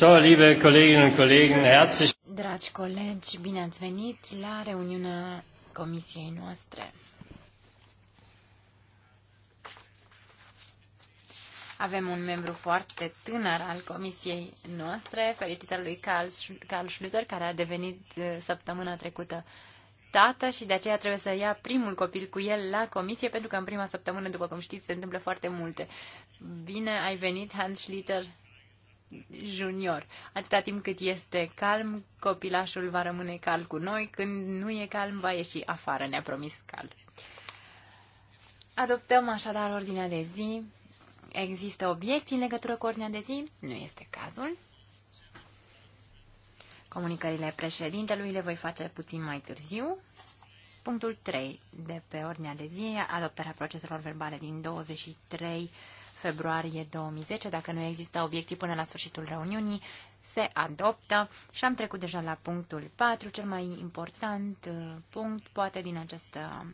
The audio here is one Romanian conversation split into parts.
So, liebe Kolleginnen und Kollegen, herzlich... Dragi colegi, bine ați venit la reuniunea comisiei noastre. Avem un membru foarte tânăr al comisiei noastre, felicitări lui Carl, Carl Schlüter, care a devenit uh, săptămâna trecută tată și de aceea trebuie să ia primul copil cu el la comisie, pentru că în prima săptămână, după cum știți, se întâmplă foarte multe. Bine ai venit, Hans Schlitter, junior. Atâta timp cât este calm, copilașul va rămâne cal cu noi, când nu e calm, va ieși afară, ne-a promis cal. Adoptăm așadar ordinea de zi. Există obiecții în legătură cu ordinea de zi? Nu este cazul. Comunicările președintelui le voi face puțin mai târziu. Punctul 3 de pe ordinea de zi, adoptarea proceselor verbale din 23 februarie 2010. Dacă nu există obiectiv până la sfârșitul reuniunii, se adoptă și am trecut deja la punctul 4, cel mai important uh, punct, poate din această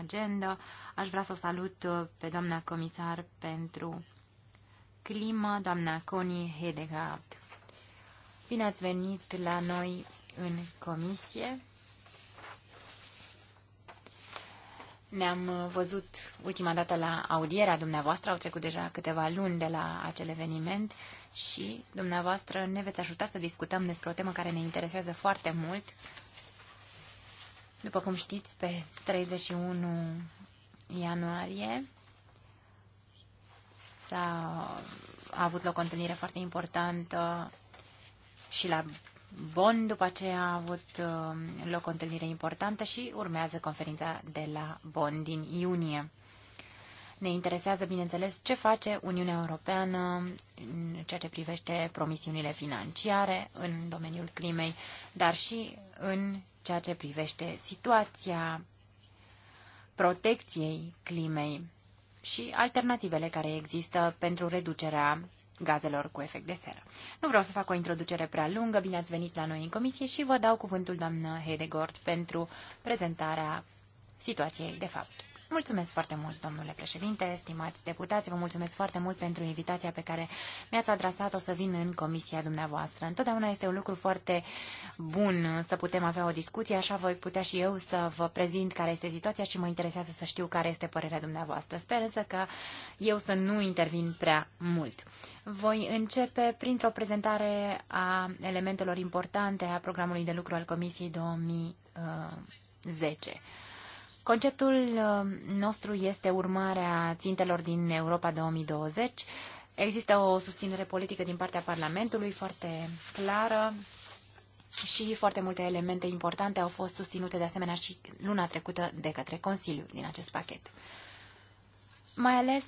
agenda. Aș vrea să o salut uh, pe doamna comisar pentru climă, doamna Connie Hedegaard. Bine ați venit la noi în comisie. Ne-am uh, văzut ultima dată la audierea dumneavoastră, au trecut deja câteva luni de la acel eveniment și dumneavoastră ne veți ajuta să discutăm despre o temă care ne interesează foarte mult. După cum știți, pe 31 ianuarie s-a a avut loc o întâlnire foarte importantă și la Bonn, după aceea a avut uh, loc o întâlnire importantă și urmează conferința de la Bonn din iunie. Ne interesează, bineînțeles, ce face Uniunea Europeană în ceea ce privește promisiunile financiare în domeniul climei, dar și în ceea ce privește situația protecției climei și alternativele care există pentru reducerea gazelor cu efect de seră. Nu vreau să fac o introducere prea lungă, bine ați venit la noi în comisie și vă dau cuvântul doamnă Hedegord pentru prezentarea situației de fapt. Mulțumesc foarte mult, domnule președinte, stimați deputați, vă mulțumesc foarte mult pentru invitația pe care mi-ați adresat-o să vin în comisia dumneavoastră. Întotdeauna este un lucru foarte bun să putem avea o discuție, așa voi putea și eu să vă prezint care este situația și mă interesează să știu care este părerea dumneavoastră. Sper însă că eu să nu intervin prea mult. Voi începe printr-o prezentare a elementelor importante a programului de lucru al Comisiei 2010. Conceptul uh, nostru este urmarea țintelor din Europa 2020. Există o susținere politică din partea Parlamentului foarte clară și foarte multe elemente importante au fost susținute de asemenea și luna trecută de către Consiliu din acest pachet. Mai ales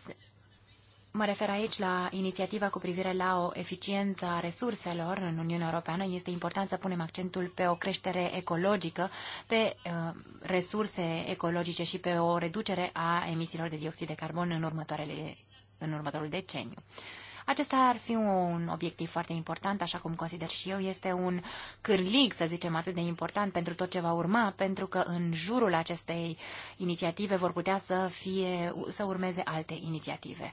Mă refer aici la inițiativa cu privire la o eficiență a resurselor în Uniunea Europeană. Este important să punem accentul pe o creștere ecologică, pe uh, resurse ecologice și pe o reducere a emisiilor de dioxid de carbon în, următoarele, în următorul deceniu. Acesta ar fi un obiectiv foarte important, așa cum consider și eu. Este un cârlig, să zicem, atât de important pentru tot ce va urma, pentru că în jurul acestei inițiative vor putea să, fie, să urmeze alte inițiative.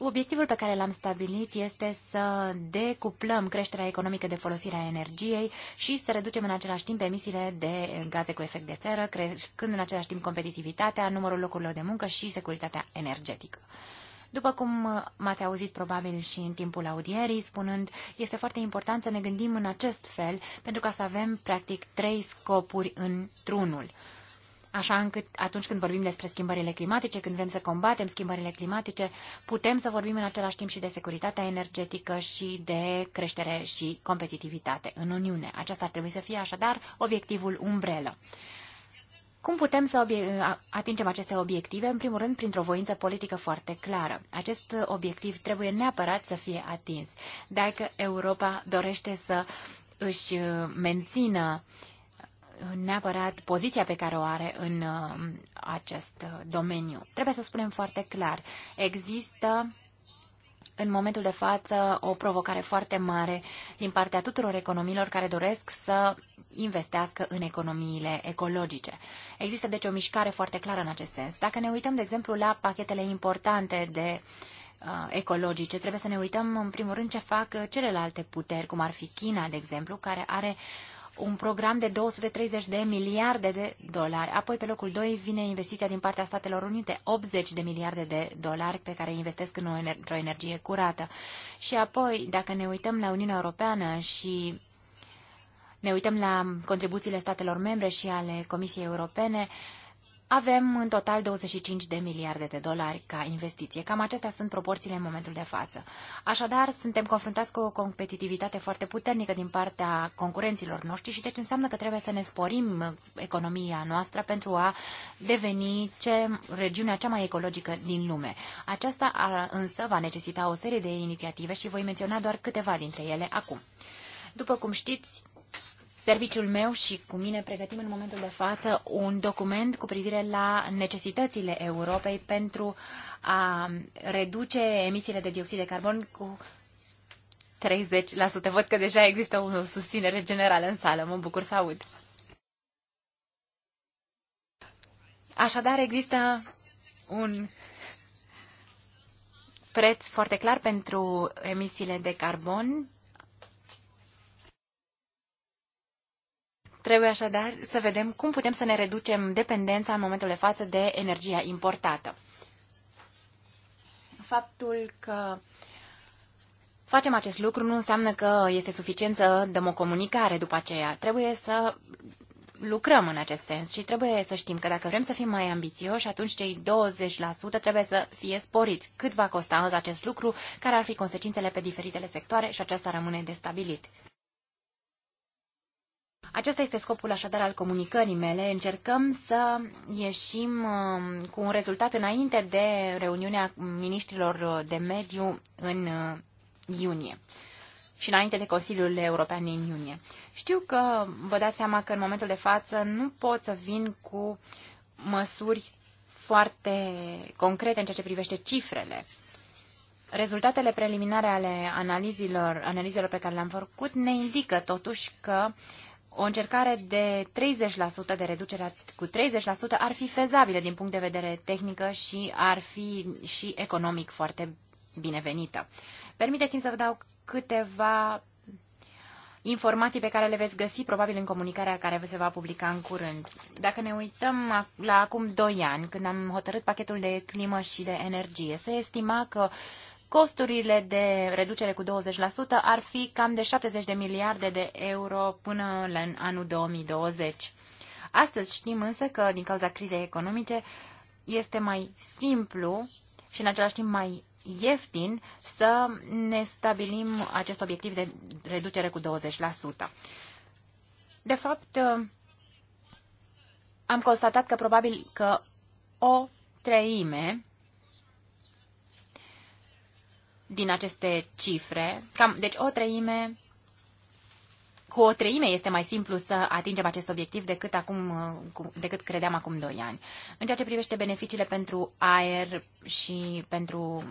Obiectivul pe care l-am stabilit este să decuplăm creșterea economică de folosirea energiei și să reducem în același timp emisiile de gaze cu efect de seră, crescând în același timp competitivitatea, numărul locurilor de muncă și securitatea energetică. După cum m-ați auzit probabil și în timpul audierii, spunând, este foarte important să ne gândim în acest fel, pentru ca să avem practic trei scopuri într-unul așa încât atunci când vorbim despre schimbările climatice, când vrem să combatem schimbările climatice, putem să vorbim în același timp și de securitatea energetică și de creștere și competitivitate în Uniune. Aceasta ar trebui să fie așadar obiectivul umbrelă. Cum putem să atingem aceste obiective? În primul rând, printr-o voință politică foarte clară. Acest obiectiv trebuie neapărat să fie atins. Dacă Europa dorește să își uh, mențină uh, neapărat poziția pe care o are în um, acest uh, domeniu. Trebuie să spunem foarte clar, există în momentul de față o provocare foarte mare din partea tuturor economiilor care doresc să investească în economiile ecologice. Există deci o mișcare foarte clară în acest sens. Dacă ne uităm, de exemplu, la pachetele importante de uh, ecologice, trebuie să ne uităm în primul rând ce fac uh, celelalte puteri, cum ar fi China, de exemplu, care are uh, un program de 230 de miliarde de dolari. Apoi, pe locul 2, vine investiția din partea Statelor Unite, 80 de miliarde de dolari pe care investesc în o, într-o energie curată. Și apoi, dacă ne uităm la Uniunea Europeană și ne uităm la contribuțiile statelor membre și ale Comisiei Europene, avem în total 25 de miliarde de dolari ca investiție. Cam acestea sunt proporțiile în momentul de față. Așadar, suntem confruntați cu o competitivitate foarte puternică din partea concurenților noștri și deci înseamnă că trebuie să ne sporim economia noastră pentru a deveni ce, regiunea cea mai ecologică din lume. Aceasta însă va necesita o serie de inițiative și voi menționa doar câteva dintre ele acum. După cum știți, Serviciul meu și cu mine pregătim în momentul de față un document cu privire la necesitățile Europei pentru a reduce emisiile de dioxid de carbon cu 30%. Văd că deja există o susținere generală în sală. Mă bucur să aud. Așadar, există un preț foarte clar pentru emisiile de carbon Trebuie așadar să vedem cum putem să ne reducem dependența în momentul de față de energia importată. Faptul că facem acest lucru nu înseamnă că este suficient să dăm o comunicare după aceea. Trebuie să lucrăm în acest sens și trebuie să știm că dacă vrem să fim mai ambițioși, atunci cei 20% trebuie să fie sporiți. Cât va costa acest lucru, care ar fi consecințele pe diferitele sectoare și aceasta rămâne destabilit. Acesta este scopul așadar al comunicării mele. Încercăm să ieșim um, cu un rezultat înainte de reuniunea ministrilor de mediu în uh, iunie și înainte de Consiliul European din iunie. Știu că vă dați seama că în momentul de față nu pot să vin cu măsuri foarte concrete în ceea ce privește cifrele. Rezultatele preliminare ale analizelor, analizelor pe care le-am făcut ne indică totuși că uh, o încercare de 30% de reducere cu 30% ar fi fezabilă din punct de vedere tehnică și ar fi și economic foarte binevenită. Permiteți-mi să vă dau câteva informații pe care le veți găsi probabil în comunicarea care se va publica în curând. Dacă ne uităm la acum 2 ani, când am hotărât pachetul de climă și de energie, se estima că uh, Costurile de reducere cu 20% ar fi cam de 70 de miliarde de euro până în anul 2020. Astăzi știm însă că, din cauza crizei economice, este mai simplu și în același timp mai ieftin să ne stabilim acest obiectiv de reducere cu 20%. De fapt, am constatat că probabil că o treime din aceste cifre. Cam, deci o treime, cu o treime este mai simplu să atingem acest obiectiv decât, acum, uh, decât credeam acum 2 ani. În ceea ce privește beneficiile pentru aer și pentru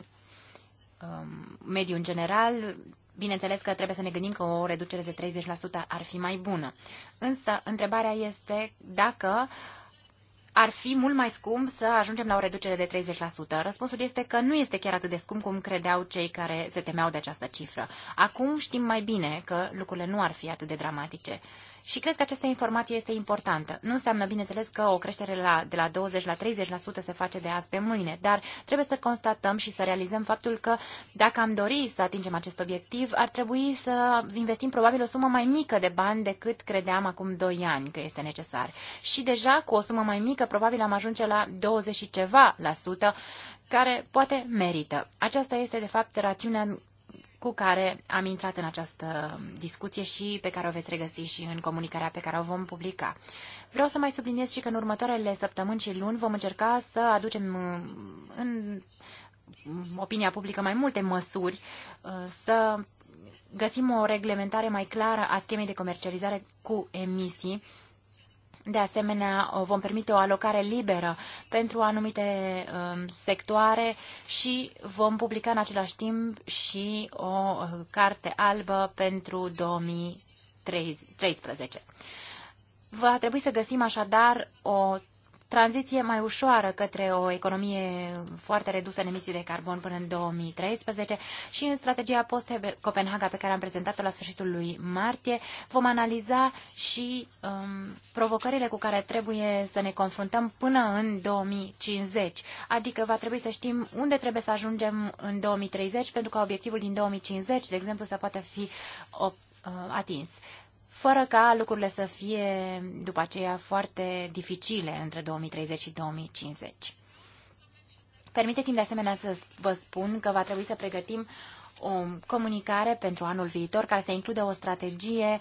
um, mediul în general, bineînțeles că trebuie să ne gândim că o reducere de 30% ar fi mai bună. Însă, întrebarea este dacă uh, ar fi mult mai scump să ajungem la o reducere de 30%. Răspunsul este că nu este chiar atât de scump cum credeau cei care se temeau de această cifră. Acum știm mai bine că lucrurile nu ar fi atât de dramatice. Și cred că această informație este importantă. Nu înseamnă, bineînțeles, că o creștere la, de la 20 la 30% se face de azi pe mâine, dar trebuie să constatăm și să realizăm faptul că dacă am dori să atingem acest obiectiv, ar trebui să investim probabil o sumă mai mică de bani decât credeam acum 2 ani că este necesar. Și deja cu o sumă mai mică, probabil am ajunge la 20 și ceva la sută, care poate merită. Aceasta este, de fapt, rațiunea cu care am intrat în această discuție și pe care o veți regăsi și în comunicarea pe care o vom publica. Vreau să mai subliniez și că în următoarele săptămâni și luni vom încerca să aducem uh, în opinia publică mai multe măsuri uh, să găsim o reglementare mai clară a schemei de comercializare cu emisii de asemenea, vom permite o alocare liberă pentru anumite um, sectoare și vom publica în același timp și o uh, carte albă pentru 2013. Va trebui să găsim așadar o tranziție mai ușoară către o economie foarte redusă în emisii de carbon până în 2013 și în strategia post-Copenhaga pe care am prezentat-o la sfârșitul lui martie vom analiza și um, provocările cu care trebuie să ne confruntăm până în 2050. Adică va trebui să știm unde trebuie să ajungem în 2030 pentru ca obiectivul din 2050, de exemplu, să poată fi uh, atins fără ca lucrurile să fie după aceea foarte dificile între 2030 și 2050. Permiteți-mi de asemenea să vă spun că va trebui să pregătim o comunicare pentru anul viitor care să includă o strategie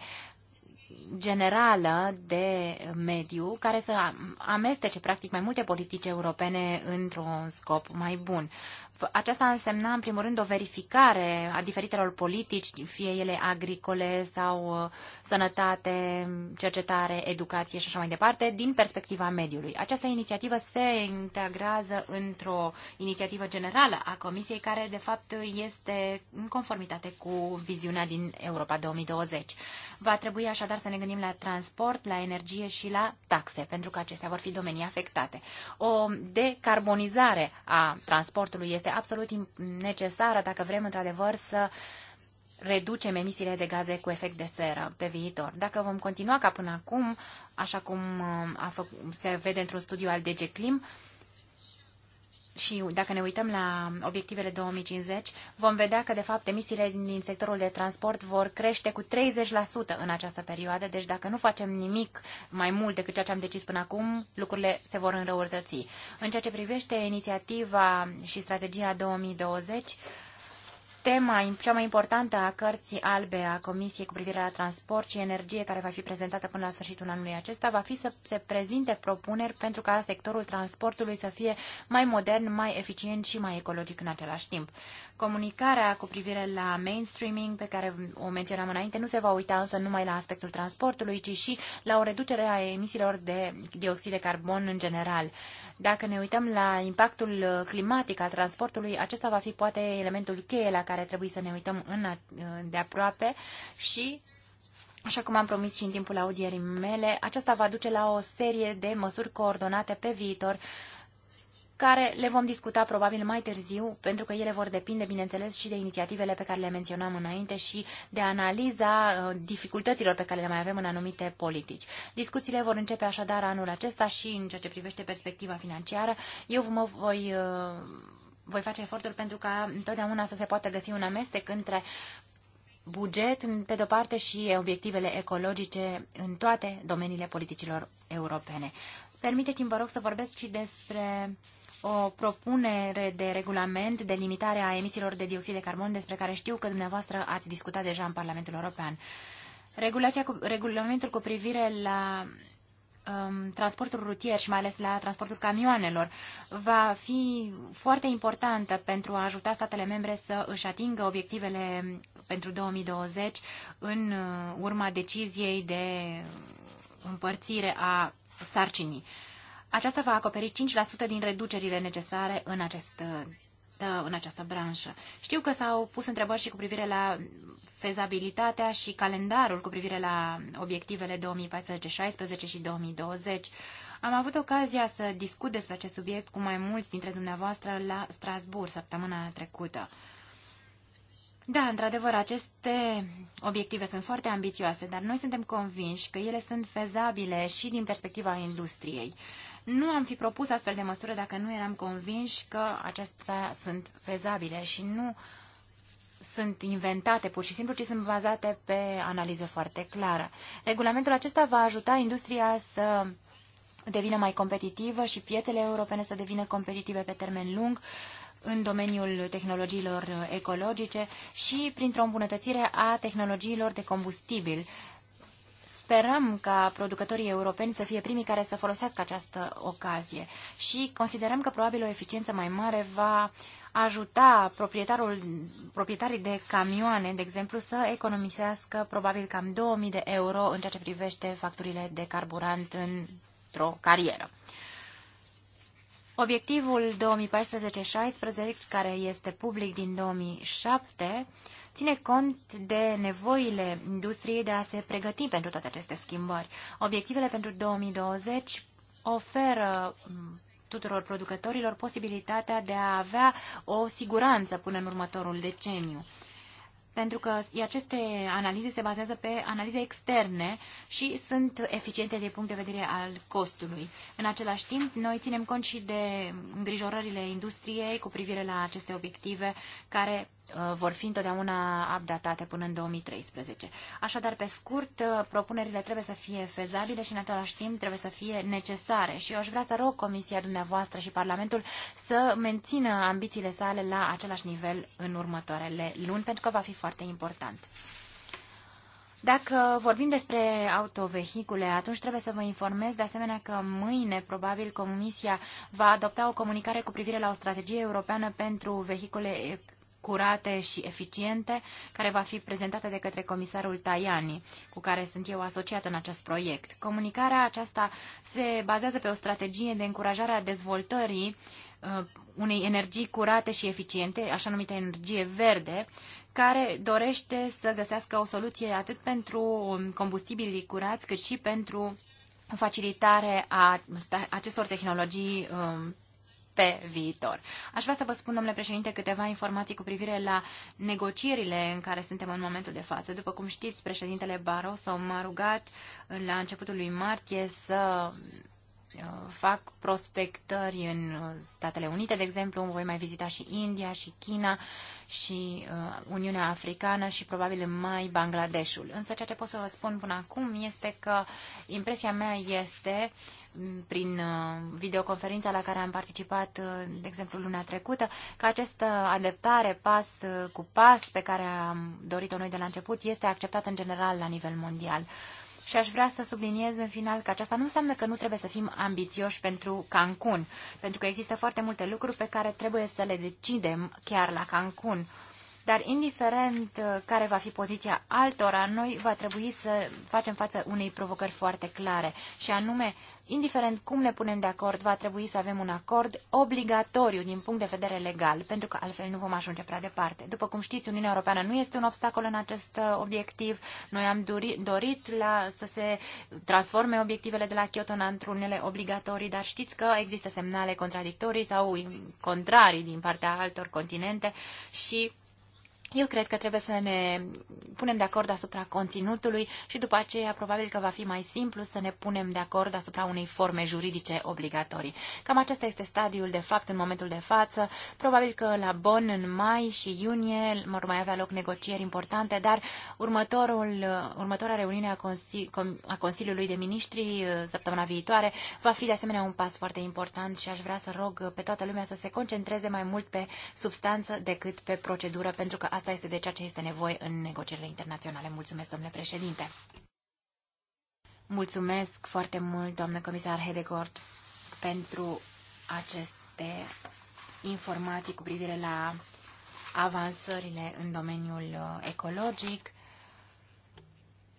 generală de mediu care să amestece practic mai multe politici europene într-un scop mai bun. Aceasta însemna, în primul rând, o verificare a diferitelor politici, fie ele agricole sau uh, sănătate, cercetare, educație și așa mai departe, din perspectiva mediului. Această inițiativă se integrează într-o inițiativă generală a Comisiei, care, de fapt, este în conformitate cu viziunea din Europa 2020. Va trebui așadar să ne gândim la transport, la energie și la taxe, pentru că acestea vor fi domenii afectate. O decarbonizare a transportului este absolut necesară dacă vrem într-adevăr să reducem emisiile de gaze cu efect de seră pe viitor. Dacă vom continua ca până acum, așa cum uh, a se vede într-un studiu al DG Clim, și dacă ne uităm la obiectivele 2050, vom vedea că, de fapt, emisiile din sectorul de transport vor crește cu 30% în această perioadă. Deci, dacă nu facem nimic mai mult decât ceea ce am decis până acum, lucrurile se vor înrăurtăți. În ceea ce privește inițiativa și strategia 2020, tema cea mai importantă a cărții albe a Comisiei cu privire la transport și energie, care va fi prezentată până la sfârșitul anului acesta, va fi să se prezinte propuneri pentru ca sectorul transportului să fie mai modern, mai eficient și mai ecologic în același timp. Comunicarea cu privire la mainstreaming, pe care o menționam înainte, nu se va uita însă numai la aspectul transportului, ci și la o reducere a emisiilor de dioxid de carbon în general. Dacă ne uităm la impactul climatic al transportului, acesta va fi poate elementul cheie la care trebuie să ne uităm în, de aproape și Așa cum am promis și în timpul audierii mele, aceasta va duce la o serie de măsuri coordonate pe viitor care le vom discuta probabil mai târziu, pentru că ele vor depinde, bineînțeles, și de inițiativele pe care le menționam înainte și de analiza uh, dificultăților pe care le mai avem în anumite politici. Discuțiile vor începe așadar anul acesta și în ceea ce privește perspectiva financiară. Eu mă voi uh, voi face eforturi pentru ca întotdeauna să se poată găsi un amestec între buget, pe de-o parte, și obiectivele ecologice în toate domeniile politicilor europene. Permiteți-mi, vă rog, să vorbesc și despre o propunere de regulament de limitare a emisiilor de dioxid de carbon despre care știu că dumneavoastră ați discutat deja în Parlamentul European. Regulația cu, regulamentul cu privire la um, transportul rutier și mai ales la transportul camioanelor va fi foarte importantă pentru a ajuta statele membre să își atingă obiectivele pentru 2020 în uh, urma deciziei de împărțire a sarcinii. Uh, aceasta va acoperi 5% din reducerile necesare în acest ă, în această branșă. Știu că s-au pus întrebări și cu privire la fezabilitatea și calendarul cu privire la obiectivele 2014-16 și 2020. Am avut ocazia să discut despre acest subiect cu mai mulți dintre dumneavoastră la Strasbourg săptămâna trecută. Da, într-adevăr, aceste obiective sunt foarte ambițioase, dar noi suntem convinși că ele sunt fezabile și din perspectiva industriei. Nu am fi propus astfel de măsură dacă nu eram convinși că acestea sunt fezabile și nu sunt inventate pur și simplu, ci sunt bazate pe analiză foarte clară. Regulamentul acesta va ajuta industria să devină mai competitivă și piețele europene să devină competitive pe termen lung în domeniul tehnologiilor ecologice și printr-o îmbunătățire a tehnologiilor de combustibil Sperăm ca producătorii europeni să fie primii care să folosească această ocazie și considerăm că probabil o eficiență mai mare va ajuta proprietarul, proprietarii de camioane, de exemplu, să economisească probabil cam 2000 de euro în ceea ce privește facturile de carburant într-o carieră. Obiectivul 2014-16, care este public din 2007, ține cont de nevoile industriei de a se pregăti pentru toate aceste schimbări. Obiectivele pentru 2020 oferă mm, tuturor producătorilor posibilitatea de a avea o siguranță până în următorul deceniu. Pentru că aceste analize se bazează pe analize externe și sunt eficiente din punct de vedere al costului. În același timp, noi ținem cont și de îngrijorările industriei cu privire la aceste obiective care Uh, vor fi întotdeauna updatate până în 2013. Așadar, pe scurt, uh, propunerile trebuie să fie fezabile și în același timp trebuie să fie necesare și eu aș vrea să rog Comisia dumneavoastră și Parlamentul să mențină ambițiile sale la același nivel în următoarele luni, pentru că va fi foarte important. Dacă vorbim despre autovehicule, atunci trebuie să vă informez de asemenea că mâine probabil Comisia va adopta o comunicare cu privire la o strategie europeană pentru vehicule curate și eficiente, care va fi prezentată de către comisarul Tajani, cu care sunt eu asociată în acest proiect. Comunicarea aceasta se bazează pe o strategie de încurajare a dezvoltării uh, unei energii curate și eficiente, așa numită energie verde, care dorește să găsească o soluție atât pentru combustibilii curați, cât și pentru facilitare a acestor tehnologii uh, pe viitor. Aș vrea să vă spun, domnule președinte, câteva informații cu privire la negocierile în care suntem în momentul de față. După cum știți, președintele Barroso m-a rugat la începutul lui martie să Uh, fac prospectări în uh, Statele Unite, de exemplu, voi mai vizita și India și China și uh, Uniunea Africană și probabil mai Bangladeshul. Însă ceea ce pot să vă spun până acum este că impresia mea este, prin videoconferința la care am participat, de exemplu, luna trecută, că această adaptare pas cu pas pe care am dorit-o noi de la început este acceptată în general la nivel mondial. Și aș vrea să subliniez în final că aceasta nu înseamnă că nu trebuie să fim ambițioși pentru Cancun, pentru că există foarte multe lucruri pe care trebuie să le decidem chiar la Cancun. Dar indiferent uh, care va fi poziția altora, noi va trebui să facem față unei provocări foarte clare. Și anume, indiferent cum ne punem de acord, va trebui să avem un acord obligatoriu din punct de vedere legal, pentru că altfel nu vom ajunge prea departe. După cum știți, Uniunea Europeană nu este un obstacol în acest uh, obiectiv. Noi am dorit la, să se transforme obiectivele de la Kyoto în într-unele obligatorii, dar știți că există semnale contradictorii sau contrarii din partea altor continente și eu cred că trebuie să ne punem de acord asupra conținutului și după aceea probabil că va fi mai simplu să ne punem de acord asupra unei forme juridice obligatorii. Cam acesta este stadiul de fapt în momentul de față. Probabil că la Bonn în mai și iunie vor mai avea loc negocieri importante, dar următorul, următoarea reuniune a, Consili, a Consiliului de Ministri uh, săptămâna viitoare va fi de asemenea un pas foarte important și aș vrea să rog pe toată lumea să se concentreze mai mult pe substanță decât pe procedură, pentru că asta Asta este de ceea ce este nevoie în negocierile internaționale. Mulțumesc, domnule președinte. Mulțumesc foarte mult, doamnă comisar Hedegord, pentru aceste informații cu privire la avansările în domeniul uh, ecologic.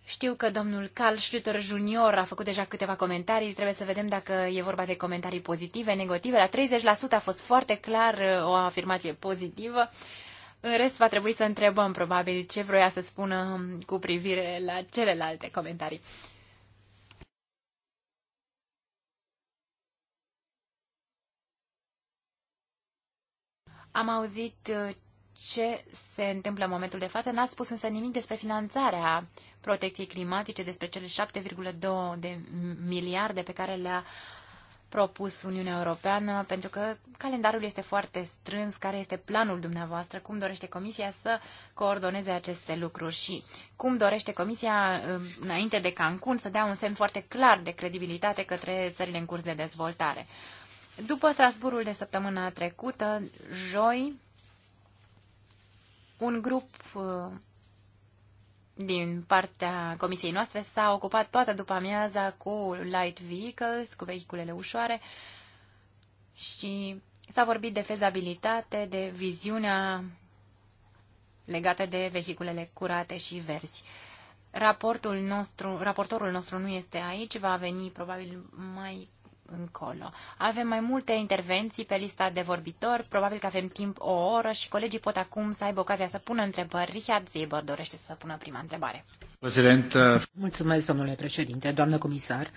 Știu că domnul Carl Schlüter Junior a făcut deja câteva comentarii, trebuie să vedem dacă e vorba de comentarii pozitive, negative. La 30% a fost foarte clar uh, o afirmație pozitivă în rest, va trebui să întrebăm probabil ce vroia să spună cu privire la celelalte comentarii. Am auzit uh, ce se întâmplă în momentul de față. N-ați spus însă nimic despre finanțarea protecției climatice, despre cele 7,2 de miliarde pe care le-a uh, propus Uniunea Europeană, pentru că calendarul este foarte strâns, care este planul dumneavoastră, cum dorește Comisia să coordoneze aceste lucruri și cum dorește Comisia, um, înainte de Cancun, să dea un semn foarte clar de credibilitate către țările în curs de dezvoltare. După Strasburul de săptămâna trecută, joi, un grup uh, din partea comisiei noastre s-a ocupat toată după amiaza cu light vehicles, cu vehiculele ușoare și s-a vorbit de fezabilitate, de viziunea legată de vehiculele curate și verzi. Raportul nostru, raportorul nostru nu este aici, va veni probabil mai încolo. Avem mai multe intervenții pe lista de vorbitori, probabil că avem timp o oră și colegii pot acum să aibă ocazia să pună întrebări. Richard Zeber dorește să pună prima întrebare. Uh, mulțumesc, domnule președinte, doamnă comisar.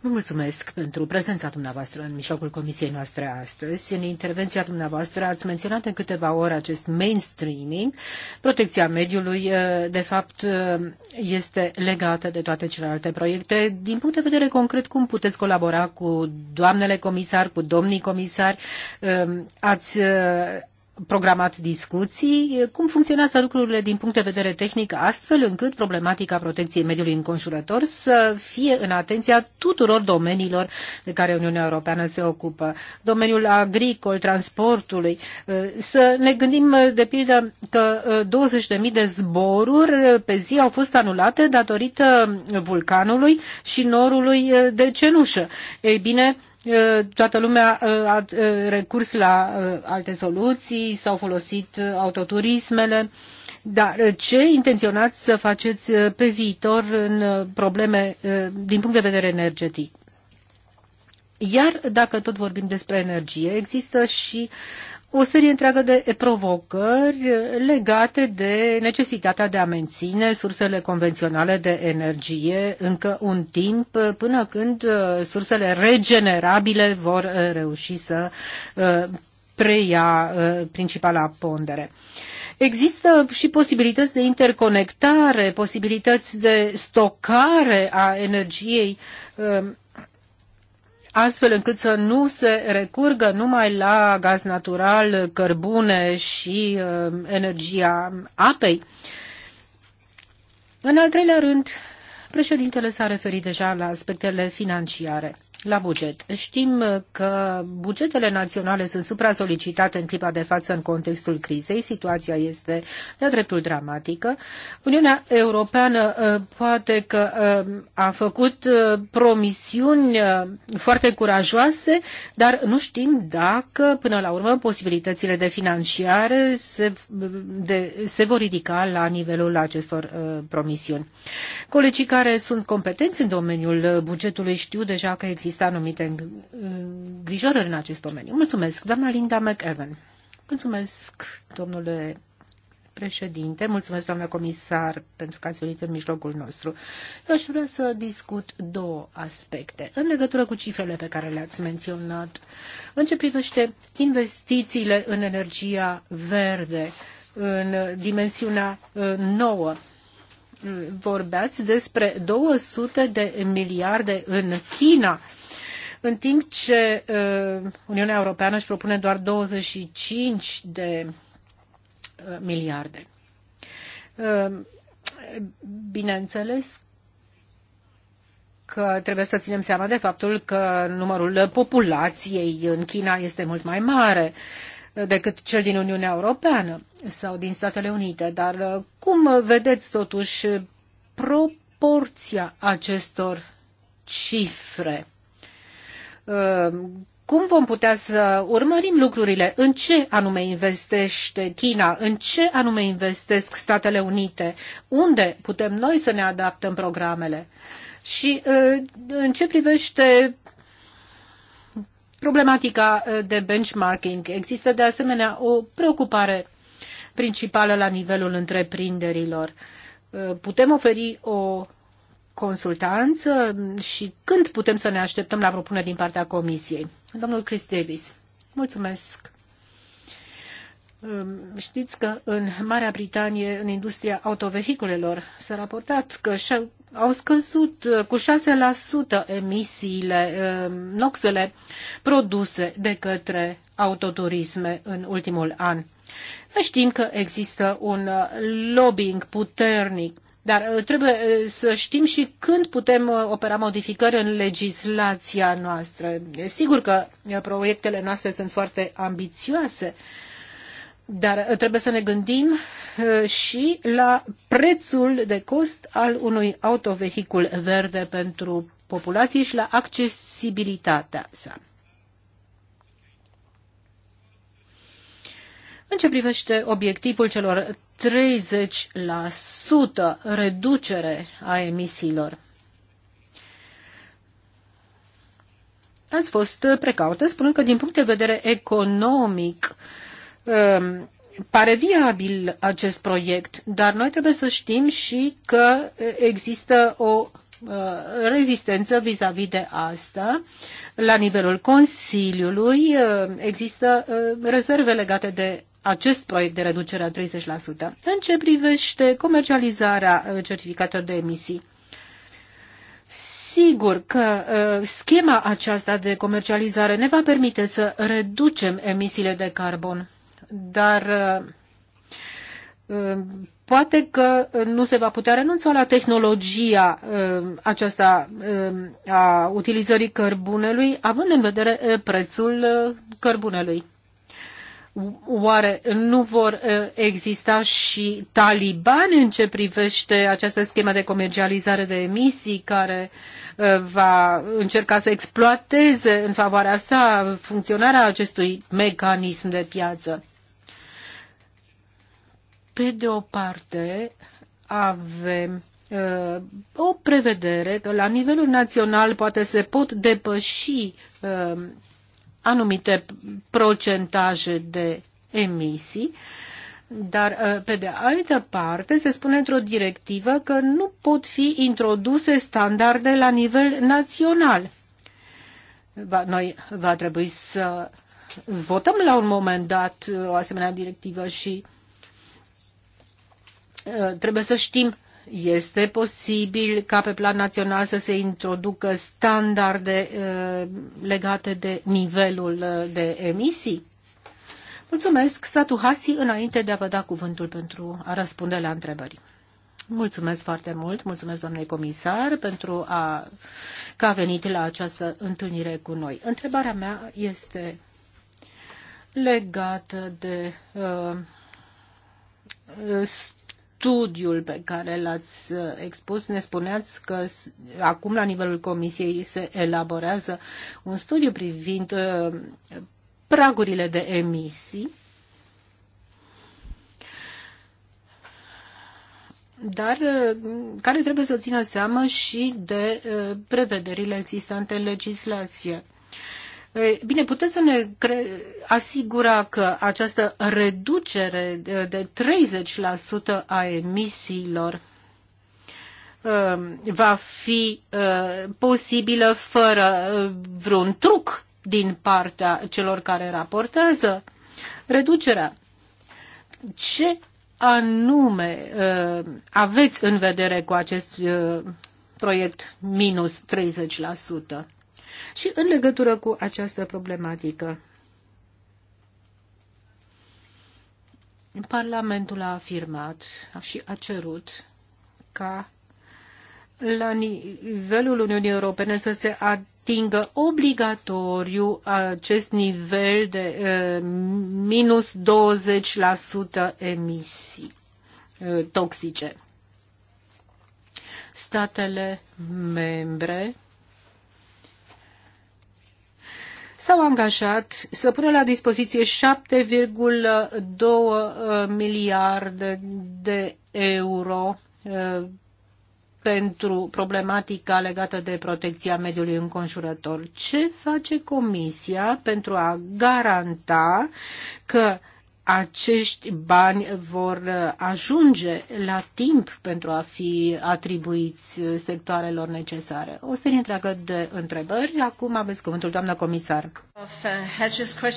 Vă mulțumesc pentru prezența dumneavoastră în mijlocul comisiei noastre astăzi. În intervenția dumneavoastră ați menționat în câteva ori acest mainstreaming. Protecția mediului, uh, de fapt, uh, este legată de toate celelalte proiecte. Din punct de vedere concret, cum puteți colabora cu doamnele Comisar, cu domnii comisari? Ați programat discuții, cum funcționează lucrurile din punct de vedere tehnic, astfel încât problematica protecției mediului înconjurător să fie în atenția tuturor domeniilor de care Uniunea Europeană se ocupă. Domeniul agricol, transportului, să ne gândim de pildă că 20.000 uh, de zboruri uh, pe zi au fost anulate datorită uh, vulcanului și norului de cenușă. Ei bine, Eh, toată lumea eh, a eh, recurs la alte soluții, s-au folosit autoturismele. Dar ce intenționați să faceți pe viitor în probleme din punct de vedere energetic? Iar dacă tot vorbim despre energie, există și o serie întreagă de provocări legate de necesitatea de a menține sursele convenționale de energie încă un timp până când uh, sursele regenerabile vor uh, reuși să uh, preia principala pondere. Există și posibilități de interconectare, posibilități de stocare a energiei astfel încât să nu se recurgă numai la gaz natural, cărbune și uh, energia apei. În al treilea rând, președintele s-a referit deja la aspectele financiare la buget. Știm că bugetele naționale sunt supra-solicitate în clipa de față în contextul crizei, situația este de-a dreptul dramatică. Uniunea Europeană uh, poate că uh, a făcut uh, promisiuni foarte curajoase, dar nu știm dacă, până la urmă, posibilitățile de financiare se, de, se vor ridica la nivelul acestor promisiuni. Colegii care sunt competenți în domeniul bugetului știu deja că există există anumite îngrijorări în acest domeniu. Mulțumesc, doamna Linda McEwen. Mulțumesc, domnule președinte, mulțumesc, doamna comisar, pentru că ați venit în mijlocul nostru. Eu aș vrea să discut două aspecte în legătură cu cifrele pe care le-ați menționat. În ce privește investițiile în energia verde, în dimensiunea uh, nouă, vorbeați despre 200 de miliarde în China în timp ce uh, Uniunea Europeană își propune doar 25 de uh, miliarde. Uh, bineînțeles că trebuie să ținem seama de faptul că numărul populației în China este mult mai mare decât cel din Uniunea Europeană sau din Statele Unite, dar cum vedeți totuși proporția acestor cifre? Uh, cum vom putea să urmărim lucrurile? În ce anume investește China? În ce anume investesc Statele Unite? Unde putem noi să ne adaptăm programele? Și uh, în ce privește problematica uh, de benchmarking, există de asemenea o preocupare principală la nivelul întreprinderilor. Putem oferi o consultanță și când putem să ne așteptăm la propuneri din partea Comisiei? Domnul Chris Davis. Mulțumesc. Știți că în Marea Britanie, în industria autovehiculelor, s-a raportat că au scăzut uh, cu 6% emisiile, uh, noxele produse de către autoturisme în ultimul an. Noi știm că există un uh, lobbying puternic dar uh, trebuie uh, să știm și când putem uh, opera modificări în legislația noastră. Sigur că proiectele noastre sunt foarte ambițioase, dar trebuie să ne gândim și la prețul de cost al unui autovehicul verde pentru populație și la accesibilitatea sa. În ce privește obiectivul celor 30% reducere a emisiilor. Ați fost precaută spunând că din punct de vedere economic um, pare viabil acest proiect, dar noi trebuie să știm și că există o uh, rezistență vis-a-vis -vis de asta. La nivelul Consiliului uh, există uh, rezerve legate de acest proiect de reducere a 30%. În ce privește comercializarea uh, certificatelor de emisii, sigur că uh, schema aceasta de comercializare ne va permite să reducem emisiile de carbon, dar uh, poate că nu se va putea renunța la tehnologia aceasta a utilizării cărbunelui, având în vedere prețul cărbunelui. Oare nu vor uh, exista și talibani în ce privește această schemă de comercializare de emisii care uh, va încerca să exploateze în favoarea sa funcționarea acestui mecanism de piață? Pe de o parte, avem uh, o prevedere că la nivelul național poate se pot depăși anumite procentaje de emisii, dar, uh, pe de altă parte, se spune într-o directivă că nu pot fi introduse standarde la nivel național. Va, noi va trebui să votăm la un moment dat uh, o asemenea directivă și uh, trebuie să știm este posibil ca pe plan național să se introducă standarde uh, legate de nivelul uh, de emisii? Mulțumesc, Satu Hasi, înainte de a vă da cuvântul pentru a răspunde la întrebări. Mulțumesc foarte mult, mulțumesc doamnei comisar pentru a, că a venit la această întâlnire cu noi. Întrebarea mea este legată de uh, studiul pe care l-ați uh, expus, ne spuneați că acum la nivelul Comisiei se elaborează un studiu privind uh, pragurile de emisii. dar uh, care trebuie să țină seamă și de prevederile existente în legislație. Bine, puteți să ne asigura că această reducere de 30% a emisiilor va fi posibilă fără vreun truc din partea celor care raportează reducerea. Ce anume aveți în vedere cu acest proiect minus 30%? și în legătură cu această problematică. Parlamentul a afirmat și a cerut ca la nivelul Uniunii Europene să se atingă obligatoriu acest nivel de eh, minus 20% emisii eh, toxice. Statele membre s-au angajat să pună la dispoziție 7,2 uh, miliarde de euro uh, pentru problematica legată de protecția mediului înconjurător. Ce face Comisia pentru a garanta că uh, acești bani vor uh, ajunge la timp pentru a fi atribuiți uh, sectoarelor necesare. O serie întreagă de întrebări. Acum aveți cuvântul, doamna comisar. Uh,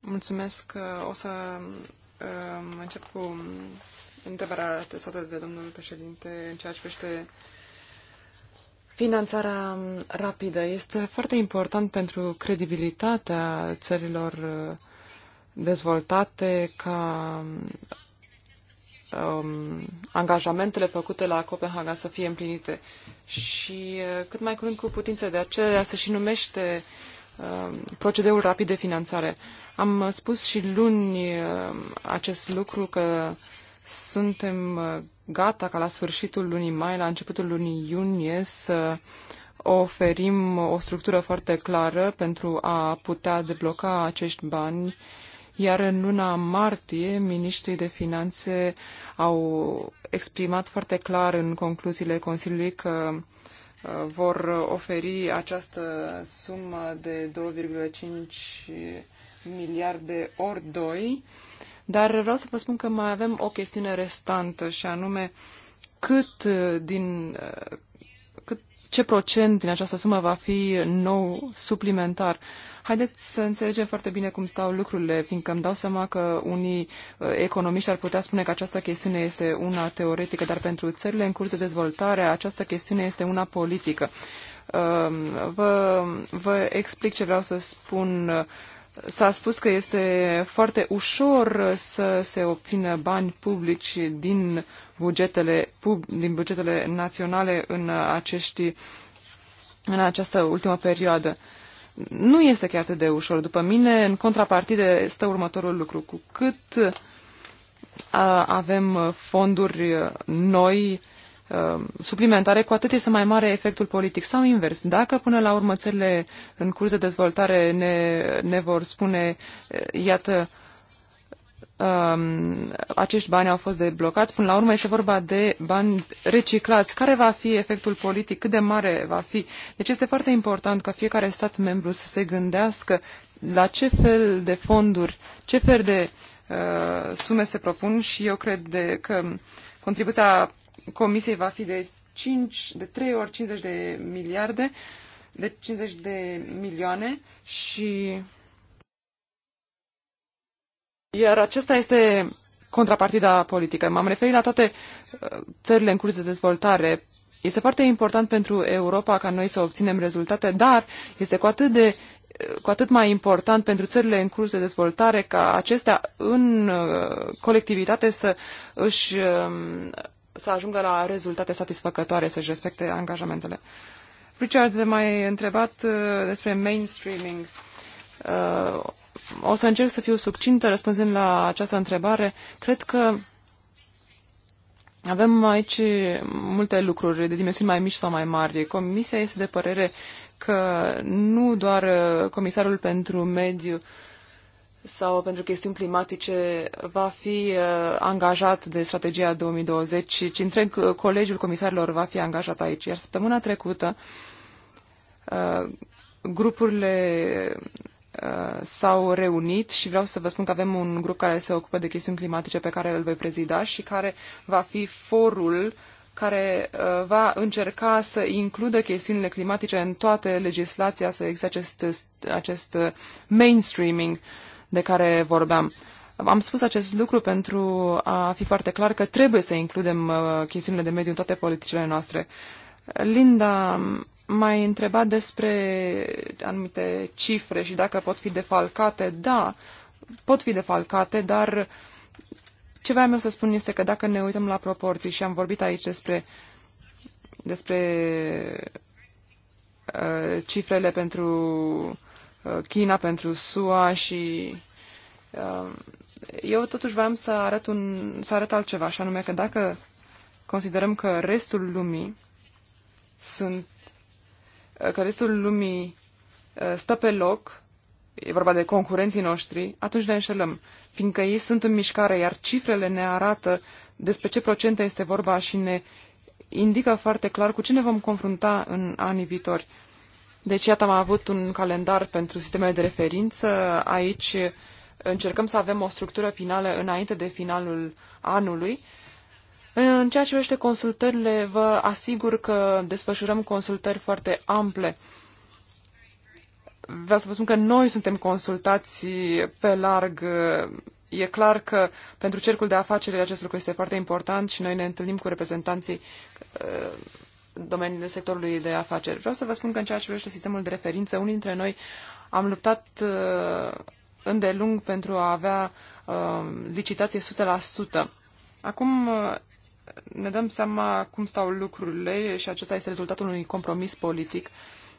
Mulțumesc. O să um, încep cu întrebarea adresată de domnul președinte în ceea ce privește Finanțarea rapidă este foarte important pentru credibilitatea țărilor uh, dezvoltate ca um, angajamentele făcute la Copenhaga să fie împlinite și uh, cât mai curând cu putință. De aceea se și numește um, procedeul rapid de finanțare. Am uh, spus și luni acest lucru că uh, suntem uh, gata ca la sfârșitul lunii mai, la începutul lunii iunie, să oferim o structură foarte clară pentru a putea debloca acești bani iar în luna martie, ministrii de finanțe au exprimat foarte clar în concluziile Consiliului că uh, vor oferi această sumă de 2,5 miliarde ori 2 dar vreau să vă spun că mai avem o chestiune restantă și anume cât din uh, cât, ce procent din această sumă va fi nou suplimentar. Haideți să înțelegem foarte bine cum stau lucrurile, fiindcă îmi dau seama că unii uh, economiști ar putea spune că această chestiune este una teoretică, dar pentru țările în curs de dezvoltare această chestiune este una politică. Um, vă, vă explic ce vreau să spun uh, S-a spus că este foarte ușor să se obțină bani publici din bugetele, pub, din bugetele naționale în, acești, în această ultimă perioadă. Nu este chiar atât de ușor. După mine, în contrapartide, stă următorul lucru. Cu cât avem fonduri noi Uh, suplimentare, cu atât este mai mare efectul politic. Sau invers, dacă până la urmă țările în curs de dezvoltare ne, ne vor spune, uh, iată, um, acești bani au fost deblocați, până la urmă este vorba de bani reciclați. Care va fi efectul politic? Cât de mare va fi? Deci este foarte important ca fiecare stat membru să se gândească la ce fel de fonduri, ce fel de uh, sume se propun și eu cred de, că contribuția Comisiei va fi de 5, de 3 ori 50 de miliarde, de 50 de milioane și... Iar acesta este contrapartida politică. M-am referit la toate uh, țările în curs de dezvoltare. Este foarte important pentru Europa ca noi să obținem rezultate, dar este cu atât de uh, cu atât mai important pentru țările în curs de dezvoltare ca acestea în uh, colectivitate să își um, să ajungă la rezultate satisfăcătoare, să-și respecte angajamentele. Richard m mai întrebat uh, despre mainstreaming. Uh, o să încerc să fiu succintă răspunzând la această întrebare. Cred că avem aici multe lucruri de dimensiuni mai mici sau mai mari. Comisia este de părere că nu doar Comisarul pentru Mediu uh, sau pentru chestiuni climatice va fi uh, angajat de strategia 2020 și întreg uh, colegiul comisarilor va fi angajat aici. Iar săptămâna trecută uh, grupurile uh, s-au reunit și vreau să vă spun că avem un grup care se ocupă de chestiuni climatice pe care îl voi prezida și care va fi forul care uh, va încerca să includă chestiunile climatice în toată legislația, să există acest, acest uh, mainstreaming uh, de care vorbeam. Am spus acest lucru pentru a fi foarte clar că trebuie să includem uh, chestiunile de mediu în toate politicile noastre. Linda m-ai întrebat despre anumite cifre și dacă pot fi defalcate. Da, pot fi defalcate, dar ce vreau eu să spun este că dacă ne uităm la proporții și am vorbit aici despre, despre uh, cifrele pentru Uh, China, pentru SUA și uh, eu totuși voiam să arăt, un, să arăt altceva, așa nume că dacă considerăm că restul lumii sunt uh, că restul lumii stă pe loc, e vorba de concurenții noștri, atunci ne înșelăm, fiindcă ei sunt în mișcare, iar cifrele ne arată despre ce procente este vorba și ne indică foarte clar cu ce ne vom confrunta în anii viitori. Deci, iată, am avut un calendar pentru sistemele de referință. Aici încercăm să avem o structură finală înainte de finalul anului. În ceea ce privește consultările, vă asigur că desfășurăm consultări foarte ample. Vreau să vă spun că noi suntem consultați pe larg. E clar că pentru cercul de afaceri acest lucru este foarte important și noi ne întâlnim cu reprezentanții domeniul sectorului de afaceri. Vreau să vă spun că în ceea ce privește sistemul de referință, unii dintre noi am luptat uh, îndelung pentru a avea uh, licitație 100%. Acum uh, ne dăm seama cum stau lucrurile și acesta este rezultatul unui compromis politic.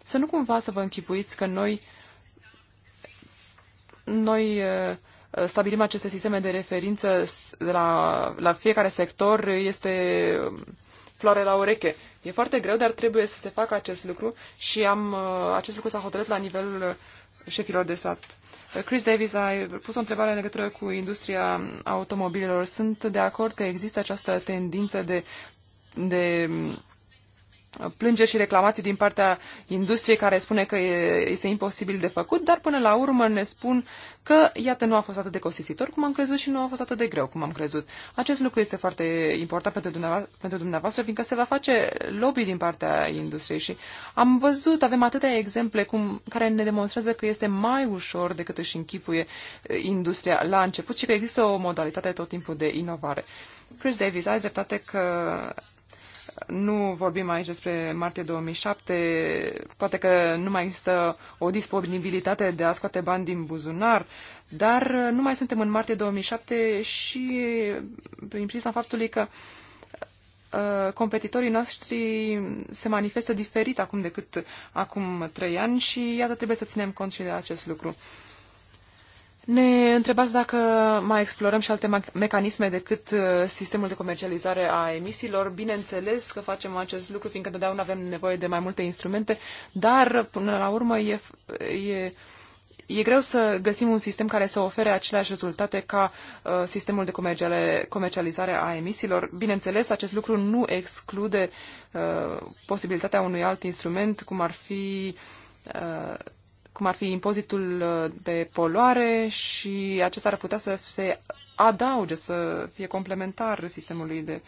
Să nu cumva să vă închipuiți că noi, noi uh, stabilim aceste sisteme de referință de la, la fiecare sector este floare la ureche. E foarte greu, dar trebuie să se facă acest lucru și am, uh, acest lucru s-a hotărât la nivelul uh, șefilor de sat. Uh, Chris Davis a pus o întrebare în legătură cu industria automobililor. Sunt de acord că există această tendință de, de plângeri și reclamații din partea industriei care spune că este imposibil de făcut, dar până la urmă ne spun că, iată, nu a fost atât de costisitor cum am crezut și nu a fost atât de greu cum am crezut. Acest lucru este foarte important pentru dumneavoastră, pentru dumneavoastră fiindcă se va face lobby din partea industriei și am văzut, avem atâtea exemple cum, care ne demonstrează că este mai ușor decât își închipuie industria la început și că există o modalitate tot timpul de inovare. Chris Davis, ai dreptate că nu vorbim aici despre martie 2007, poate că nu mai există o disponibilitate de a scoate bani din buzunar, dar nu mai suntem în martie 2007 și prin prisma faptului că uh, competitorii noștri se manifestă diferit acum decât acum trei ani și iată trebuie să ținem cont și de acest lucru. Ne întrebați dacă mai explorăm și alte mecanisme decât uh, sistemul de comercializare a emisiilor. Bineînțeles că facem acest lucru, fiindcă întotdeauna avem nevoie de mai multe instrumente, dar până la urmă e, e, e greu să găsim un sistem care să ofere aceleași rezultate ca uh, sistemul de comercializare a emisiilor. Bineînțeles, acest lucru nu exclude uh, posibilitatea unui alt instrument, cum ar fi uh, cum ar fi impozitul pe uh, poluare și acesta ar putea să se adauge, să fie complementar sistemului de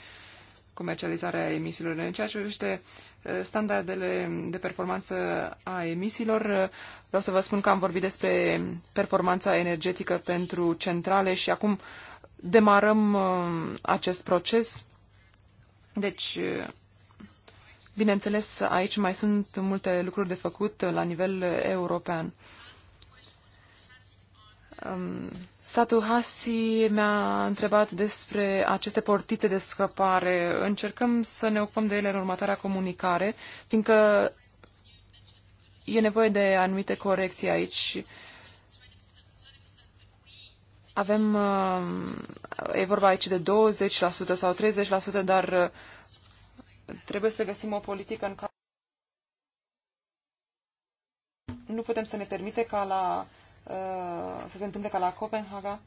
comercializare a emisiilor. În ceea ce privește uh, standardele de performanță a emisiilor, uh, vreau să vă spun că am vorbit despre performanța energetică pentru centrale și acum demarăm acest proces. Deci, Bineînțeles, aici mai sunt multe lucruri de făcut la nivel european. Um, Satu Hasi mi-a întrebat despre aceste portițe de scăpare. Încercăm să ne ocupăm de ele în următoarea comunicare, fiindcă e nevoie de anumite corecții aici. Avem, um, e vorba aici de 20% sau 30%, dar trebuie să găsim o politică în care nu putem să ne permite ca la, uh, să se întâmple ca la Copenhaga.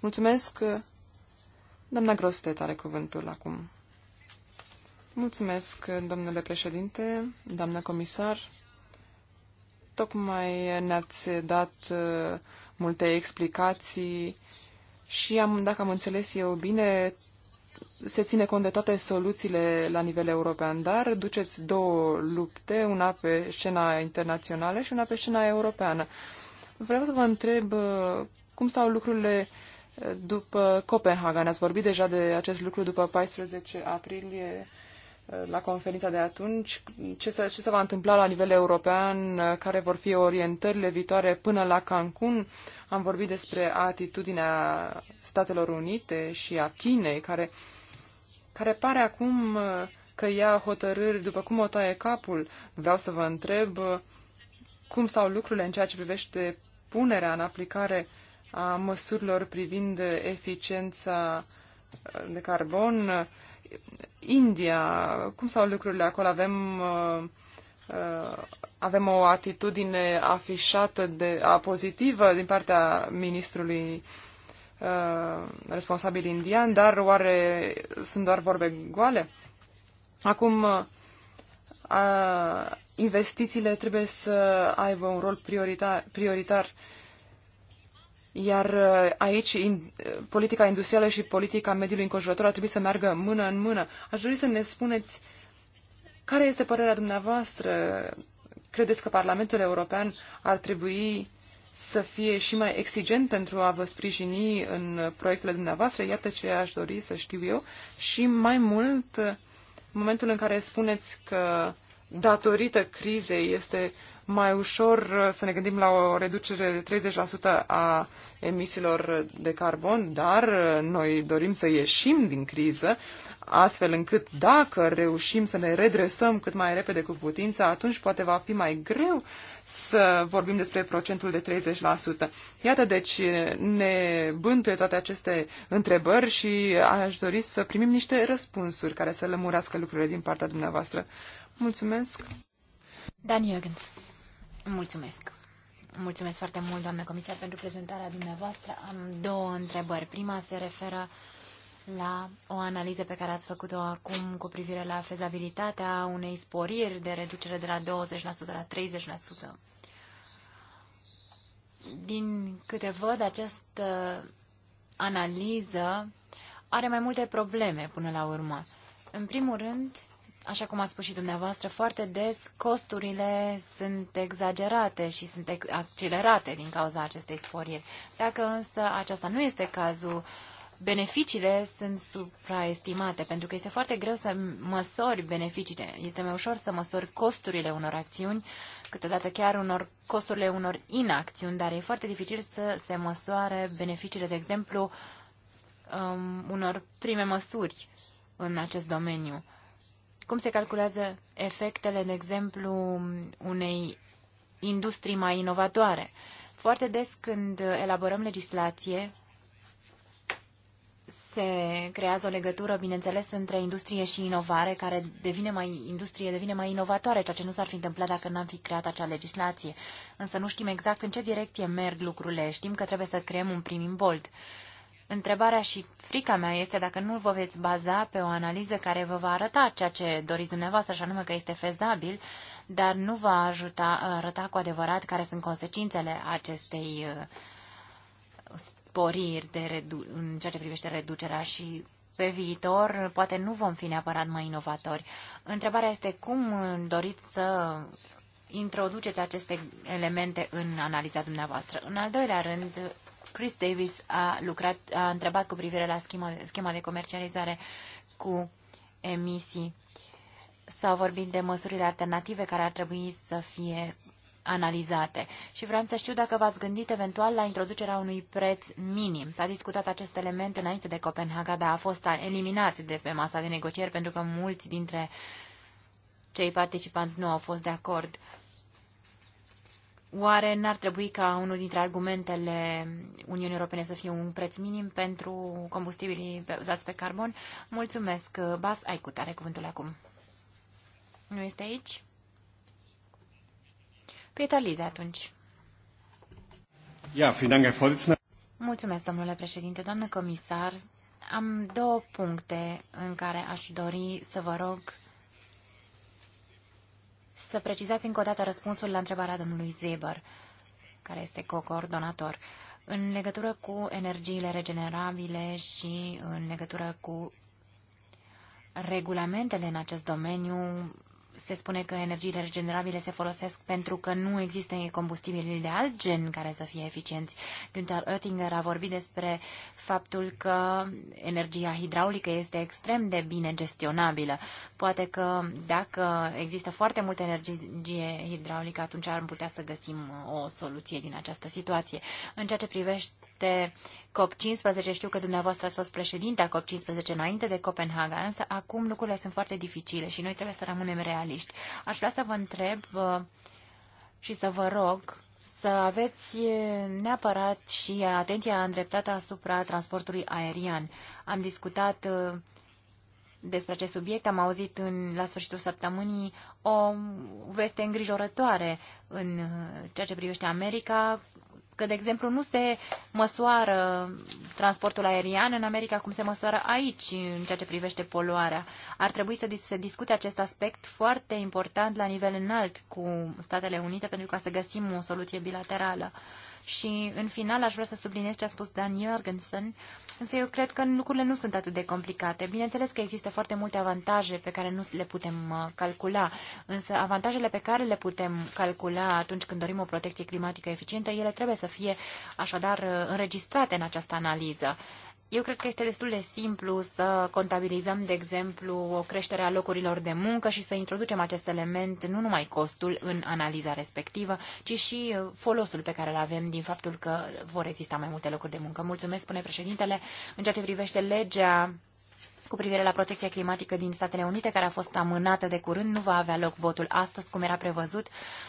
Mulțumesc. Doamna Grostet are cuvântul acum. Mulțumesc, domnule președinte, doamna comisar. Tocmai ne-ați dat uh, multe explicații și am, dacă am înțeles eu bine, se ține cont de toate soluțiile la nivel european, dar duceți două lupte, una pe scena internațională și una pe scena europeană. Vreau să vă întreb uh, cum stau lucrurile uh, după Copenhaga. Ne-ați vorbit deja de acest lucru după 14 aprilie la conferința de atunci, ce se, ce se va întâmpla la nivel european, care vor fi orientările viitoare până la Cancun. Am vorbit despre atitudinea Statelor Unite și a Chinei, care, care pare acum uh, că ia hotărâri după cum o taie capul. Vreau să vă întreb uh, cum stau lucrurile în ceea ce privește punerea în aplicare a măsurilor privind eficiența uh, de carbon India, cum stau lucrurile acolo? Avem, uh, uh, avem o atitudine afișată de, a pozitivă din partea ministrului uh, responsabil indian, dar oare sunt doar vorbe goale? Acum, uh, investițiile trebuie să aibă un rol prioritar, prioritar uh, iar uh, aici uh, politica industrială și politica mediului înconjurător ar trebui să meargă mână în mână. Aș dori să ne spuneți care este părerea dumneavoastră. Credeți că Parlamentul European ar trebui să fie și mai exigent pentru a vă sprijini în proiectele dumneavoastră? Iată ce aș dori să știu eu. Și mai mult, momentul în care spuneți că datorită crizei este mai ușor uh, să ne gândim la o reducere de 30% a emisiilor de carbon, dar uh, noi dorim să ieșim din criză, astfel încât dacă reușim să ne redresăm cât mai repede cu putință, atunci poate va fi mai greu să vorbim despre procentul de 30%. Iată, deci ne bântuie toate aceste întrebări și aș dori să primim niște răspunsuri care să lămurească lucrurile din partea dumneavoastră. Mulțumesc! Dan Jürgens. Mulțumesc. Mulțumesc foarte mult, doamnă comisar, pentru prezentarea dumneavoastră. Am două întrebări. Prima se referă la o analiză pe care ați făcut-o acum cu privire la fezabilitatea unei sporiri de reducere de la 20% la 30%. Din câte văd, această analiză are mai multe probleme până la urmă. În primul rând, așa cum ați spus și dumneavoastră, foarte des costurile sunt exagerate și sunt accelerate din cauza acestei sporiri. Dacă însă aceasta nu este cazul, beneficiile sunt supraestimate, pentru că este foarte greu să măsori beneficiile. Este mai ușor să măsori costurile unor acțiuni, câteodată chiar unor costurile unor inacțiuni, dar e foarte dificil să se măsoare beneficiile, de exemplu, um, unor prime măsuri în acest domeniu cum se calculează efectele, de exemplu, unei industrii mai inovatoare. Foarte des când elaborăm legislație, se creează o legătură, bineînțeles, între industrie și inovare, care devine mai, industrie devine mai inovatoare, ceea ce nu s-ar fi întâmplat dacă n-am fi creat acea legislație. Însă nu știm exact în ce direcție merg lucrurile. Știm că trebuie să creăm un prim imbold. Întrebarea și frica mea este dacă nu vă veți baza pe o analiză care vă va arăta ceea ce doriți dumneavoastră, și anume că este fezabil, dar nu va ajuta, arăta cu adevărat care sunt consecințele acestei uh, sporiri de redu- în ceea ce privește reducerea și pe viitor poate nu vom fi neapărat mai inovatori. Întrebarea este cum doriți să introduceți aceste elemente în analiza dumneavoastră. În al doilea rând, Chris Davis a, lucrat, a întrebat cu privire la schema, schema de comercializare cu emisii. S-au vorbit de măsurile alternative care ar trebui să fie analizate. Și vreau să știu dacă v-ați gândit eventual la introducerea unui preț minim. S-a discutat acest element înainte de Copenhaga, dar a fost eliminat de pe masa de negocieri pentru că mulți dintre cei participanți nu au fost de acord. Oare n-ar trebui ca unul dintre argumentele Uniunii Europene să fie un preț minim pentru combustibilii bazați pe carbon? Mulțumesc. Bas, ai cu tare cuvântul acum. Nu este aici? Peter Lize, atunci. Ja, vielen Dank, Mulțumesc, domnule președinte, doamnă comisar. Am două puncte în care aș dori să vă rog să precizați încă o dată răspunsul la întrebarea domnului Zeber, care este co-coordonator, în legătură cu energiile regenerabile și în legătură cu regulamentele în acest domeniu se spune că energiile regenerabile se folosesc pentru că nu există combustibili de alt gen care să fie eficienți. Günther Oettinger a vorbit despre faptul că energia hidraulică este extrem de bine gestionabilă. Poate că dacă există foarte multă energie hidraulică, atunci ar putea să găsim o soluție din această situație. În ceea ce privește de COP15. Știu că dumneavoastră ați fost președintea COP15 înainte de Copenhaga, însă acum lucrurile sunt foarte dificile și noi trebuie să rămânem realiști. Aș vrea să vă întreb uh, și să vă rog să aveți uh, neapărat și atenția îndreptată asupra transportului aerian. Am discutat uh, despre acest subiect. Am auzit în, la sfârșitul săptămânii o veste îngrijorătoare în ceea ce privește America, că, de exemplu, nu se măsoară transportul aerian în America cum se măsoară aici în ceea ce privește poluarea. Ar trebui să se discute acest aspect foarte important la nivel înalt cu Statele Unite pentru ca să găsim o soluție bilaterală. Uh, și în final aș vrea să subliniez ce a spus Dan Jorgensen, însă eu cred că lucrurile nu sunt atât de complicate. Bineînțeles că există foarte multe avantaje pe care nu le putem uh, calcula, însă avantajele pe care le putem calcula atunci când dorim o protecție climatică eficientă, ele trebuie să fie așadar uh, înregistrate în această analiză. Eu cred că este destul de simplu să contabilizăm, de exemplu, o creștere a locurilor de muncă și să introducem acest element, nu numai costul în analiza respectivă, ci și uh, folosul pe care îl avem din faptul că vor exista mai multe locuri de muncă. Mulțumesc, spune președintele, în ceea ce privește legea cu privire la protecția climatică din Statele Unite, care a fost amânată de curând, nu va avea loc votul astăzi, cum era prevăzut.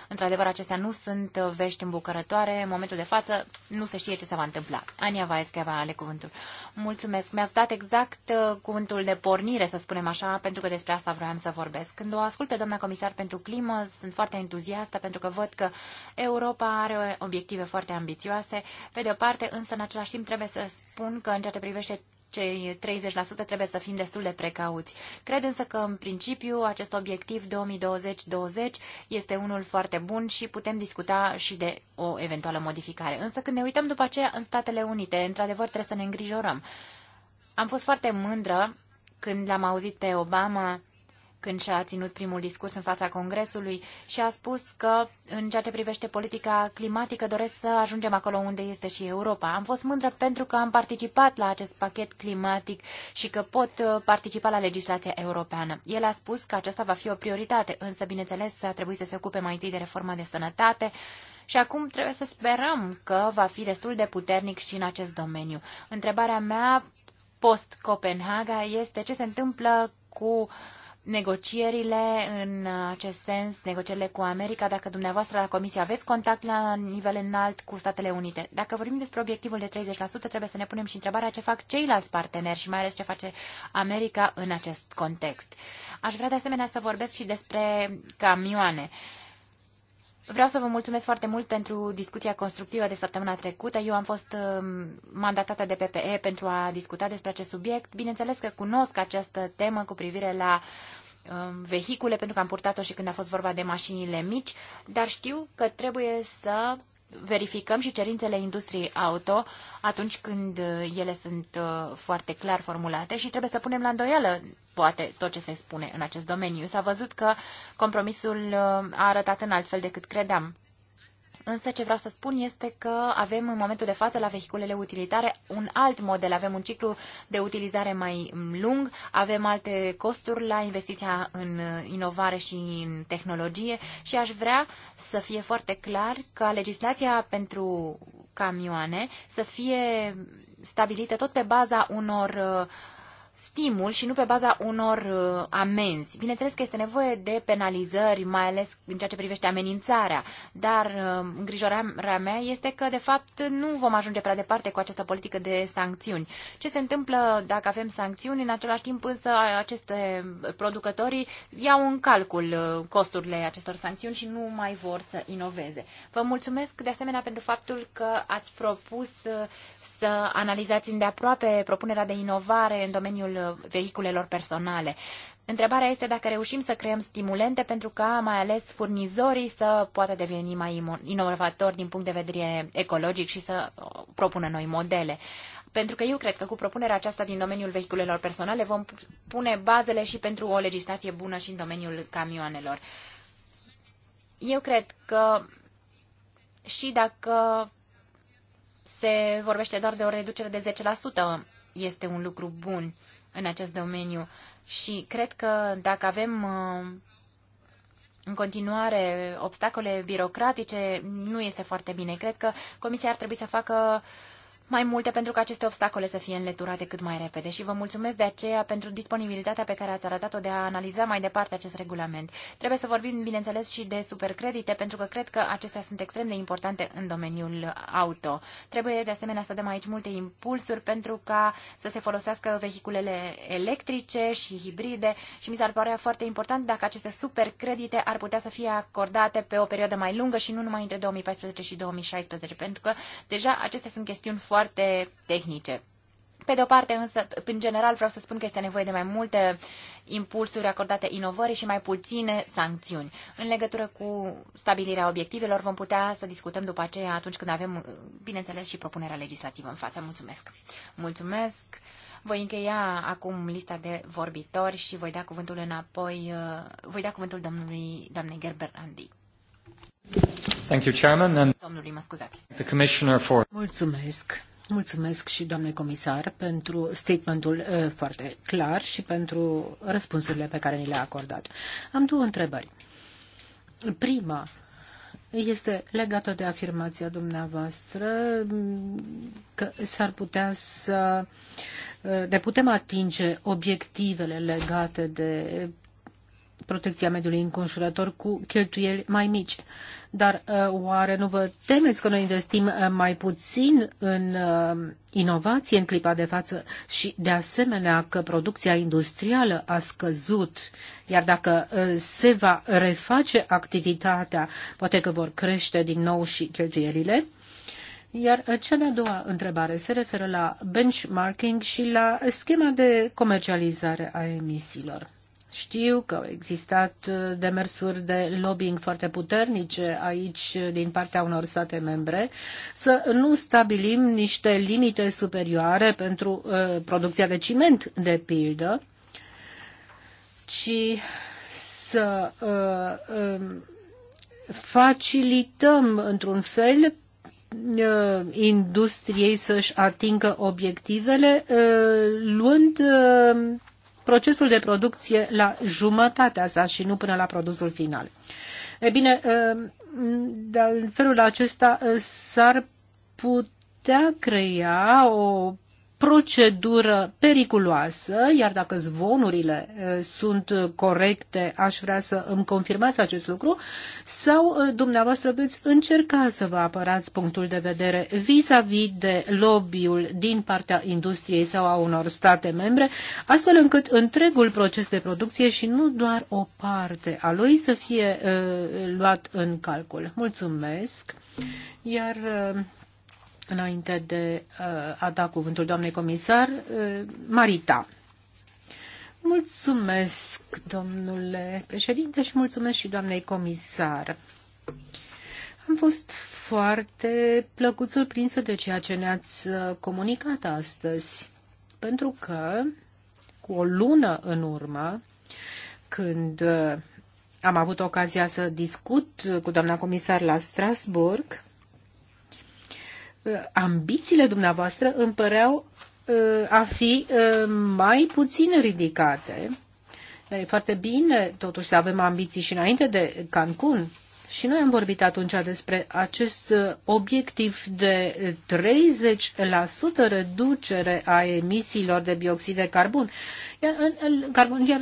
Într-adevăr, acestea nu sunt vești îmbucărătoare. În momentul de față, nu se știe ce se va întâmpla. Ania Vaesca va ale cuvântul. Mulțumesc. Mi-ați dat exact uh, cuvântul de pornire, să spunem așa, pentru că despre asta vroiam să vorbesc. Când o ascult pe doamna comisar pentru climă, sunt foarte entuziastă pentru că văd că Europa are obiective foarte ambițioase. Pe de o parte, însă, în același timp, trebuie să spun că în ceea ce privește cei 30% trebuie să fim destul de precauți. Cred însă că, în principiu, acest obiectiv 2020-20 este unul foarte bun și putem discuta și de o eventuală modificare. Însă, când ne uităm după aceea în Statele Unite, într-adevăr trebuie să ne îngrijorăm. Am fost foarte mândră când l-am auzit pe Obama când și-a ținut primul discurs în fața Congresului și a spus că, în ceea ce privește politica climatică, doresc să ajungem acolo unde este și Europa. Am fost mândră pentru că am participat la acest pachet climatic și că pot uh, participa la legislația europeană. El a spus că aceasta va fi o prioritate, însă, bineînțeles, a trebuit să se ocupe mai întâi de reforma de sănătate, și acum trebuie să sperăm că va fi destul de puternic și în acest domeniu. Întrebarea mea post-Copenhaga este ce se întâmplă cu uh, negocierile în acest sens, negocierile cu America, dacă dumneavoastră la Comisie aveți contact la nivel înalt cu Statele Unite. Dacă vorbim despre obiectivul de 30%, trebuie să ne punem și întrebarea ce fac ceilalți parteneri și mai ales ce face America în acest context. Aș vrea de asemenea să vorbesc și despre camioane. Uh, Vreau să vă mulțumesc foarte mult pentru discuția constructivă de săptămâna trecută. Eu am fost um, mandatată de PPE pentru a discuta despre acest subiect. Bineînțeles că cunosc această temă cu privire la um, vehicule, pentru că am purtat-o și când a fost vorba de mașinile mici, dar știu că trebuie să verificăm și cerințele industriei auto atunci când uh, ele sunt uh, foarte clar formulate și trebuie să punem la îndoială, poate, tot ce se spune în acest domeniu. S-a văzut că compromisul uh, a arătat în altfel decât credeam. Însă ce vreau să spun este că avem în momentul de față la vehiculele utilitare un alt model, avem un ciclu de utilizare mai lung, avem alte costuri la investiția în inovare și în tehnologie și aș vrea să fie foarte clar că legislația pentru camioane să fie stabilită tot pe baza unor uh, stimul și nu pe baza unor uh, amenzi. Bineînțeles că este nevoie de penalizări, mai ales în ceea ce privește amenințarea, dar uh, îngrijorarea mea este că, de fapt, nu vom ajunge prea departe cu această politică de sancțiuni. Ce se întâmplă dacă avem sancțiuni, în același timp însă aceste producătorii iau în calcul uh, costurile acestor sancțiuni și nu mai vor să inoveze. Vă mulțumesc de asemenea pentru faptul că ați propus să analizați îndeaproape propunerea de inovare în domeniul domeniul uh, vehiculelor personale. Întrebarea este dacă reușim să creăm stimulente pentru ca mai ales furnizorii să poată deveni mai inovatori din punct de vedere ecologic și să uh, propună noi modele. Pentru că eu cred că cu propunerea aceasta din domeniul vehiculelor personale vom pune bazele și pentru o legislație bună și în domeniul camioanelor. Eu cred că și dacă se vorbește doar de o reducere de 10%, este un lucru bun în acest domeniu și cred că dacă avem uh, în continuare obstacole birocratice, nu este foarte bine. Cred că Comisia ar trebui să facă uh, mai multe pentru că aceste obstacole să fie înleturate cât mai repede și vă mulțumesc de aceea pentru disponibilitatea pe care ați arătat-o de a analiza mai departe acest regulament. Trebuie să vorbim, bineînțeles, și de supercredite, pentru că cred că acestea sunt extrem de importante în domeniul auto. Trebuie, de asemenea, să dăm aici multe impulsuri pentru ca să se folosească vehiculele electrice și hibride și mi s-ar părea foarte important dacă aceste supercredite ar putea să fie acordate pe o perioadă mai lungă și nu numai între 2014 și 2016, pentru că deja acestea sunt chestiuni foarte foarte tehnice. Pe de o parte, însă, în general vreau să spun că este nevoie de mai multe impulsuri acordate inovării și mai puține sancțiuni. În legătură cu stabilirea obiectivelor vom putea să discutăm după aceea atunci când avem, bineînțeles, și propunerea legislativă în față. Mulțumesc! Mulțumesc! Voi încheia acum lista de vorbitori și voi da cuvântul înapoi, uh, voi da cuvântul domnului, doamnei Gerber Andi. Thank you, Chairman, and Domnului, mă scuzați. The Commissioner for... Mulțumesc. Mulțumesc și doamne comisar pentru statementul uh, foarte clar și pentru răspunsurile pe care ni le-a acordat. Am două întrebări. Prima este legată de afirmația dumneavoastră mm, că s-ar putea să uh, ne putem atinge obiectivele legate de protecția mediului înconjurător cu cheltuieli mai mici. Dar uh, oare nu vă temeți că noi investim uh, mai puțin în uh, inovație în clipa de față și de asemenea că producția industrială a scăzut, iar dacă se va reface activitatea, poate că vor crește din nou și cheltuielile? Iar cea de-a doua întrebare se referă la benchmarking și la schema de comercializare a emisiilor. Știu că au existat uh, demersuri de lobbying foarte puternice aici uh, din partea unor state membre să nu stabilim niște limite superioare pentru uh, producția de ciment, de pildă, ci să uh, uh, facilităm într-un fel uh, industriei să-și atingă obiectivele luând procesul de producție la jumătatea sa și nu până la produsul final. E bine, uh, în felul acesta uh, s-ar putea crea o procedură periculoasă, iar dacă zvonurile uh, sunt corecte, aș vrea să îmi confirmați acest lucru, sau uh, dumneavoastră veți încerca să vă apărați punctul de vedere vis-a-vis -vis de lobby-ul din partea industriei sau a unor state membre, astfel încât întregul proces de producție și nu doar o parte a lui să fie uh, luat în calcul. Mulțumesc! Iar uh, înainte de uh, a da cuvântul doamnei comisar, uh, Marita. Mulțumesc, domnule președinte, și mulțumesc și doamnei comisar. Am fost foarte plăcut surprinsă de ceea ce ne-ați uh, comunicat astăzi, pentru că cu o lună în urmă, când am avut ocazia să discut cu doamna comisar la Strasburg, ambițiile dumneavoastră îmi păreau uh, a fi uh, mai puțin ridicate. Dar e foarte bine totuși să avem ambiții și înainte de Cancun. Și noi am vorbit atunci despre acest uh, obiectiv de 30% reducere a emisiilor de bioxid de carbon. Iar, carbon, iar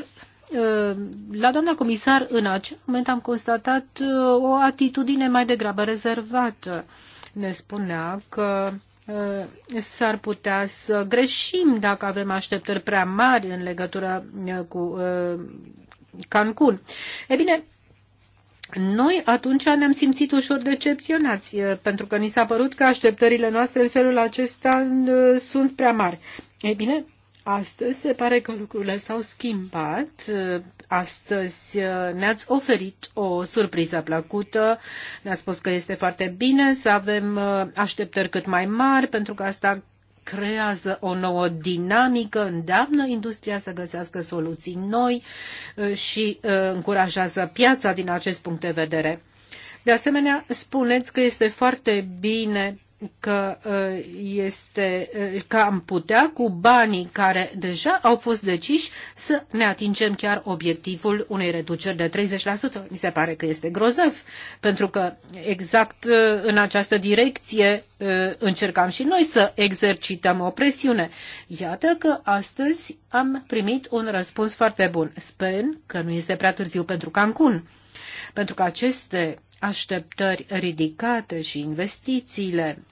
la doamna comisar, în acel moment am constatat o atitudine mai degrabă rezervată ne spunea că uh, s-ar putea să greșim dacă avem așteptări prea mari în legătură uh, cu uh, Cancun. E bine, noi atunci ne-am simțit ușor decepționați, pentru că ni s-a părut că așteptările noastre în felul acesta sunt prea mari. E bine, Astăzi se pare că lucrurile s-au schimbat. Astăzi uh, ne-ați oferit o surpriză plăcută. ne a spus că este foarte bine să avem uh, așteptări cât mai mari, pentru că asta creează o nouă dinamică, îndeamnă industria să găsească soluții noi uh, și încurajează piața din acest punct de vedere. De asemenea, spuneți că este foarte bine că uh, este uh, că am putea cu banii care deja au fost deciși să ne atingem chiar obiectivul unei reduceri de 30%. Mi se pare că este grozav, pentru că exact uh, în această direcție încercam și noi să exercităm o presiune. Iată că astăzi am primit un răspuns foarte bun. Sper că nu este prea târziu pentru Cancun, pentru că aceste așteptări ridicate și investițiile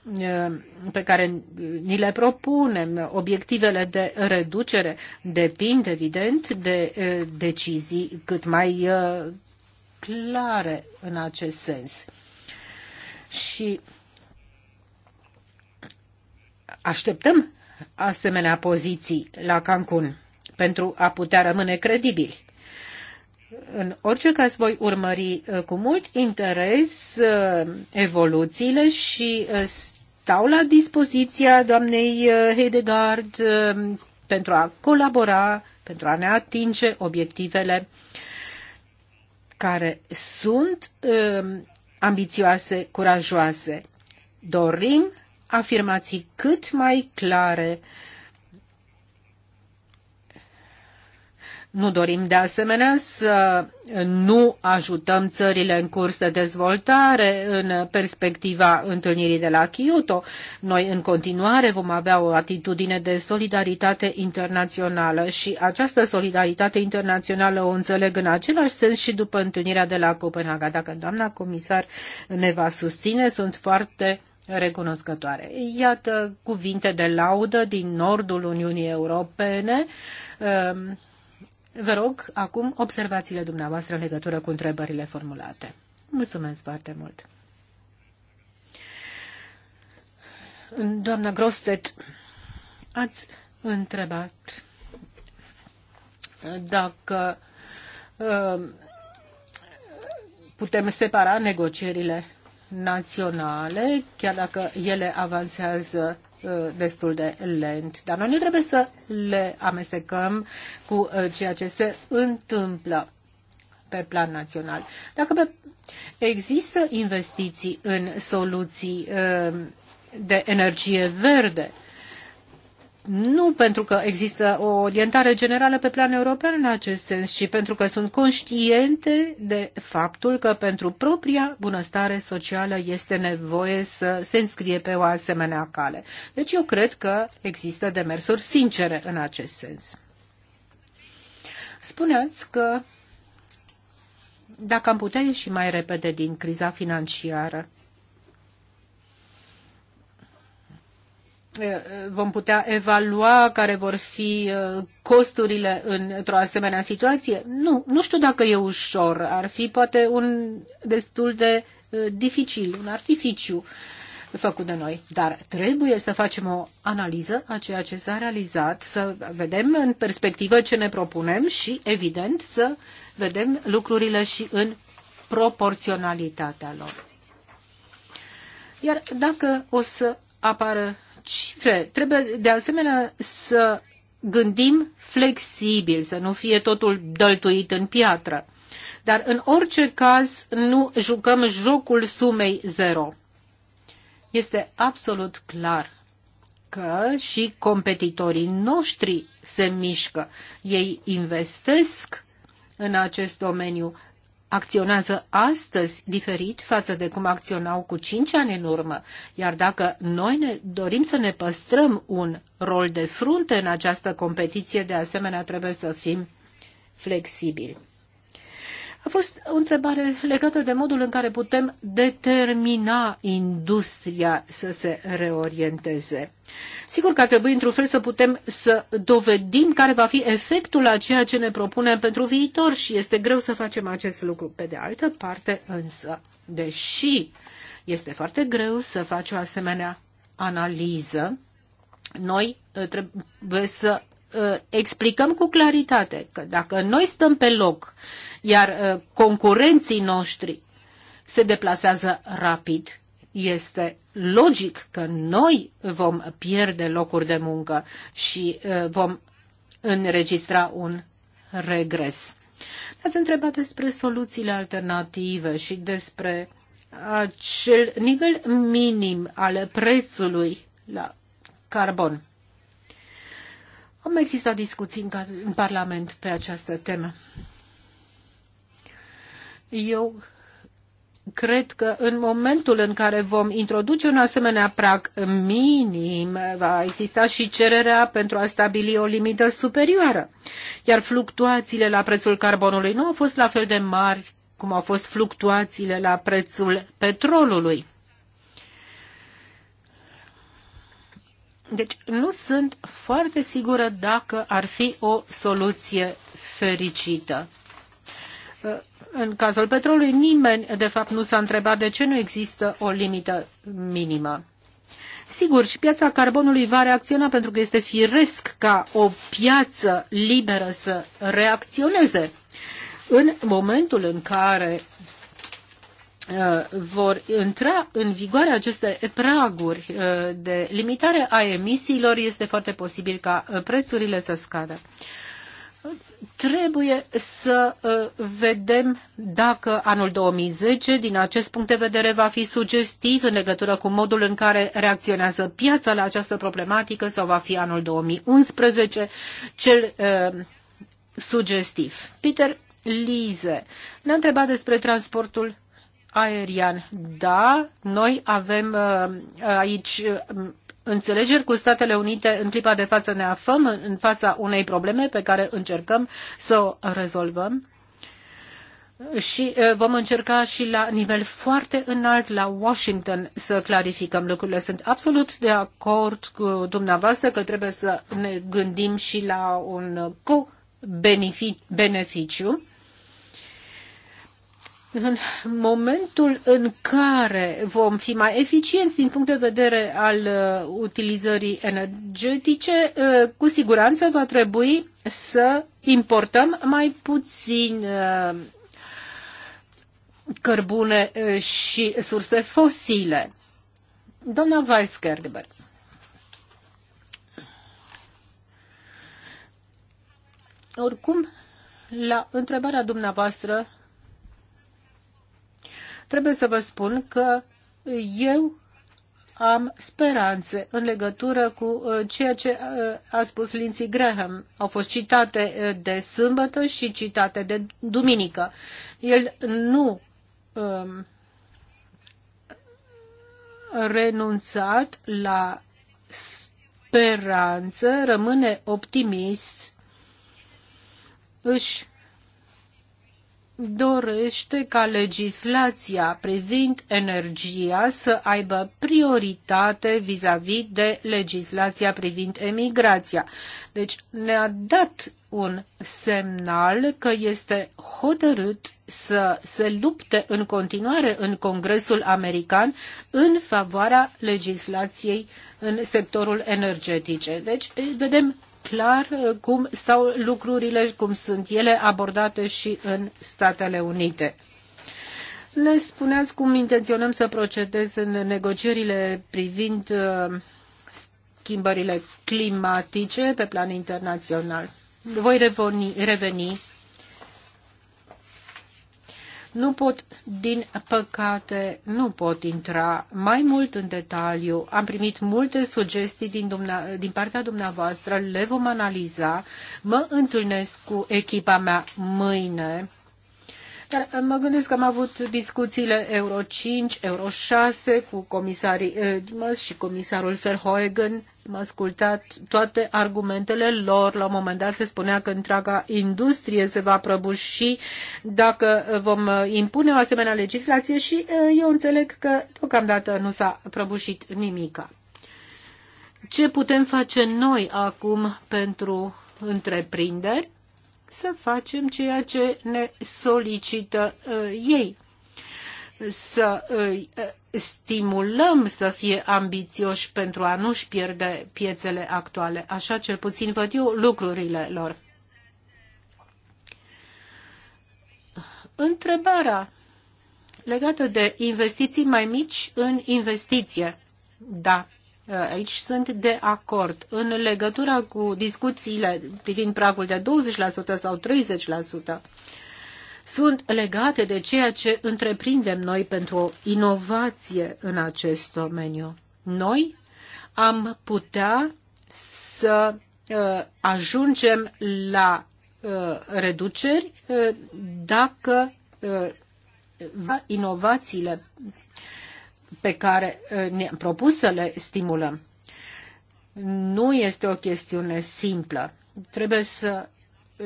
pe care ni le propunem, obiectivele de reducere depind evident de decizii cât mai clare în acest sens. Și așteptăm asemenea poziții la Cancun pentru a putea rămâne credibili în orice caz voi urmări uh, cu mult interes uh, evoluțiile și uh, stau la dispoziția doamnei Hedegaard pentru a colabora, pentru a ne atinge obiectivele care sunt ambițioase, curajoase. Dorim afirmații cât mai clare Nu dorim de asemenea să nu ajutăm țările în curs de dezvoltare în perspectiva întâlnirii de la Kyoto. Noi în continuare vom avea o atitudine de solidaritate internațională și această solidaritate internațională o înțeleg în același sens și după întâlnirea de la Copenhaga. Dacă doamna comisar ne va susține, sunt foarte recunoscătoare. Iată cuvinte de laudă din nordul Uniunii Europene. Uh, Vă rog acum observațiile dumneavoastră în legătură cu întrebările formulate. Mulțumesc foarte mult. Doamna Grostet, ați întrebat dacă uh, putem separa negocierile naționale, chiar dacă ele avansează Uh, destul de lent. Dar noi nu trebuie să le amestecăm cu uh, ceea ce se întâmplă pe plan național. Dacă pe există investiții în soluții uh, de energie verde, nu pentru că există o orientare generală pe plan european în acest sens, ci pentru că sunt conștiente de faptul că pentru propria bunăstare socială este nevoie să se înscrie pe o asemenea cale. Deci eu cred că există demersuri sincere în acest sens. Spuneați că dacă am putea ieși mai repede din criza financiară, vom putea evalua care vor fi costurile într-o asemenea situație? Nu, nu știu dacă e ușor. Ar fi poate un destul de dificil, un artificiu făcut de noi. Dar trebuie să facem o analiză a ceea ce s-a realizat, să vedem în perspectivă ce ne propunem și, evident, să vedem lucrurile și în proporționalitatea lor. Iar dacă o să apară cifre. Trebuie de asemenea să gândim flexibil, să nu fie totul dăltuit în piatră. Dar în orice caz nu jucăm jocul sumei zero. Este absolut clar că și competitorii noștri se mișcă. Ei investesc în acest domeniu, acționează astăzi diferit față de cum acționau cu cinci ani în urmă. Iar dacă noi ne dorim să ne păstrăm un rol de frunte în această competiție, de asemenea trebuie să fim flexibili. A fost o întrebare legată de modul în care putem determina industria să se reorienteze. Sigur că ar trebui într-un fel să putem să dovedim care va fi efectul a ceea ce ne propunem pentru viitor și este greu să facem acest lucru. Pe de altă parte însă, deși este foarte greu să faci o asemenea analiză, noi trebuie să Uh, explicăm cu claritate că dacă noi stăm pe loc, iar uh, concurenții noștri se deplasează rapid, este logic că noi vom pierde locuri de muncă și uh, vom înregistra un regres. Ați întrebat despre soluțiile alternative și despre acel nivel minim al prețului la carbon. Am existat discuții în, în Parlament pe această temă. Eu cred că în momentul în care vom introduce un asemenea prag minim, va exista și cererea pentru a stabili o limită superioară. Iar fluctuațiile la prețul carbonului nu au fost la fel de mari cum au fost fluctuațiile la prețul petrolului. Deci nu sunt foarte sigură dacă ar fi o soluție fericită. În cazul petrolului, nimeni, de fapt, nu s-a întrebat de ce nu există o limită minimă. Sigur, și piața carbonului va reacționa pentru că este firesc ca o piață liberă să reacționeze. În momentul în care Uh, vor intra în vigoare aceste praguri uh, de limitare a emisiilor, este foarte posibil ca uh, prețurile să scadă. Trebuie să vedem dacă anul 2010, din acest punct de vedere, va fi sugestiv în legătură cu modul în care reacționează piața la această problematică sau va fi anul 2011 cel uh, sugestiv. Peter Lize ne-a întrebat despre transportul aerian. Da, noi avem uh, aici uh, înțelegeri cu Statele Unite. În clipa de față ne aflăm în fața unei probleme pe care încercăm să o rezolvăm. Și uh, vom încerca și la nivel foarte înalt la Washington să clarificăm lucrurile. Sunt absolut de acord cu dumneavoastră că trebuie să ne gândim și la un cu beneficiu în momentul în care vom fi mai eficienți din punct de vedere al uh, utilizării energetice, uh, cu siguranță va trebui să importăm mai puțin uh, cărbune și surse fosile. Doamna Weisgerber. Oricum, la întrebarea dumneavoastră, Trebuie să vă spun că eu am speranțe în legătură cu uh, ceea ce uh, a spus Lindsey Graham. Au fost citate uh, de sâmbătă și citate de duminică. El nu um, renunțat la speranță, rămâne optimist, își dorește ca legislația privind energia să aibă prioritate vis-a-vis -vis de legislația privind emigrația. Deci ne-a dat un semnal că este hotărât să se lupte în continuare în Congresul American în favoarea legislației în sectorul energetice. Deci vedem clar cum stau lucrurile, cum sunt ele abordate și în Statele Unite. Ne spuneați cum intenționăm să procedez în negocierile privind uh, schimbările climatice pe plan internațional. Voi reveni, reveni nu pot, din păcate, nu pot intra mai mult în detaliu. Am primit multe sugestii din, dumna, din partea dumneavoastră, le vom analiza. Mă întâlnesc cu echipa mea mâine. Dar mă gândesc că am avut discuțiile Euro 5, Euro 6 cu comisarii Dimas eh, și comisarul Verhoeven am ascultat toate argumentele lor. La un moment dat se spunea că întreaga industrie se va prăbuși dacă vom impune o asemenea legislație și eu înțeleg că deocamdată nu s-a prăbușit nimica. Ce putem face noi acum pentru întreprinderi? Să facem ceea ce ne solicită uh, ei să îi stimulăm să fie ambițioși pentru a nu-și pierde piețele actuale. Așa cel puțin văd eu lucrurile lor. Întrebarea legată de investiții mai mici în investiție. Da, aici sunt de acord. În legătura cu discuțiile privind pragul de 20% sau 30%, sunt legate de ceea ce întreprindem noi pentru o inovație în acest domeniu. Noi am putea să uh, ajungem la uh, reduceri uh, dacă inovațiile pe care ne-am propus să le stimulăm. Nu este o chestiune simplă. Trebuie să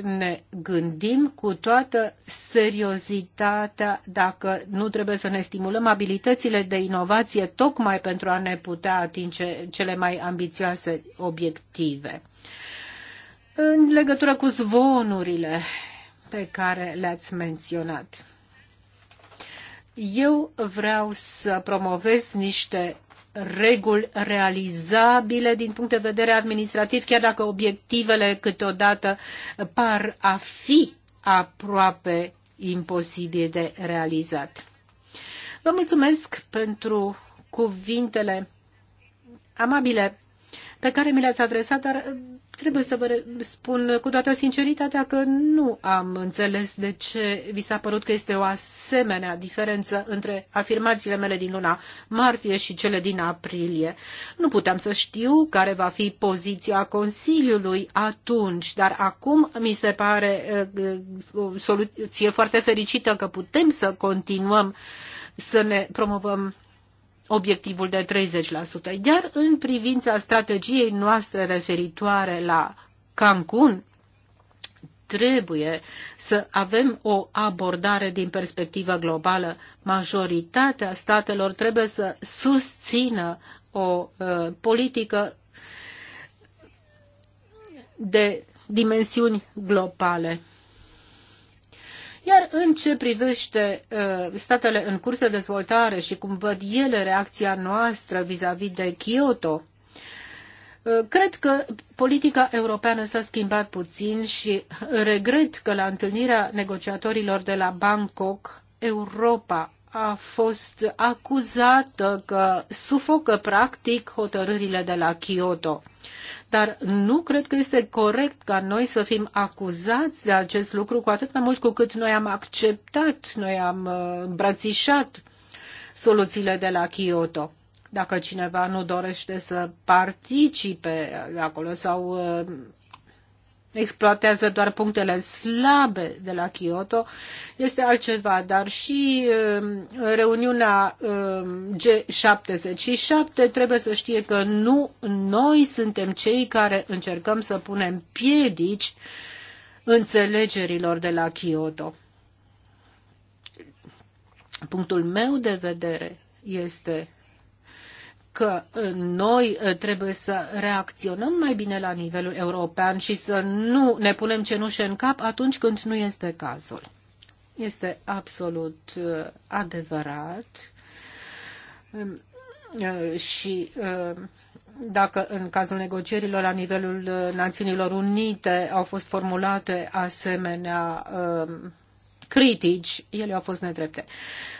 ne gândim cu toată seriozitatea dacă nu trebuie să ne stimulăm abilitățile de inovație tocmai pentru a ne putea atinge cele mai ambițioase obiective. În legătură cu zvonurile pe care le-ați menționat, eu vreau să promovez niște reguli realizabile din punct de vedere administrativ, chiar dacă obiectivele câteodată par a fi aproape imposibil de realizat. Vă mulțumesc pentru cuvintele amabile pe care mi le-ați adresat, dar eh, trebuie să vă spun cu toată sinceritatea că nu am înțeles de ce vi s-a părut că este o asemenea diferență între afirmațiile mele din luna martie și cele din aprilie. Nu puteam să știu care va fi poziția Consiliului atunci, dar acum mi se pare eh, o soluție foarte fericită că putem să continuăm să ne promovăm obiectivul de 30%. Iar în privința strategiei noastre referitoare la Cancun, trebuie să avem o abordare din perspectivă globală. Majoritatea statelor trebuie să susțină o uh, politică de dimensiuni globale. Iar în ce privește uh, statele în curs de dezvoltare și cum văd ele reacția noastră vis-a-vis -vis de Kyoto, uh, Cred că politica europeană s-a schimbat puțin și regret că la întâlnirea negociatorilor de la Bangkok Europa a fost acuzată că sufocă practic hotărârile de la Kyoto. Dar nu cred că este corect ca noi să fim acuzați de acest lucru, cu atât mai mult cu cât noi am acceptat, noi am uh, îmbrățișat soluțiile de la Kyoto. Dacă cineva nu dorește să participe acolo sau uh, exploatează doar punctele slabe de la Kyoto, este altceva, dar și um, reuniunea um, G77 trebuie să știe că nu noi suntem cei care încercăm să punem piedici înțelegerilor de la Kyoto. Punctul meu de vedere este că ă, noi ă, trebuie să reacționăm mai bine la nivelul european și să nu ne punem cenușe în cap atunci când nu este cazul. Este absolut ă, adevărat și dacă în cazul negocierilor la nivelul Națiunilor Unite au fost formulate asemenea critici, ele au fost nedrepte.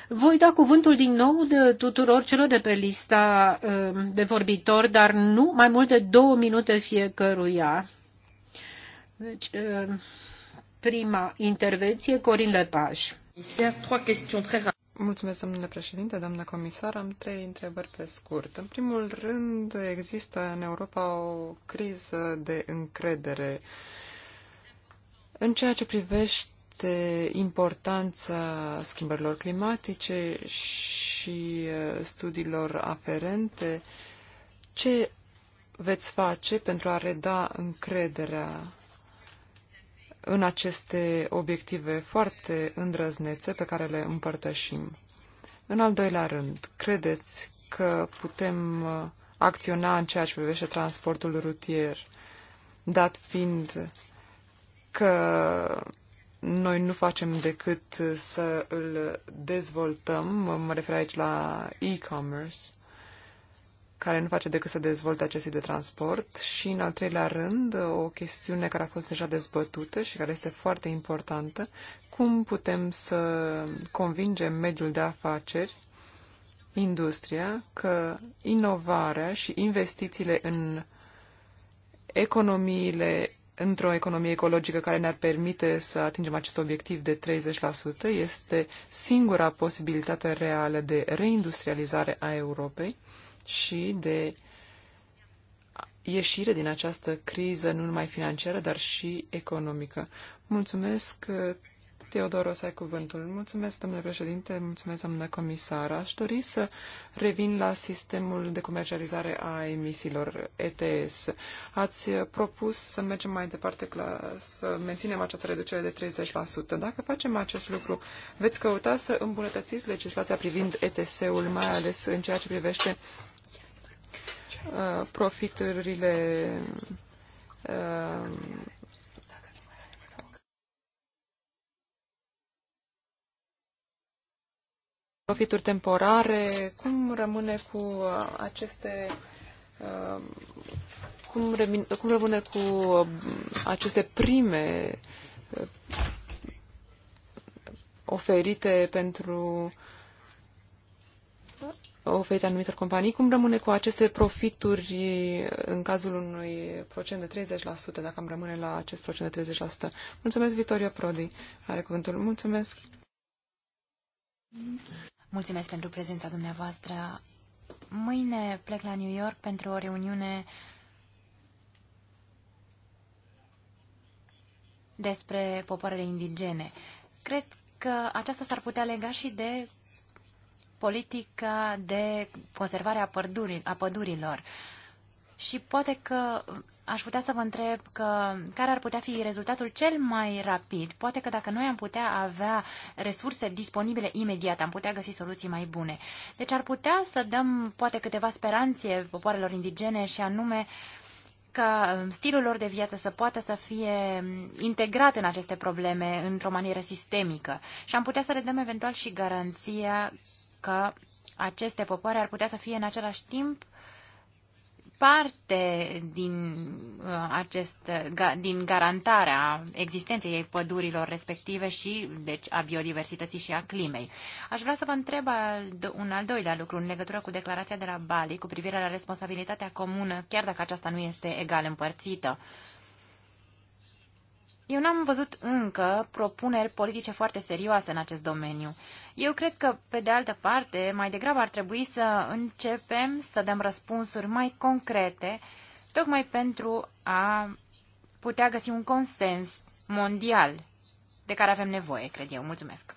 Voi da cuvântul din nou de tuturor celor de pe lista um, de vorbitori, dar nu mai mult de două minute fiecăruia. Deci, um, prima intervenție, Corin Lepaș. Mulțumesc, domnule președinte, doamnă comisar. Am trei întrebări pe scurt. În primul rând, există în Europa o criză de încredere în ceea ce privește este importanța schimbărilor climatice și studiilor aferente. Ce veți face pentru a reda încrederea în aceste obiective foarte îndrăznețe pe care le împărtășim? În al doilea rând, credeți că putem acționa în ceea ce privește transportul rutier, dat fiind că noi nu facem decât să îl dezvoltăm, mă refer aici la e-commerce, care nu face decât să dezvolte acest de transport și, în al treilea rând, o chestiune care a fost deja dezbătută și care este foarte importantă, cum putem să convingem mediul de afaceri, industria, că inovarea și investițiile în economiile într-o economie ecologică care ne-ar permite să atingem acest obiectiv de 30%, este singura posibilitate reală de reindustrializare a Europei și de ieșire din această criză, nu numai financiară, dar și economică. Mulțumesc Teodoros, ai cuvântul. Mulțumesc, domnule președinte, mulțumesc, doamnă comisar. Aș dori să revin la sistemul de comercializare a emisiilor ETS. Ați propus să mergem mai departe, să menținem această reducere de 30%. Dacă facem acest lucru, veți căuta să îmbunătățiți legislația privind ETS-ul, mai ales în ceea ce privește uh, profiturile uh, profituri temporare, cum rămâne cu uh, aceste uh, cum, remin, cum rămâne cu uh, aceste prime oferite pentru oferite anumitor companii, cum rămâne cu aceste profituri în cazul unui procent de 30%, dacă am rămâne la acest procent de 30%. Mulțumesc, Vitoria Prodi, are cuvântul. Mulțumesc. Mulțumesc pentru prezența dumneavoastră. Mâine plec la New York pentru o reuniune despre popoarele indigene. Cred că aceasta s-ar putea lega și de politica de conservare a, a pădurilor. Și poate că aș putea să vă întreb că care ar putea fi rezultatul cel mai rapid. Poate că dacă noi am putea avea resurse disponibile imediat, am putea găsi soluții mai bune. Deci ar putea să dăm poate câteva speranțe popoarelor indigene și anume ca um, stilul lor de viață să poată să fie um, integrat în aceste probleme într-o manieră sistemică și am putea să le dăm eventual și garanția că aceste popoare ar putea să fie în același timp uh, parte din, uh, acest, din garantarea existenței pădurilor respective și, deci, a biodiversității și a climei. Aș vrea să vă întreb un al doilea lucru în legătură cu declarația de la Bali cu privire la responsabilitatea comună, chiar dacă aceasta nu este egal împărțită. Uh, eu n-am văzut încă propuneri politice foarte serioase în acest domeniu. Eu cred că, pe de altă parte, mai degrabă ar trebui să începem să dăm răspunsuri mai concrete, tocmai pentru a putea găsi un consens mondial de care avem nevoie, cred eu. Mulțumesc!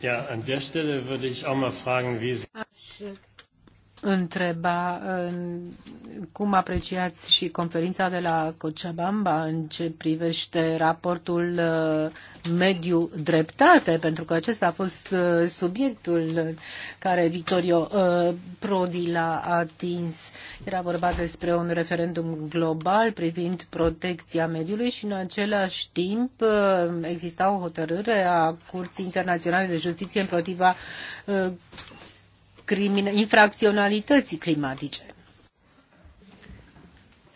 Ja, an der Stelle würde ich auch mal fragen, wie Sie întreba cum apreciați și conferința de la Cochabamba în ce privește raportul uh, mediu dreptate, pentru că acesta a fost uh, subiectul care Vittorio uh, Prodi l-a atins. Era vorba despre un referendum global privind protecția mediului și în același timp exista o hotărâre a Curții Internaționale de Justiție împotriva infracționalității climatice.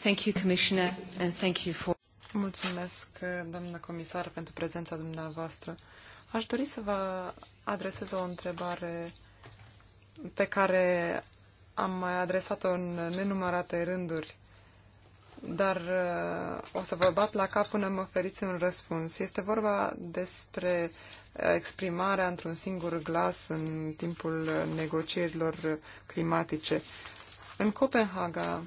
Thank you, Commissioner, and thank you for... Mulțumesc, doamnă comisar, pentru prezența dumneavoastră. Aș dori să vă adresez o întrebare pe care am mai adresat-o în nenumărate rânduri dar uh, o să vă bat la cap până mă oferiți un răspuns. Este vorba despre uh, exprimarea într-un singur glas în timpul uh, negocierilor climatice. În Copenhaga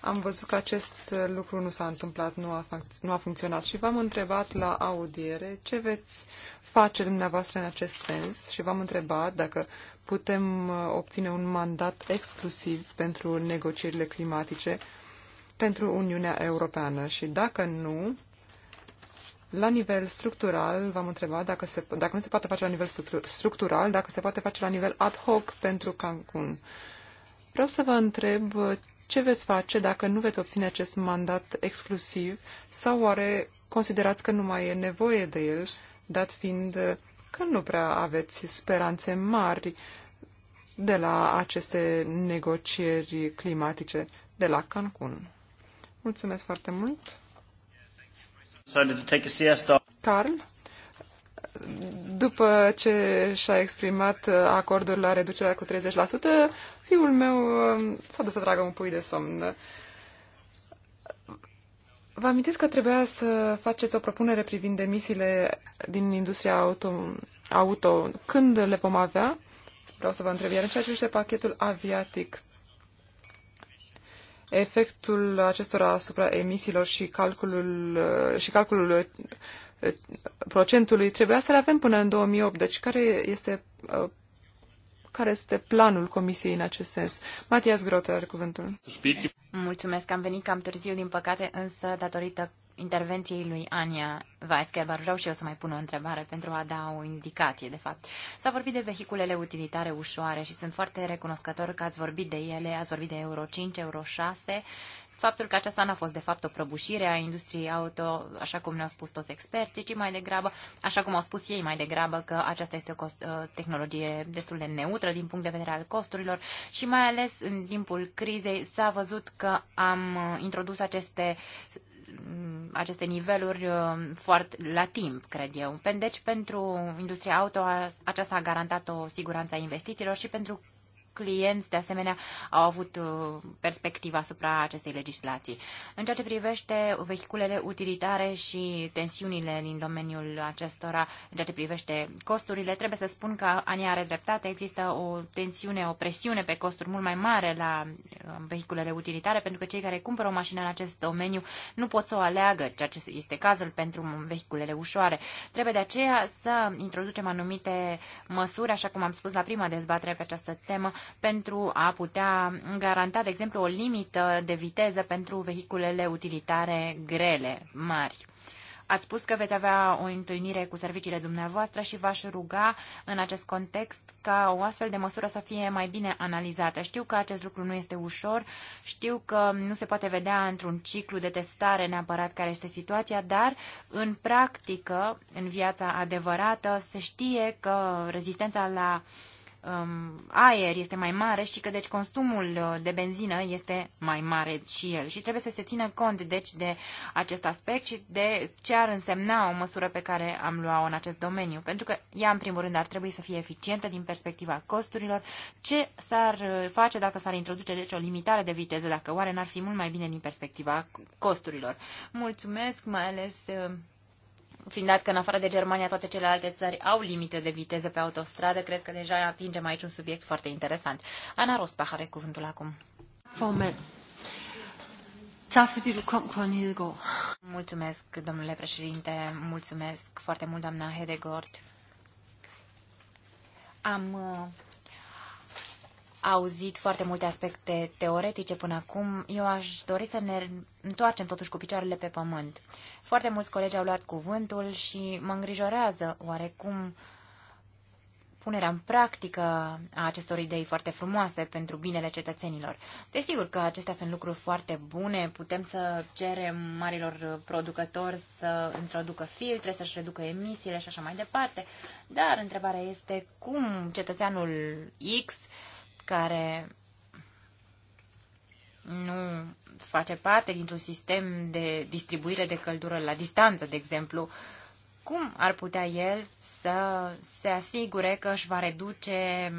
am văzut că acest lucru nu s-a întâmplat, nu a, nu a funcționat și v-am întrebat la audiere ce veți face dumneavoastră în acest sens și v-am întrebat dacă putem obține un mandat exclusiv pentru negocierile climatice pentru Uniunea Europeană și dacă nu, la nivel structural, v-am întrebat dacă, se, dacă nu se poate face la nivel structural, dacă se poate face la nivel ad hoc pentru Cancun. Vreau să vă întreb ce veți face dacă nu veți obține acest mandat exclusiv sau oare considerați că nu mai e nevoie de el, dat fiind că nu prea aveți speranțe mari de la aceste negocieri climatice de la Cancun. Mulțumesc foarte mult. Carl, după ce și-a exprimat acordul la reducerea cu 30%, fiul meu uh, s-a dus să tragă un pui de somn. Vă amintiți că trebuia să faceți o propunere privind emisiile din industria auto, auto. Când le vom avea? Vreau să vă întreb. Iar în ceea ce pachetul aviatic, efectul acestora asupra emisiilor și calculul, uh, și calculul uh, procentului trebuia să le avem până în 2008. Deci care este, uh, care este planul Comisiei în acest sens? Matias Grote are cuvântul. Mulțumesc, am venit cam târziu, din păcate, însă datorită intervenției lui Ania Weisgerber, vreau și eu să mai pun o întrebare pentru a da o indicație, de fapt. S-a vorbit de vehiculele utilitare ușoare și sunt foarte recunoscător că ați vorbit de ele, ați vorbit de Euro 5, Euro 6. Faptul că aceasta n-a fost, de fapt, o prăbușire a industriei auto, așa cum ne-au spus toți experții, ci mai degrabă, așa cum au spus ei mai degrabă, că aceasta este o cost, tehnologie destul de neutră din punct de vedere al costurilor și mai ales în timpul crizei s-a văzut că am introdus aceste Mm, aceste niveluri uh, foarte la timp, cred eu. Deci, pentru industria auto, aceasta a garantat o siguranță a investițiilor și pentru clienți, de asemenea, au avut uh, perspectiva asupra acestei legislații. În ceea ce privește vehiculele utilitare și tensiunile din domeniul acestora, în ceea ce privește costurile, trebuie să spun că Ania are dreptate, există o tensiune, o presiune pe costuri mult mai mare la um, vehiculele utilitare, pentru că cei care cumpără o mașină în acest domeniu nu pot să o aleagă, ceea ce este cazul pentru vehiculele ușoare. Trebuie de aceea să introducem anumite măsuri, așa cum am spus la prima dezbatere pe această temă, pentru a putea garanta, de exemplu, o limită de viteză pentru vehiculele utilitare grele, mari. Ați spus că veți avea o întâlnire cu serviciile dumneavoastră și v-aș ruga în acest context ca o astfel de măsură să fie mai bine analizată. Știu că acest lucru nu este ușor, știu că nu se poate vedea într-un ciclu de testare neapărat care este situația, dar în practică, în viața adevărată, se știe că rezistența la uh, um, aer este mai mare și că deci consumul uh, de benzină este mai mare și el. Și trebuie să se țină cont deci de acest aspect și de ce ar însemna o măsură pe care am luat-o în acest domeniu. Pentru că ea în primul rând ar trebui să fie eficientă din perspectiva costurilor. Ce s-ar uh, face dacă s-ar introduce deci o limitare de viteză, dacă oare n-ar fi mult mai bine din perspectiva costurilor. Mulțumesc, mai ales uh, fiind dat că în afară de Germania toate celelalte țări au limite de viteză pe autostradă, cred că deja atingem aici un subiect foarte interesant. Ana Rospach are cuvântul acum. Formal. Mulțumesc, domnule președinte, mulțumesc foarte mult, doamna Hedegord. Am uh, auzit foarte multe aspecte teoretice până acum, eu aș dori să ne întoarcem totuși cu picioarele pe pământ. Foarte mulți colegi au luat cuvântul și mă îngrijorează oarecum punerea în practică a acestor idei foarte frumoase pentru binele cetățenilor. Desigur că acestea sunt lucruri foarte bune, putem să cerem marilor producători să introducă filtre, să-și reducă emisiile și așa mai departe, dar întrebarea este cum cetățeanul X uh, care nu face parte dintr-un sistem de distribuire de căldură la distanță, de exemplu, cum ar putea el să se asigure că își va reduce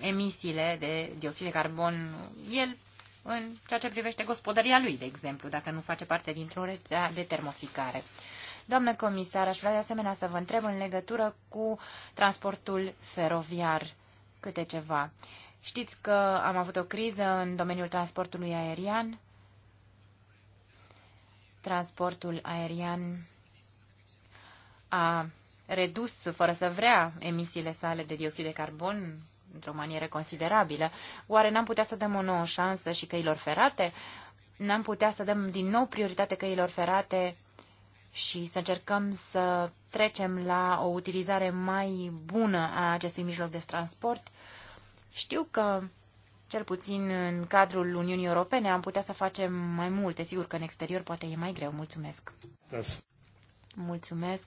emisiile de dioxid de carbon el în ceea ce privește gospodăria lui, de exemplu, dacă nu face parte dintr-o rețea de termoficare. Doamnă comisar, aș vrea de asemenea să vă întreb în legătură cu transportul feroviar câte ceva. Știți că am avut o criză în domeniul transportului aerian. Transportul aerian a redus, fără să vrea, emisiile sale de dioxid de carbon într-o manieră considerabilă. Oare n-am putea să dăm o nouă șansă și căilor ferate? N-am putea să dăm din nou prioritate căilor ferate și să încercăm să trecem la o utilizare mai bună a acestui mijloc de transport. Știu că, cel puțin în cadrul Uniunii Europene, am putea să facem mai multe. Sigur că în exterior poate e mai greu. Mulțumesc! Yes. Mulțumesc!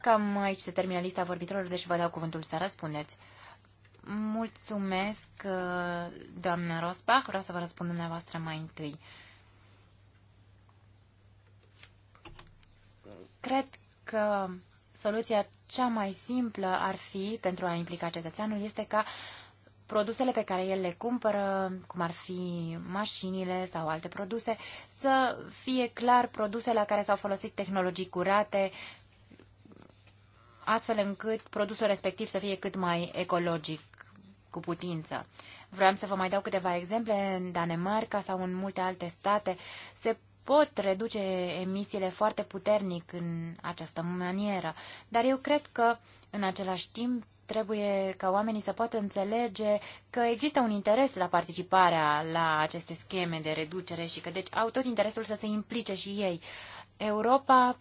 Cam aici se termină lista vorbitorilor, deci vă dau cuvântul să răspundeți. Mulțumesc, doamnă Rosbach. Vreau să vă răspund dumneavoastră mai întâi. Cred că soluția cea mai simplă ar fi pentru a implica cetățeanul este ca produsele pe care el le cumpără, cum ar fi mașinile sau alte produse, să fie clar produse la care s-au folosit tehnologii curate, astfel încât produsul respectiv să fie cât mai ecologic cu putință. Vreau să vă mai dau câteva exemple. În Danemarca sau în multe alte state se pot reduce emisiile foarte puternic în această manieră, dar eu cred că în același timp trebuie ca oamenii să poată înțelege că există un interes la participarea la aceste scheme de reducere și că deci au tot interesul să se implice și ei. Europa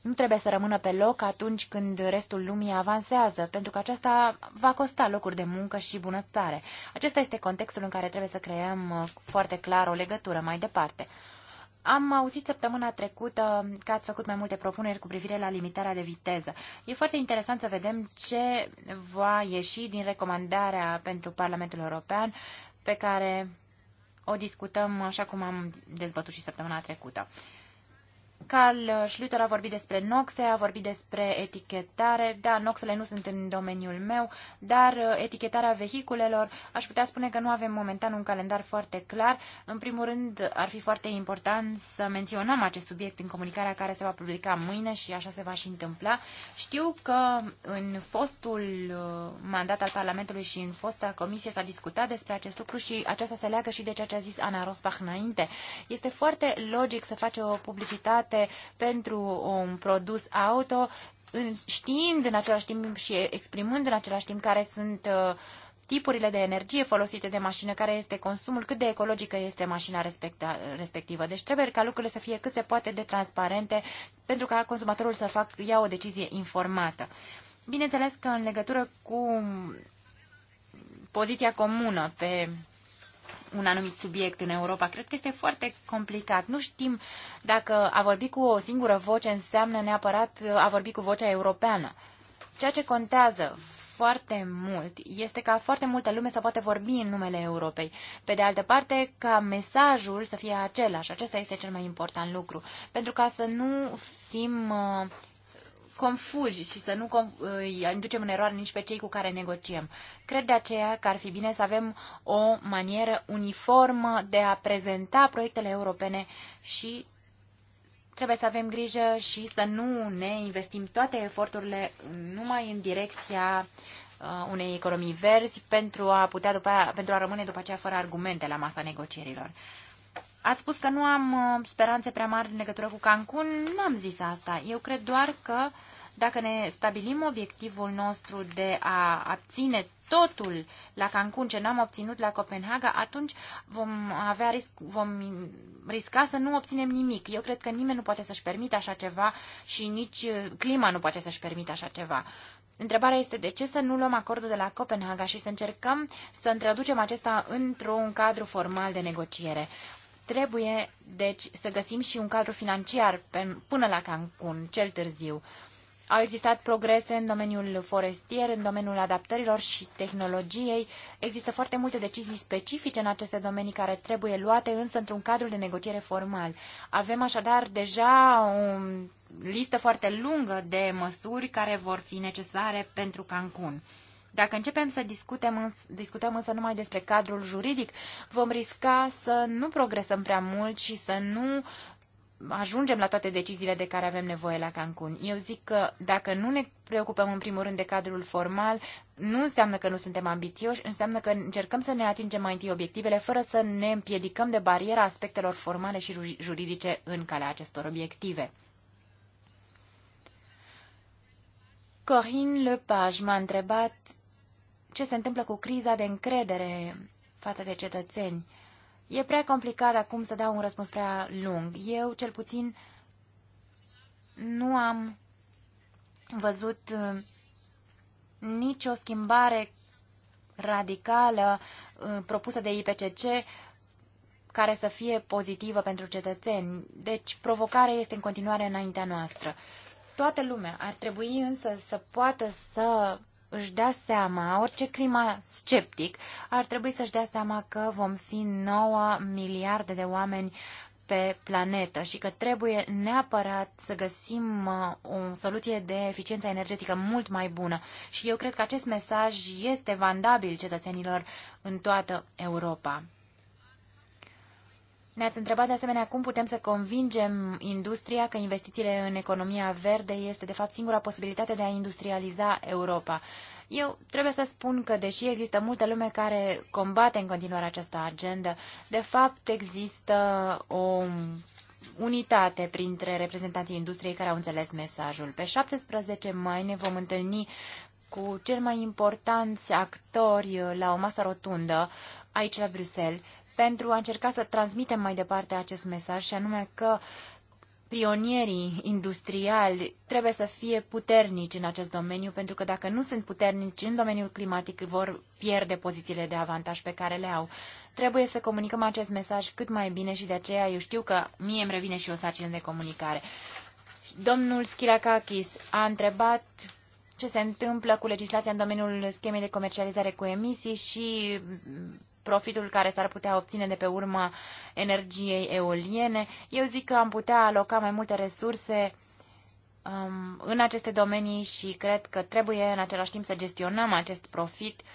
nu trebuie să rămână pe loc atunci când restul lumii avansează, pentru că aceasta va costa locuri de muncă și bunăstare. Acesta este contextul în care trebuie să creăm uh, foarte clar o legătură mai departe. Am auzit săptămâna trecută că ați făcut mai multe propuneri cu privire la limitarea de viteză. E foarte interesant să vedem ce va ieși din recomandarea pentru Parlamentul European pe care o discutăm așa cum am dezbătut și săptămâna trecută. Uh, Carl Schlüter a vorbit despre noxe, a vorbit despre etichetare. Da, noxele nu sunt în domeniul meu, dar uh, etichetarea vehiculelor, aș putea spune că nu avem momentan un calendar foarte clar. În primul rând, ar fi foarte important să menționăm acest subiect în comunicarea care se va publica mâine și așa se va și întâmpla. Știu că în fostul uh, mandat al Parlamentului și în fosta comisie s-a discutat despre acest lucru și aceasta se leagă și de ceea ce a zis Ana Rosbach înainte. Este foarte logic să face o publicitate cerere pentru un produs auto, știind în același timp și exprimând în același timp care sunt uh, tipurile de energie folosite de mașină, care este consumul, cât de ecologică este mașina respectivă. Deci trebuie ca lucrurile să fie cât se poate de transparente pentru ca consumatorul să fac, ia o decizie informată. Bineînțeles că în legătură cu poziția comună pe un anumit subiect în Europa. Cred că este foarte complicat. Nu știm dacă a vorbi cu o singură voce înseamnă neapărat a vorbi cu vocea europeană. Ceea ce contează foarte mult este ca foarte multă lume să poată vorbi în numele Europei. Pe de altă parte, ca mesajul să fie același. Acesta este cel mai important lucru. Pentru ca să nu fim uh, confuzi și să nu îi inducem în eroare nici pe cei cu care negociem. Cred de aceea că ar fi bine să avem o manieră uniformă de a prezenta proiectele europene și trebuie să avem grijă și să nu ne investim toate eforturile numai în direcția uh, unei economii verzi pentru a putea după aia, pentru a rămâne după aceea fără argumente la masa negocierilor. Ați spus că nu am uh, speranțe prea mari în legătură cu Cancun. Nu am zis asta. Eu cred doar că dacă ne stabilim obiectivul nostru de a abține totul la Cancun ce n-am obținut la Copenhaga, atunci vom avea risc, vom risca să nu obținem nimic. Eu cred că nimeni nu poate să-și permite așa ceva și nici uh, clima nu poate să-și permite așa ceva. Întrebarea este de ce să nu luăm acordul de la Copenhaga și să încercăm să introducem acesta într-un cadru formal de negociere. Trebuie, deci, să găsim și un cadru financiar până la Cancun, cel târziu. Au existat progrese în domeniul forestier, în domeniul adaptărilor și tehnologiei. Există foarte multe decizii specifice în aceste domenii care trebuie luate, însă într-un cadru de negociere formal. Avem așadar deja o listă foarte lungă de măsuri care vor fi necesare pentru Cancun. Dacă începem să discutem, discutăm însă numai despre cadrul juridic, vom risca să nu progresăm prea mult și să nu ajungem la toate deciziile de care avem nevoie la Cancun. Eu zic că dacă nu ne preocupăm în primul rând de cadrul formal, nu înseamnă că nu suntem ambițioși, înseamnă că încercăm să ne atingem mai întâi obiectivele fără să ne împiedicăm de bariera aspectelor formale și juridice în calea acestor obiective. Corinne Lepage m-a întrebat ce se întâmplă cu criza de încredere față de cetățeni. E prea complicat acum să dau un răspuns prea lung. Eu, cel puțin, nu am văzut uh, nicio schimbare radicală uh, propusă de IPCC care să fie pozitivă pentru cetățeni. Deci, provocarea este în continuare înaintea noastră. Toată lumea ar trebui însă să poată să își dea seama, orice clima sceptic ar trebui să-și dea seama că vom fi 9 miliarde de oameni pe planetă și că trebuie neapărat să găsim uh, o soluție de eficiență energetică mult mai bună. Și eu cred că acest mesaj este vandabil cetățenilor în toată Europa. Ne-ați întrebat de asemenea cum putem să convingem industria că investițiile în economia verde este de fapt singura posibilitate de a industrializa Europa. Eu trebuie să spun că, deși există multă lume care combate în continuare această agendă, de fapt există o unitate printre reprezentanții industriei care au înțeles mesajul. Pe 17 mai ne vom întâlni cu cel mai importanți actori la o masă rotundă aici la Bruxelles pentru a încerca să transmitem mai departe acest mesaj și anume că pionierii industriali trebuie să fie puternici în acest domeniu, pentru că dacă nu sunt puternici în domeniul climatic, vor pierde pozițiile de avantaj pe care le au. Trebuie să comunicăm acest mesaj cât mai bine și de aceea eu știu că mie îmi revine și o sarcină de comunicare. Domnul Schilakakis a întrebat ce se întâmplă cu legislația în domeniul schemei de comercializare cu emisii și profitul care s-ar putea obține de pe urma energiei eoliene. Eu zic că am putea aloca mai multe resurse um, în aceste domenii și cred că trebuie în același timp să gestionăm acest profit uh,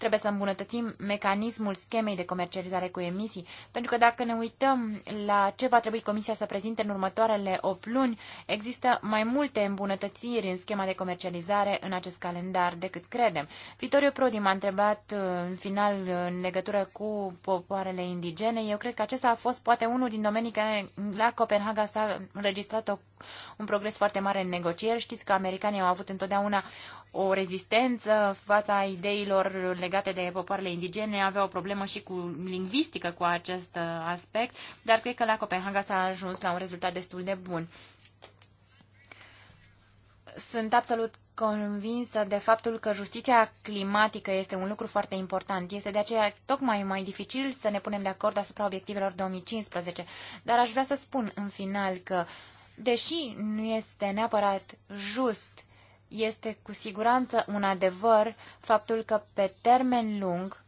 Trebuie să îmbunătățim mecanismul schemei de comercializare cu emisii, pentru că dacă ne uităm la ce va trebui Comisia să prezinte în următoarele 8 luni, există mai multe îmbunătățiri în schema de comercializare în acest calendar decât credem. Vitorio Prodi m-a întrebat uh, în final uh, în legătură cu popoarele indigene. Eu cred că acesta a fost poate unul din domenii care la Copenhaga s-a înregistrat o, un progres foarte mare în negocieri. Știți că americanii au avut întotdeauna o rezistență fața ideilor legate de popoarele indigene, avea o problemă și cu lingvistică cu acest uh, aspect, dar cred că la Copenhaga s-a ajuns la un rezultat destul de bun. Sunt absolut convinsă de faptul că justiția climatică este un lucru foarte important. Este de aceea tocmai mai dificil să ne punem de acord asupra obiectivelor 2015. Dar aș vrea să spun în final că, deși nu este neapărat just este cu siguranță un adevăr faptul că pe termen lung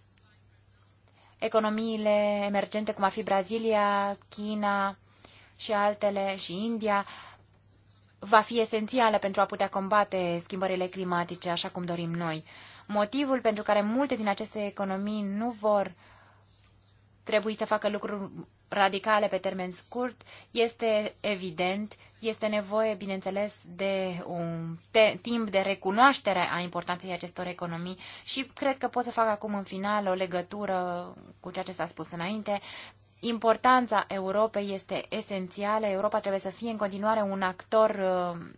economiile emergente cum ar fi Brazilia, China și altele și India va fi esențială pentru a putea combate schimbările climatice așa cum dorim noi. Motivul pentru care multe din aceste economii nu vor trebui să facă lucruri radicale pe termen scurt este evident. Este nevoie, bineînțeles, de un te- timp de recunoaștere a importanței acestor economii și cred că pot să fac acum în final o legătură cu ceea ce s-a spus înainte. Importanța Europei este esențială. Europa trebuie să fie în continuare un actor uh,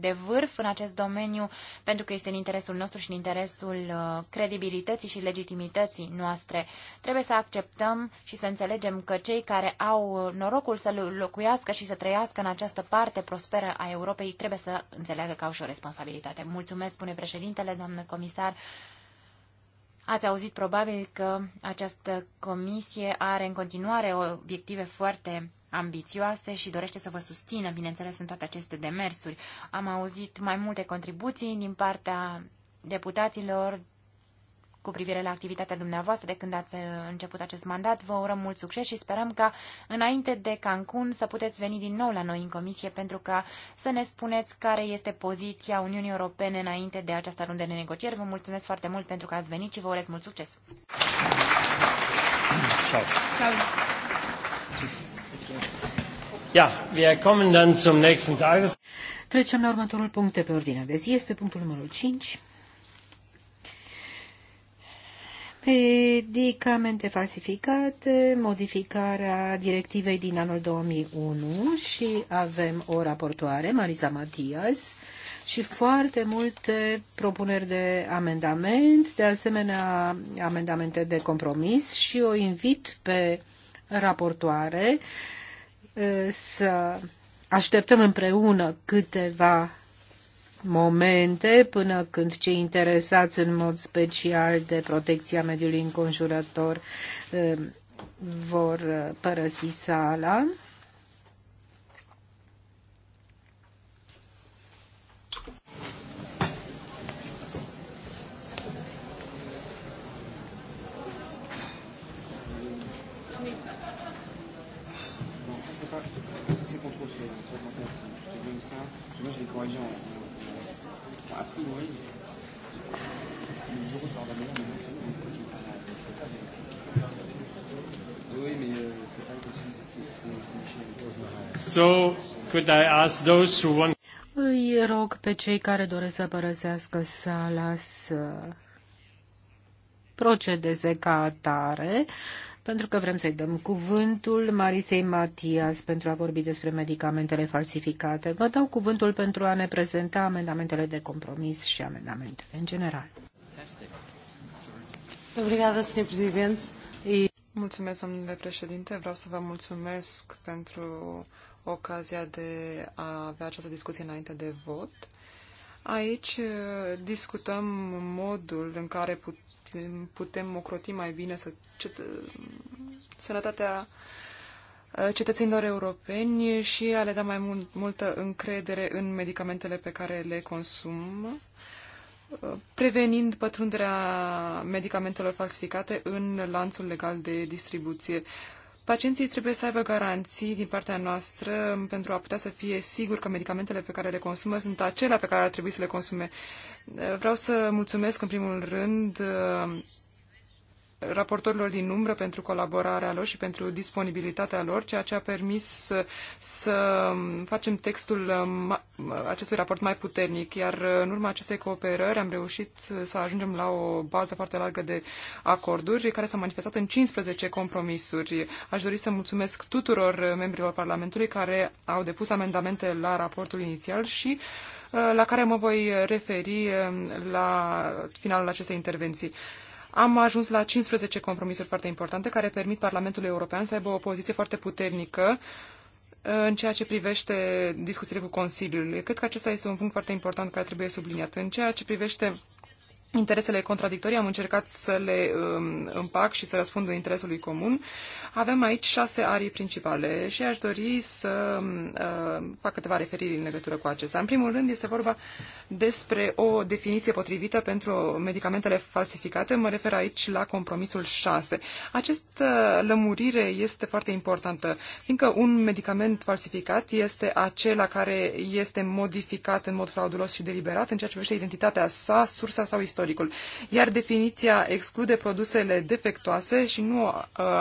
de vârf în acest domeniu, pentru că este în interesul nostru și în interesul uh, credibilității și legitimității noastre. Trebuie să acceptăm și să înțelegem că cei care au uh, norocul să locuiască și să trăiască în această parte prosperă a Europei trebuie să înțeleagă că au și o responsabilitate. Mulțumesc, spune președintele, doamnă comisar. Ați auzit probabil că această comisie are în continuare obiective foarte ambițioase și dorește să vă susțină, bineînțeles, în toate aceste demersuri. Am auzit mai multe contribuții din partea deputaților cu privire la activitatea dumneavoastră de când ați uh, început acest mandat. Vă urăm mult succes și sperăm ca înainte de Cancun să puteți veni din nou la noi în comisie pentru ca să ne spuneți care este poziția Uniunii Europene înainte de această rundă de negocieri. Vă mulțumesc foarte mult pentru că ați venit și vă urez mult succes! Ciao. Ciao. Trecem la următorul punct pe ordinea de zi. Este punctul numărul 5. Medicamente falsificate, modificarea directivei din anul 2001 și avem o raportoare, Marisa Matias, și foarte multe propuneri de amendament, de asemenea amendamente de compromis și o invit pe raportoare să așteptăm împreună câteva momente până când cei interesați în mod special de protecția mediului înconjurător eh, vor eh, părăsi sala. le bureau mais Oui, mais euh, c'est pas So, could I ask those who want îi rog pe cei care doresc să părăsească sala să procedeze ca atare pentru că vrem să-i dăm cuvântul Marisei Matias pentru a vorbi despre medicamentele falsificate. Vă dau cuvântul pentru a ne prezenta amendamentele de compromis și amendamentele în general. Mulțumesc, domnule președinte. Vreau să vă mulțumesc pentru ocazia de a avea această discuție înainte de vot. Aici eh, discutăm modul în care put putem ocroti mai bine să cet- sănătatea uh, cetățenilor europeni și a le da mai mult, multă încredere în medicamentele pe care le consum, uh, prevenind pătrunderea medicamentelor falsificate în lanțul legal de distribuție. Pacienții trebuie să aibă garanții din partea noastră pentru a putea să fie sigur că medicamentele pe care le consumă sunt acelea pe care ar trebui să le consume. Vreau să mulțumesc în primul rând raportorilor din umbră pentru colaborarea lor și pentru disponibilitatea lor, ceea ce a permis uh, să, facem textul uh, uh, acestui raport mai puternic. Iar în urma acestei cooperări am reușit să ajungem la o bază foarte largă de acorduri care s-a manifestat în 15 compromisuri. Aș dori să mulțumesc tuturor membrilor Parlamentului care au depus amendamente la raportul inițial și la care mă voi referi la finalul acestei intervenții am ajuns la 15 compromisuri foarte importante care permit Parlamentului European să aibă o poziție foarte puternică uh, în ceea ce privește discuțiile cu Consiliul. Cred că acesta este un punct foarte important care trebuie subliniat. În ceea ce privește interesele contradictorii, am încercat să le um, împac și să răspund în interesului comun. Avem aici șase arii principale și aș dori să um, uh, fac câteva referiri în legătură cu acestea. În primul rând este vorba despre o definiție potrivită pentru medicamentele falsificate. Mă refer aici la compromisul 6. Această lămurire este foarte importantă, fiindcă un medicament falsificat este acela care este modificat în mod fraudulos și deliberat în ceea ce privește identitatea sa, sursa sau istoria istoricul, iar definiția exclude produsele defectoase și nu uh,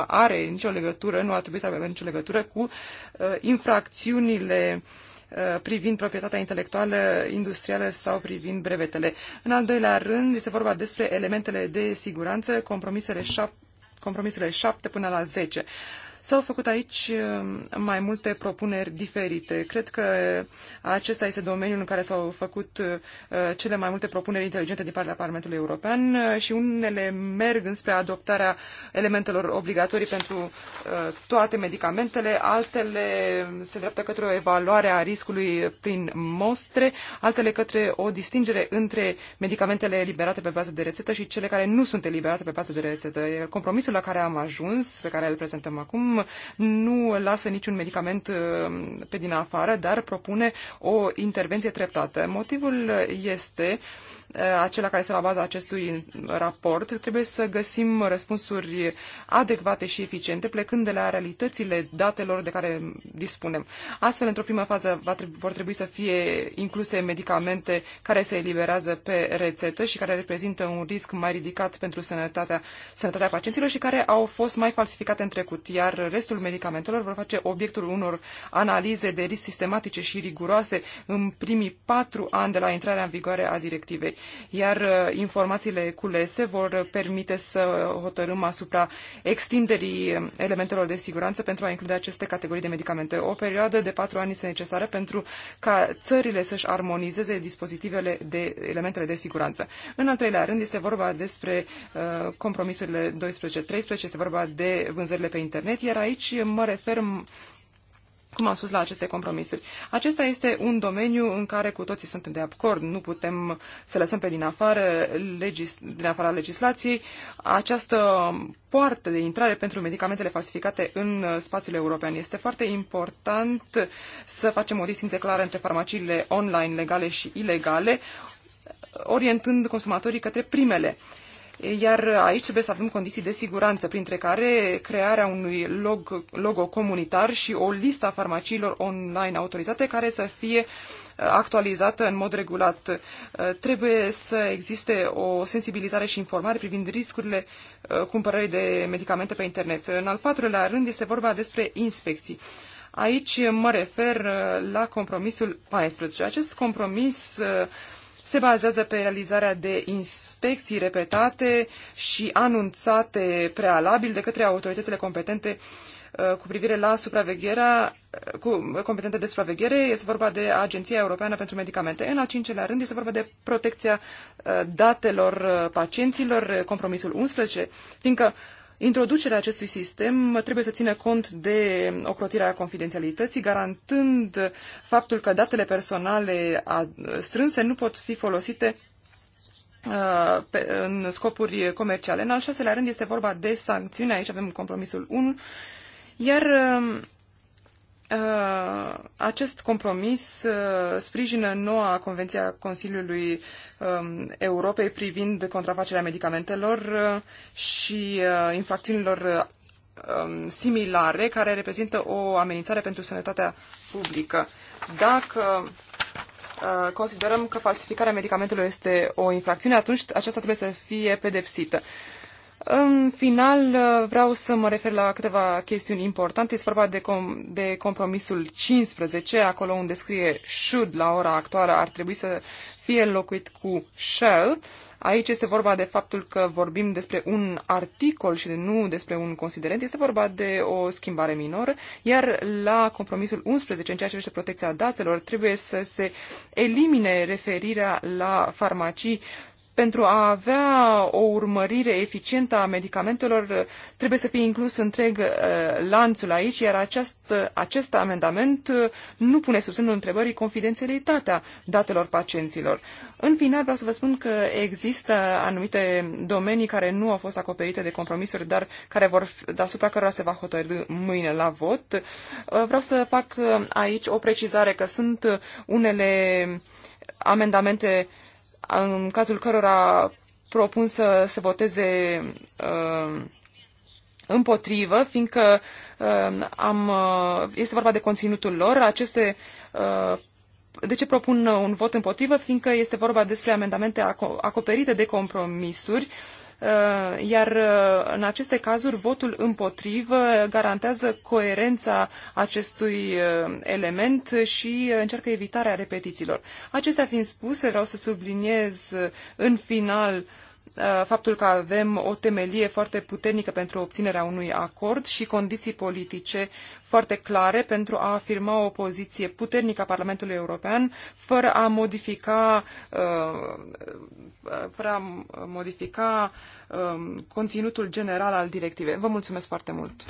are nicio legătură, nu ar trebui să aibă nicio legătură cu uh, infracțiunile uh, privind proprietatea intelectuală, industrială sau privind brevetele. În al doilea rând, este vorba despre elementele de siguranță, compromisele compromisurile 7 până la 10. S-au făcut aici um, mai multe propuneri diferite. Cred că acesta este domeniul în care s-au făcut uh, cele mai multe propuneri inteligente din partea Parlamentului European uh, și unele merg înspre adoptarea elementelor obligatorii pentru uh, toate medicamentele, altele se dreaptă către o evaluare a riscului prin mostre, altele către o distingere între medicamentele eliberate pe bază de rețetă și cele care nu sunt eliberate pe bază de rețetă. Compromisul la care am ajuns, pe care îl prezentăm acum, nu lasă niciun medicament uh, pe din afară, dar propune o intervenție treptată. Motivul este uh, Eh, acela care este la baza acestui raport, trebuie să găsim răspunsuri adecvate și eficiente, plecând de la realitățile datelor de care dispunem. Astfel, într-o primă fază, vor trebui să fie incluse medicamente care se eliberează pe rețetă și care reprezintă un risc mai ridicat pentru sănătatea, sănătatea pacienților și care au fost mai falsificate în trecut, iar restul medicamentelor vor face obiectul unor analize de risc sistematice și riguroase în primii patru ani de la intrarea în vigoare a directivei iar uh, informațiile culese vor permite să hotărâm asupra extinderii um, elementelor de siguranță pentru a include aceste categorii de medicamente. O perioadă de patru ani este necesară pentru ca țările să-și armonizeze dispozitivele de elementele de siguranță. În al treilea rând este vorba despre uh, compromisurile 12-13, este vorba de vânzările pe internet, iar aici mă refer cum am spus, la aceste compromisuri. Acesta este un domeniu în care cu toții suntem de acord. Nu putem să lăsăm pe din afară, legis, din afara legislației această poartă de intrare pentru medicamentele falsificate în uh, spațiul european. Este foarte important să facem o distinție clară între farmaciile online legale și ilegale, orientând consumatorii către primele. Uh, iar aici trebuie să avem condiții de siguranță, printre care crearea unui log, logo comunitar și o listă a farmaciilor online autorizate care să fie uh, actualizată în mod regulat. Uh, trebuie să existe o sensibilizare și informare privind riscurile uh, cumpărării de medicamente pe internet. În al patrulea rând este vorba despre inspecții. Aici mă refer la compromisul 14. Acest compromis uh, se bazează pe realizarea de inspecții repetate și anunțate prealabil de către autoritățile competente uh, cu privire la supravegherea uh, cu competente de supraveghere. Este vorba de Agenția Europeană pentru Medicamente. În al cincelea rând este vorba de protecția uh, datelor pacienților, compromisul 11, fiindcă Introducerea acestui sistem trebuie să țină cont de ocrotirea confidențialității, garantând faptul că datele personale strânse nu pot fi folosite uh, în scopuri comerciale. În al șaselea rând este vorba de sancțiuni, aici avem compromisul 1, iar um, Uh, acest compromis uh, sprijină noua convenție a Consiliului um, Europei privind contrafacerea medicamentelor uh, și infracțiunilor um, similare, care reprezintă o amenințare pentru sănătatea publică. Dacă considerăm că falsificarea medicamentelor este o infracțiune, atunci aceasta trebuie să fie pedepsită. În final, uh, vreau să mă refer la câteva chestiuni importante. Este vorba de, com- de compromisul 15, acolo unde scrie should la ora actuală ar trebui să fie înlocuit cu shall. Aici este vorba de faptul că vorbim despre un articol și de nu despre un considerent. Este vorba de o schimbare minoră, iar la compromisul 11, în ceea ce privește protecția datelor, trebuie să se elimine referirea la farmacii uh, pentru a avea o urmărire eficientă a medicamentelor, trebuie să fie inclus întreg uh, lanțul aici, iar aceast, uh, acest amendament uh, nu pune sub semnul întrebării confidențialitatea datelor pacienților. În final, vreau să vă spun că există anumite domenii care nu au fost acoperite de compromisuri, dar care vor, deasupra cărora se va hotărâ mâine la vot. Vreau să fac aici o precizare că sunt unele amendamente uh, în cazul cărora propun să se voteze uh, împotrivă, fiindcă uh, am, uh, este vorba de conținutul lor. Aceste, de ce propun un vot împotrivă? Fiindcă este vorba despre amendamente acoperite de compromisuri Uh, iar uh, în aceste cazuri votul împotrivă garantează coerența acestui uh, element și încearcă evitarea repetițiilor. Acestea fiind spuse, vreau să subliniez în final uh, Uh, faptul că avem o temelie foarte puternică pentru obținerea unui acord și condiții politice foarte clare pentru a afirma o poziție puternică a Parlamentului European fără a modifica, uh, uh, fără a modifica um, conținutul general al directivei. Vă mulțumesc foarte mult!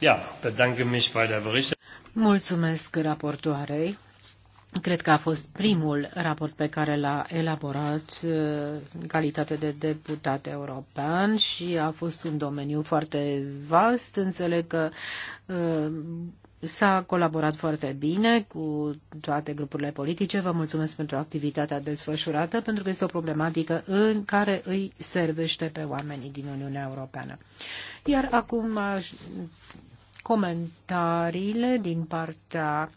Ja, bedanke mich bei der Mulțumesc raportoarei. Cred că a fost primul raport pe care l-a elaborat în uh, calitate de deputat european și a fost un domeniu foarte vast. Înțeleg că uh, s-a colaborat foarte bine cu toate grupurile politice. Vă mulțumesc pentru activitatea desfășurată, pentru că este o problematică în care îi servește pe oamenii din Uniunea Europeană. Iar acum aș... comentariile din partea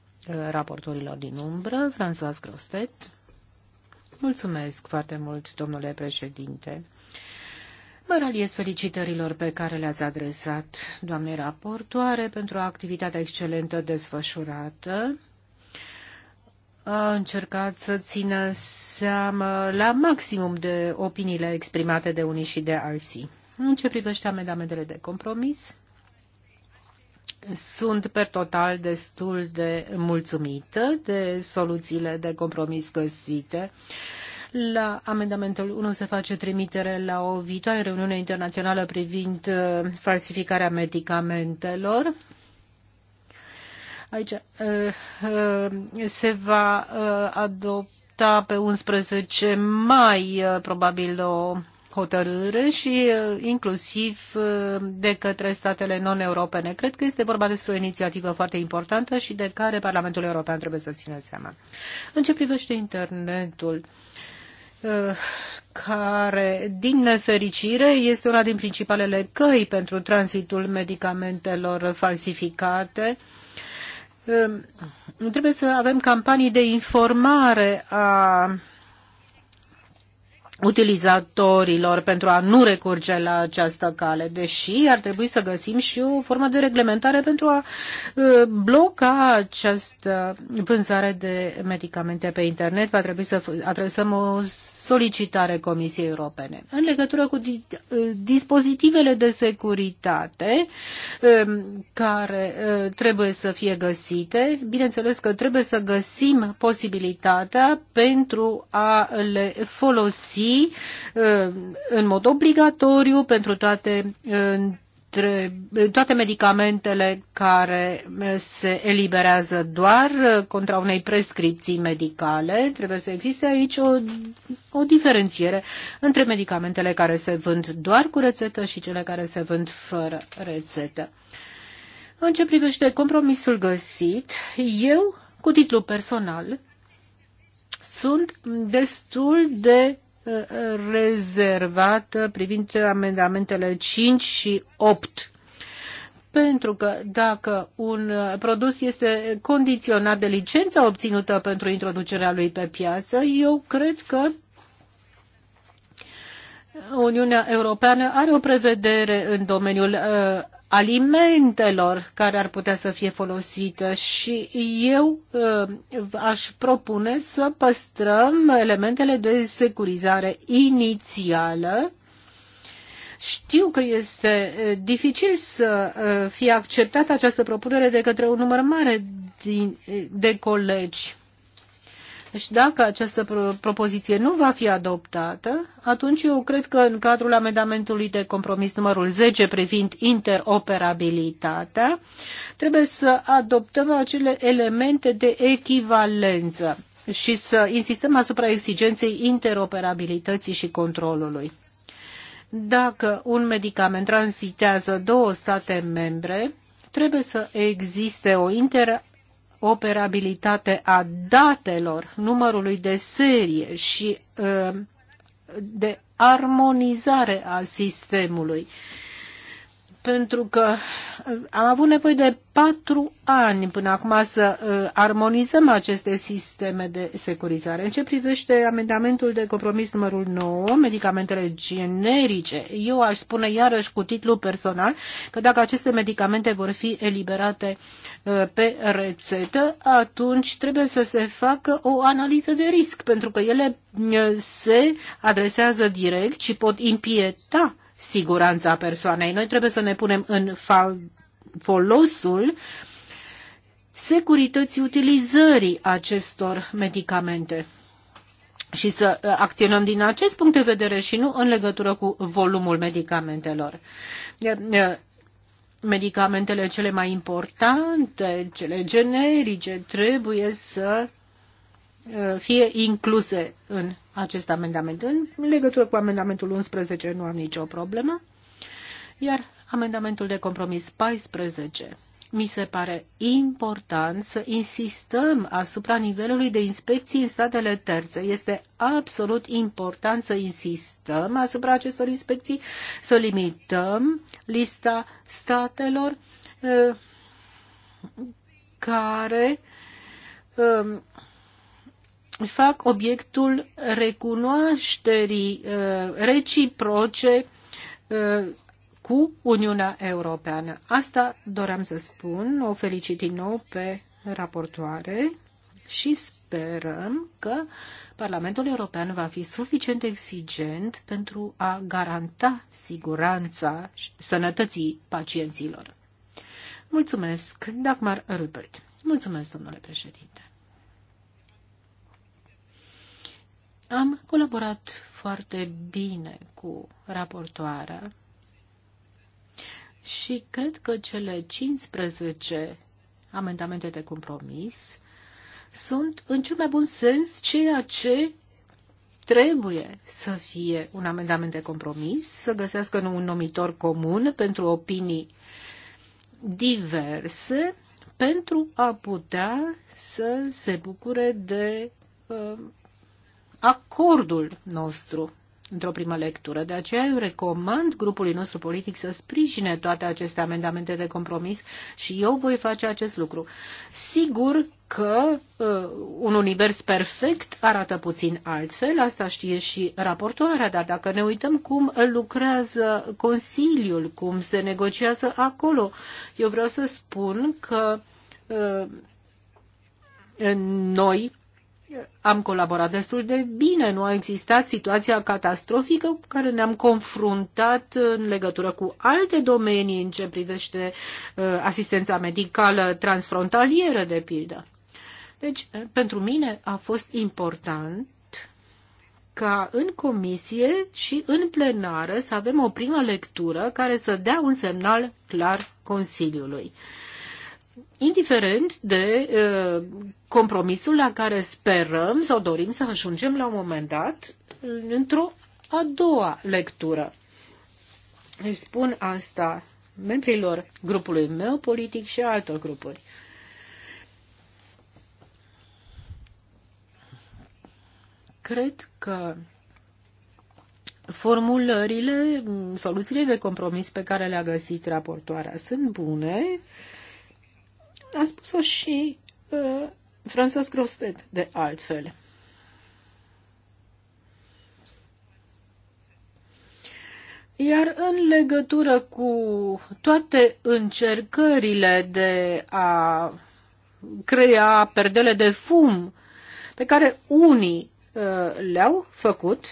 raportorilor din umbră, François Grostet. Mulțumesc foarte mult, domnule președinte. Mă raliez felicitărilor pe care le-ați adresat, doamne raportoare, pentru activitatea excelentă desfășurată. A încercat să țină seamă la maximum de opiniile exprimate de unii și de alții. În ce privește amendamentele de compromis, sunt per total destul de mulțumită de soluțiile de compromis găsite. La amendamentul 1 se face trimitere la o viitoare reuniune internațională privind uh, falsificarea medicamentelor. Aici uh, uh, se va adopta pe 11 mai probabil o hotărâre și uh, inclusiv uh, de către statele non-europene. Cred că este vorba despre o inițiativă foarte importantă și de care Parlamentul European trebuie să țină seama. În ce privește internetul, uh, care, din nefericire, este una din principalele căi pentru tranzitul medicamentelor falsificate, trebuie să avem campanii de informare a utilizatorilor pentru a nu recurge la această cale, deși ar trebui să găsim și o formă de reglementare pentru a uh, bloca această vânzare de medicamente pe internet. Va trebui să adresăm o solicitare Comisiei Europene. În legătură cu dispozitivele de securitate um, care uh, trebuie să fie găsite, bineînțeles că trebuie să găsim posibilitatea pentru a le folosi Uh, în mod obligatoriu pentru toate uh, uh, toate medicamentele care se eliberează doar contra unei prescripții medicale. Trebuie să existe aici o, o diferențiere între medicamentele care se vând doar cu rețetă și cele care se vând fără rețetă. În ce privește compromisul găsit, eu, cu titlu personal, sunt destul de rezervată privind amendamentele 5 și 8. Pentru că dacă un produs este condiționat de licența obținută pentru introducerea lui pe piață, eu cred că Uniunea Europeană are o prevedere în domeniul uh, alimentelor care ar putea să fie folosite și eu uh, aș propune să păstrăm elementele de securizare inițială. Știu că este uh, dificil să uh, fie acceptată această propunere de către un număr mare de colegi și dacă această propoziție nu va fi adoptată, atunci eu cred că în cadrul amendamentului de compromis numărul 10 privind interoperabilitatea, trebuie să adoptăm acele elemente de echivalență și să insistăm asupra exigenței interoperabilității și controlului. Dacă un medicament tranzitează două state membre, trebuie să existe o inter interoperabilitate a datelor, numărului de serie și uh, de armonizare a sistemului pentru că uh, am avut nevoie de patru ani până acum să uh, armonizăm aceste sisteme de securizare. În ce privește amendamentul de compromis numărul 9, medicamentele generice, eu aș spune iarăși cu titlu personal că dacă aceste medicamente vor fi eliberate uh, pe rețetă, atunci trebuie să se facă o analiză de risc, pentru că ele se adresează direct și pot impieta siguranța persoanei. Noi trebuie să ne punem în folosul securității utilizării acestor medicamente și să uh, acționăm din acest punct de vedere și nu în legătură cu volumul medicamentelor. Uh, medicamentele cele mai importante, cele generice, trebuie să uh, fie incluse în acest amendament. În legătură cu amendamentul 11 nu am nicio problemă, iar amendamentul de compromis 14 mi se pare important să insistăm asupra nivelului de inspecții în statele terțe. Este absolut important să insistăm asupra acestor inspecții, să limităm lista statelor eh, care eh, fac obiectul recunoașterii uh, reciproce uh, cu Uniunea Europeană. Asta doream să spun. O felicit din nou pe raportoare și sperăm că Parlamentul European va fi suficient exigent pentru a garanta siguranța și sănătății pacienților. Mulțumesc, Dagmar Rupert. Mulțumesc, domnule președinte. Am colaborat foarte bine cu raportoarea și cred că cele 15 amendamente de compromis sunt, în cel mai bun sens, ceea ce trebuie să fie un amendament de compromis, să găsească un numitor comun pentru opinii diverse, pentru a putea să se bucure de uh, acordul nostru într-o primă lectură. De aceea eu recomand grupului nostru politic să sprijine toate aceste amendamente de compromis și eu voi face acest lucru. Sigur că uh, un univers perfect arată puțin altfel, asta știe și raportoarea, dar dacă ne uităm cum lucrează Consiliul, cum se negociază acolo, eu vreau să spun că uh, noi am colaborat destul de bine, nu a existat situația catastrofică cu care ne-am confruntat în legătură cu alte domenii în ce privește uh, asistența medicală transfrontalieră, de pildă. Deci, uh, pentru mine a fost important ca în comisie și în plenară să avem o primă lectură care să dea un semnal clar Consiliului. Uh, indiferent de uh, compromisul la care sperăm sau dorim să ajungem la un moment dat într-o a doua lectură. Îi spun asta membrilor grupului meu politic și altor grupuri. Cred că formulările, soluțiile de compromis pe care le-a găsit raportoarea sunt bune, uh, a spus-o și uh, François Grostet, de altfel. Iar în legătură cu toate încercările de a crea perdele de fum pe care unii uh, le-au făcut,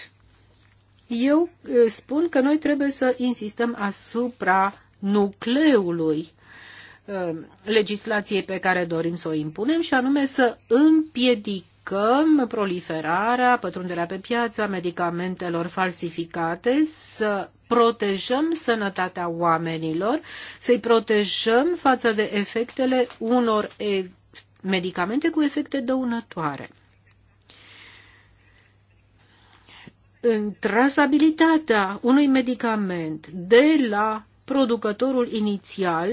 eu uh, spun că noi trebuie să insistăm asupra nucleului Uh, legislației pe care dorim să o impunem și anume să împiedicăm proliferarea, pătrunderea pe piață a medicamentelor falsificate, să protejăm sănătatea oamenilor, să-i protejăm față de efectele unor e medicamente cu efecte dăunătoare. În trasabilitatea unui medicament de la producătorul inițial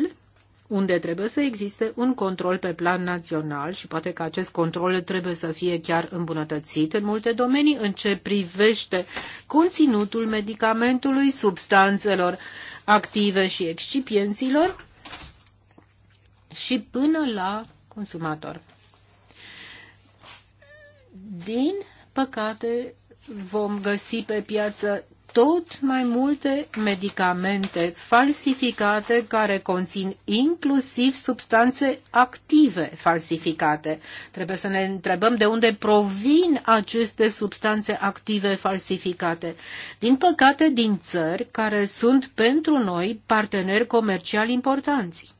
unde trebuie să existe un control pe plan național și poate că acest control trebuie să fie chiar îmbunătățit în multe domenii în ce privește conținutul medicamentului, substanțelor active și excipienților și până la consumator. Din păcate, vom găsi pe piață tot mai multe medicamente falsificate care conțin inclusiv substanțe active falsificate. Trebuie să ne întrebăm de unde provin aceste substanțe active falsificate. Din păcate, din țări care sunt pentru noi parteneri comerciali importanți.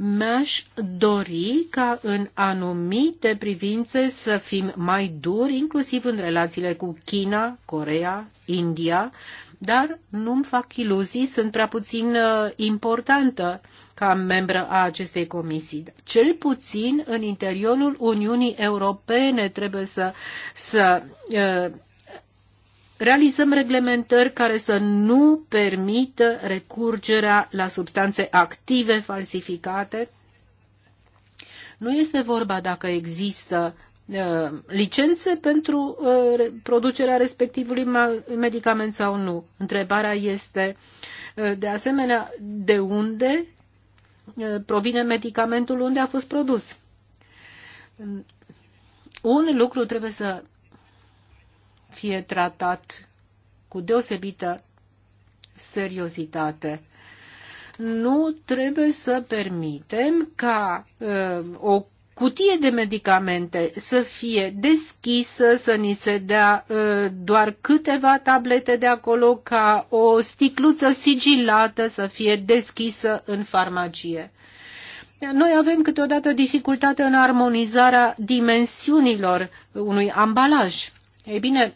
Mi-aș dori ca în anumite privințe să fim mai duri, inclusiv în relațiile cu China, Corea, India, dar nu-mi fac iluzii, sunt prea puțin uh, importantă ca membră a acestei comisii. Cel puțin în interiorul Uniunii Europene trebuie să, să uh, realizăm reglementări care să nu permită recurgerea la substanțe active falsificate. Nu este vorba dacă există uh, licențe pentru uh, producerea respectivului medicament sau nu. Întrebarea este, uh, de asemenea, de unde provine medicamentul, unde a fost produs. Un lucru trebuie să fie tratat cu deosebită seriozitate. Nu trebuie să permitem ca uh, o cutie de medicamente să fie deschisă, să ni se dea uh, doar câteva tablete de acolo, ca o sticluță sigilată să fie deschisă în farmacie. Noi avem câteodată dificultate în armonizarea dimensiunilor unui ambalaj. Ei bine,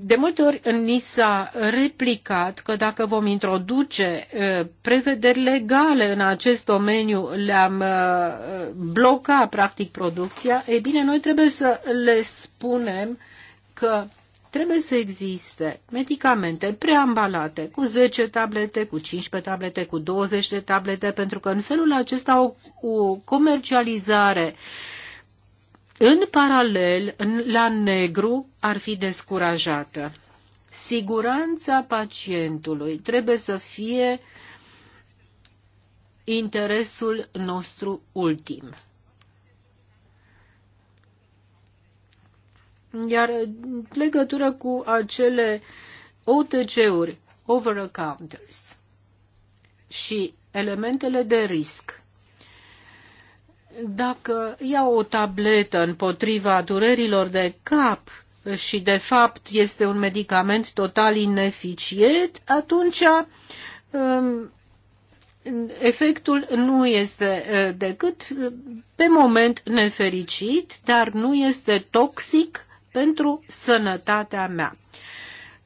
de multe ori ni s-a replicat că dacă vom introduce prevederi legale în acest domeniu, le-am bloca practic producția, e bine, noi trebuie să le spunem că trebuie să existe medicamente preambalate cu 10 tablete, cu 15 tablete, cu 20 de tablete, pentru că în felul acesta o, o comercializare uh, în paralel, la negru, ar fi descurajată. Siguranța pacientului trebuie să fie interesul nostru ultim. Iar în legătură cu acele OTC-uri, over-counters, și elementele de risc, dacă iau o tabletă împotriva durerilor de cap și de fapt este un medicament total ineficient, atunci um, efectul nu este uh, decât uh, pe moment nefericit, dar nu este toxic pentru sănătatea mea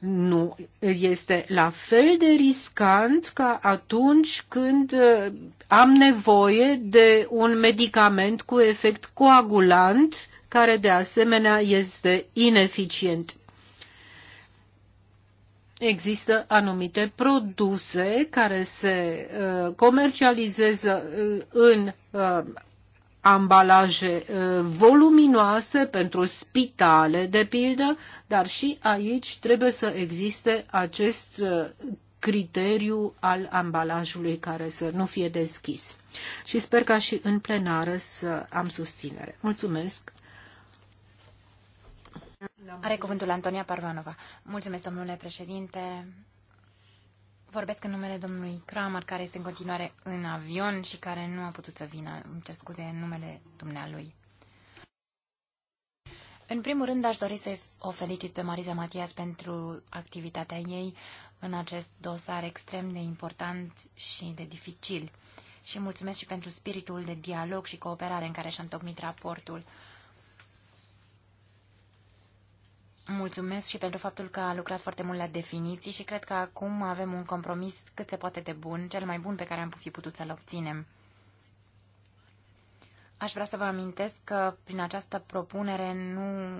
nu este la fel de riscant ca atunci când uh, am nevoie de un medicament cu efect coagulant, care de asemenea este ineficient. Există anumite produse care se uh, comercializează uh, în ambalaje uh, voluminoase pentru spitale, de pildă, dar și aici trebuie să existe acest uh, criteriu al ambalajului care să nu fie deschis. Și sper ca și în plenară să am susținere. Mulțumesc! Are cuvântul Antonia Parvanova. Mulțumesc, domnule președinte. Vorbesc în numele domnului Kramer, care este în continuare în avion și care nu a putut să vină. Îmi cer scuze în numele dumnealui. În primul rând, aș dori să o felicit pe Mariza Matias pentru activitatea ei în acest dosar extrem de important și de dificil. Și mulțumesc și pentru spiritul de dialog și cooperare în care și-a întocmit raportul. mulțumesc și pentru faptul că a lucrat foarte mult la definiții și cred că acum avem un compromis cât se poate de bun, cel mai bun pe care am fi putut să-l obținem. Aș vrea să vă amintesc că prin această propunere nu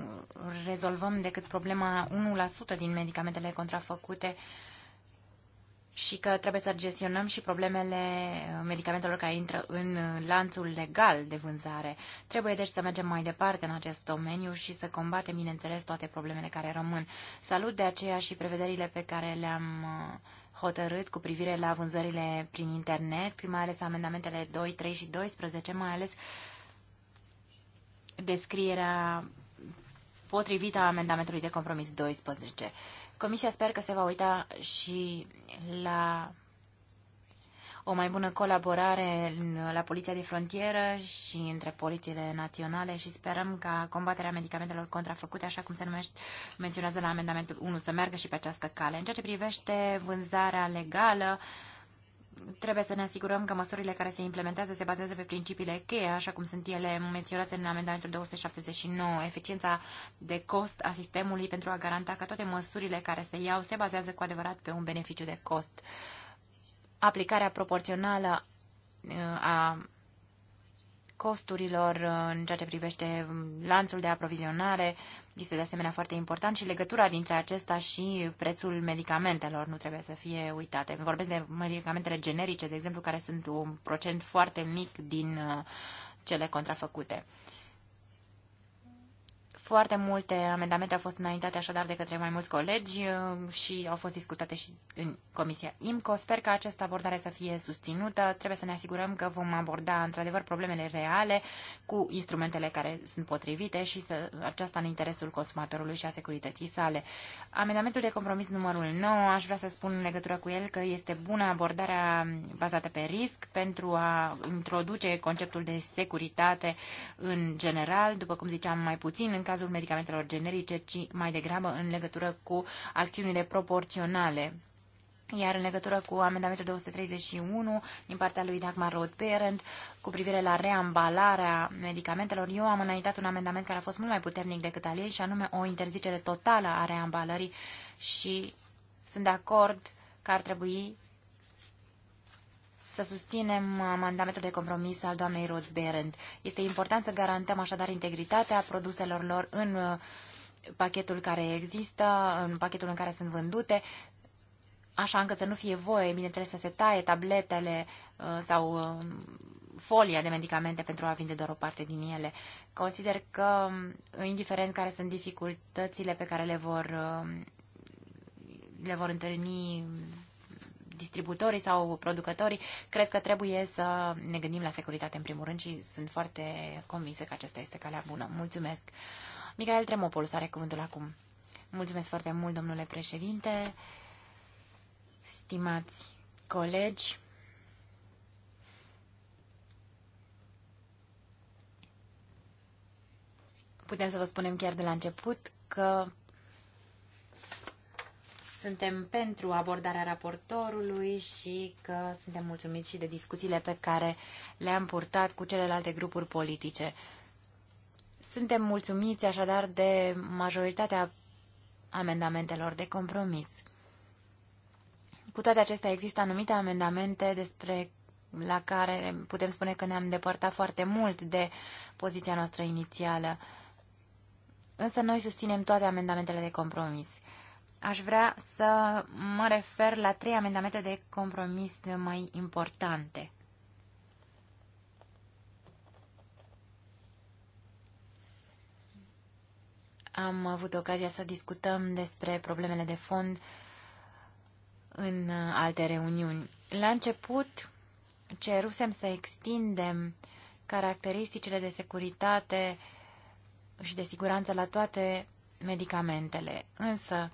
rezolvăm decât problema 1% din medicamentele contrafăcute uh, și că trebuie să gestionăm și problemele medicamentelor care intră în lanțul legal de vânzare. Trebuie deci să mergem mai departe în acest domeniu și să combatem, bineînțeles, toate problemele care rămân. Salut de aceea și prevederile pe care le-am uh, hotărât cu privire la vânzările prin internet, mai ales amendamentele 2, 3 și 12, mai ales descrierea potrivită a amendamentului de compromis 12. Comisia sper că se va uita și la o mai bună colaborare la Poliția de Frontieră și între polițiile naționale și sperăm ca combaterea medicamentelor contrafăcute, așa cum se numește, menționează la amendamentul 1, să meargă și pe această cale. În ceea ce privește vânzarea legală, uh, trebuie să ne asigurăm că măsurile care se implementează se bazează pe principiile cheie, așa cum sunt ele menționate în amendamentul 279, eficiența de cost a sistemului pentru a garanta că toate măsurile care se iau se bazează cu adevărat pe un beneficiu de cost. Aplicarea proporțională uh, a costurilor uh, în ceea ce privește um, lanțul de aprovizionare este de asemenea foarte important și legătura dintre acesta și prețul medicamentelor nu trebuie să fie uitate. Vorbesc de medicamentele generice, de exemplu, care sunt un procent foarte mic din uh, cele contrafăcute. Foarte multe amendamente au fost înaintate așadar de către mai mulți colegi uh, și au fost discutate și în Comisia IMCO. Sper că această abordare să fie susținută. Trebuie să ne asigurăm că vom aborda într-adevăr problemele reale cu instrumentele care sunt potrivite și să, aceasta în interesul consumatorului și a securității sale. Amendamentul de compromis numărul 9, aș vrea să spun în legătură cu el că este bună abordarea bazată pe risc pentru a introduce conceptul de securitate în general, după cum ziceam mai puțin, în cazul medicamentelor generice, ci mai degrabă în legătură cu acțiunile proporționale iar în legătură cu amendamentul 231 din partea lui Dagmar Roth-Parent cu privire la reambalarea medicamentelor, eu am înaintat un amendament care a fost mult mai puternic decât al ei și anume o interzicere totală a reambalării și sunt de acord că ar trebui să susținem amendamentul de compromis al doamnei Ruth Berend. Este important să garantăm așadar integritatea produselor lor în uh, pachetul care există, în pachetul în care sunt vândute, așa încât să nu fie voie, bineînțeles, să se taie tabletele uh, sau uh, folia de medicamente pentru a vinde doar o parte din ele. Consider că, um, indiferent care sunt dificultățile pe care le vor, le vor întâlni distributorii sau producătorii, cred că trebuie să ne gândim la securitate în primul rând și sunt foarte convinsă că acesta este calea bună. Mulțumesc! Micael Tremopoulos are cuvântul acum. Mulțumesc foarte mult, domnule președinte, stimați colegi. Putem să vă spunem chiar de la început că suntem pentru abordarea raportorului și că suntem mulțumiți și de discuțiile pe care le-am purtat cu celelalte grupuri politice. Suntem mulțumiți așadar de majoritatea amendamentelor de compromis. Cu toate acestea există anumite amendamente despre la care putem spune că ne-am depărtat foarte mult de poziția noastră inițială. Însă noi susținem toate amendamentele de compromis aș vrea să mă refer la trei amendamente de compromis mai importante. Am avut ocazia să discutăm despre problemele de fond în alte reuniuni. La început cerusem să extindem caracteristicile de securitate și de siguranță la toate medicamentele, însă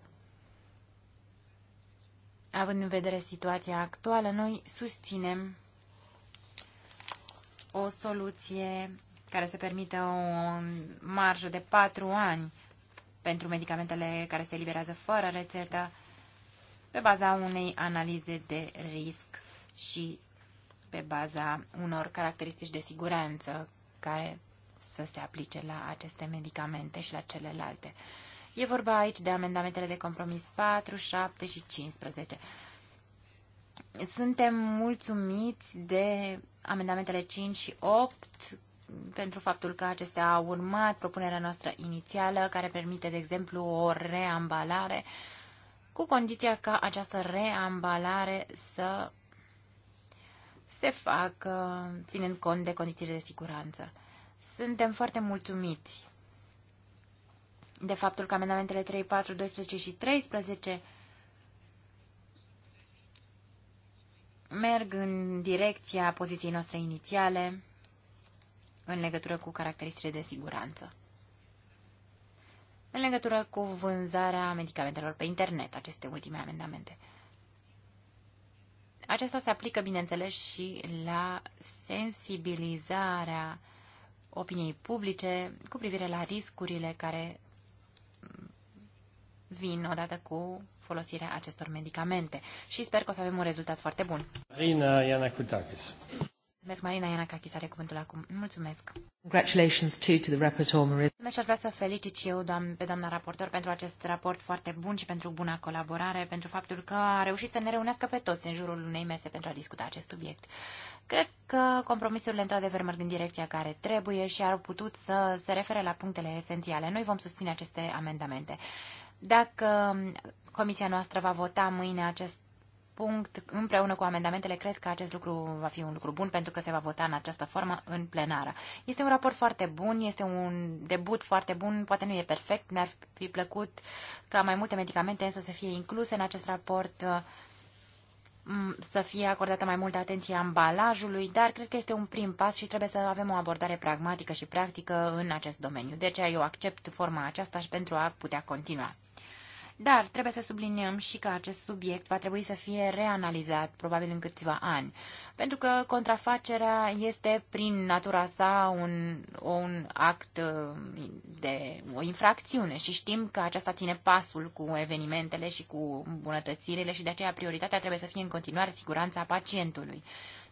având în vedere situația actuală, noi susținem o soluție care să permită o marjă de patru ani pentru medicamentele care se eliberează fără rețetă pe baza unei analize de risc și pe baza unor caracteristici de siguranță care să se aplice la aceste medicamente și la celelalte. E vorba aici de amendamentele de compromis 4, 7 și 15. Suntem mulțumiți de amendamentele 5 și 8 pentru faptul că acestea au urmat propunerea noastră inițială, care permite, de exemplu, o reambalare, cu condiția ca această reambalare să se facă ținând cont de condițiile de siguranță. Suntem foarte mulțumiți de faptul că amendamentele 3, 4, 12 și 13 merg în direcția poziției noastre inițiale în legătură cu caracteristicile de siguranță. În legătură cu vânzarea medicamentelor pe internet, aceste ultime amendamente. Aceasta se aplică, bineînțeles, și la sensibilizarea opiniei publice cu privire la riscurile care vin odată cu folosirea acestor medicamente. Și sper că o să avem un rezultat foarte bun. Marina Ianacutakis. Mulțumesc, Marina Ianacachis are cuvântul acum. Mulțumesc. Congratulations too to the rapporteur, Marina. Mulțumesc și aș vrea să felicit și eu doam, pe doamna raportor pentru acest raport foarte bun și pentru buna colaborare, pentru faptul că a reușit să ne reunească pe toți în jurul unei mese pentru a discuta acest subiect. Cred că compromisurile într-adevăr merg în direcția care trebuie și ar putut să se refere la punctele esențiale. Noi vom susține aceste amendamente. Dacă comisia noastră va vota mâine acest punct împreună cu amendamentele, cred că acest lucru va fi un lucru bun pentru că se va vota în această formă în plenară. Este un raport foarte bun, este un debut foarte bun, poate nu e perfect, mi-ar fi plăcut ca mai multe medicamente însă să fie incluse în acest raport mm, să fie acordată mai multă atenție ambalajului, dar cred că este un prim pas și trebuie să avem o abordare pragmatică și practică în acest domeniu. De aceea eu accept forma aceasta și pentru a putea continua. Dar trebuie să subliniem și că acest subiect va trebui să fie reanalizat probabil în câțiva ani, pentru că contrafacerea este prin natura sa un, un act uh, de o infracțiune și știm că aceasta ține pasul cu evenimentele și cu îmbunătățirile și de aceea prioritatea trebuie să fie în continuare siguranța pacientului.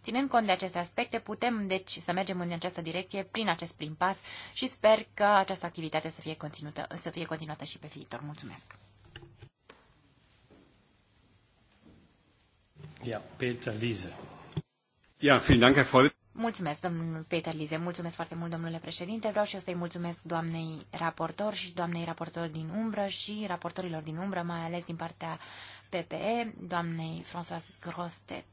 Ținând cont de aceste aspecte, putem deci să mergem în această direcție prin acest prim pas și sper că această activitate să fie, continuată, să fie continuată și pe viitor. Mulțumesc! Ja, Peter Liese. Ja, vielen Dank, Herr Mulțumesc, domnul Peter Lize, mulțumesc foarte mult, domnule președinte. Vreau și eu să-i mulțumesc doamnei raportor și doamnei raportor din umbră și raportorilor din umbră, mai ales din partea PPE, doamnei Françoise Grostet.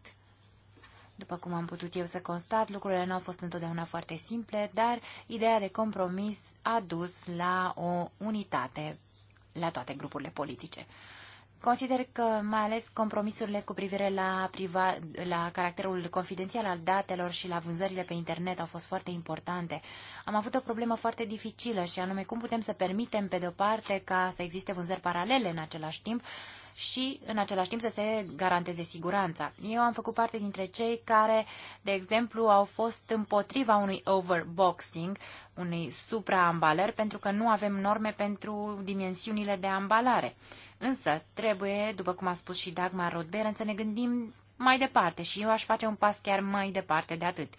După cum am putut eu să constat, lucrurile nu au fost întotdeauna foarte simple, dar ideea de compromis a dus la o unitate la toate grupurile politice. Consider că, mai ales, compromisurile cu privire la, priva, la caracterul confidențial al datelor și la vânzările pe internet au fost foarte importante. Am avut o problemă foarte dificilă și anume cum putem să permitem, pe de-o parte, ca să existe vânzări paralele în același timp și, în același timp, să se garanteze siguranța. Eu am făcut parte dintre cei care, de exemplu, au fost împotriva unui overboxing, unei supraambalări, pentru că nu avem norme pentru dimensiunile de ambalare. Însă trebuie, după cum a spus și Dagmar Rodberen, să ne gândim mai departe și eu aș face un pas chiar mai departe de atât.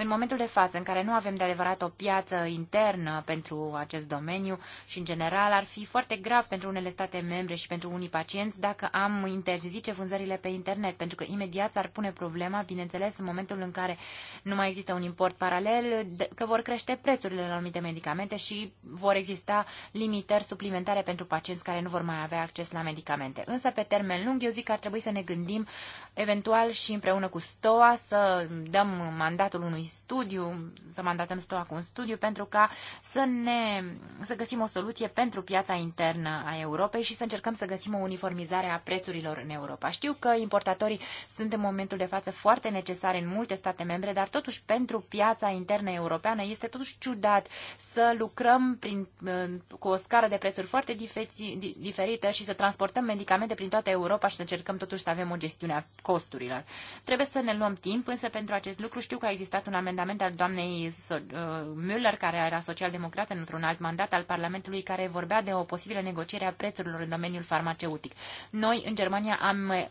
În momentul de față, în care nu avem de adevărat o piață internă pentru acest domeniu și, în general, ar fi foarte grav pentru unele state membre și pentru unii pacienți dacă am interzice vânzările pe internet, pentru că imediat s-ar pune problema, bineînțeles, în momentul în care nu mai există un import paralel, că vor crește prețurile la anumite medicamente și vor exista limitări suplimentare pentru pacienți care nu vor mai avea acces la medicamente. Însă, pe termen lung, eu zic că ar trebui să ne gândim eventual și împreună cu STOA să dăm mandatul unui studiu, să mandatăm STOAC un studiu pentru ca să, ne, să găsim o soluție pentru piața internă a Europei și să încercăm să găsim o uniformizare a prețurilor în Europa. Știu că importatorii sunt în momentul de față foarte necesare în multe state membre, dar totuși pentru piața internă europeană este totuși ciudat să lucrăm prin, cu o scară de prețuri foarte diferită și să transportăm medicamente prin toată Europa și să încercăm totuși să avem o gestiune a costurilor. Trebuie să ne luăm timp, însă pentru acest lucru știu că a existat un amendament al doamnei uh, Müller, care era social-democrată într-un alt mandat al Parlamentului, care vorbea de o posibilă negociere a prețurilor în domeniul farmaceutic. Noi, în Germania, am uh,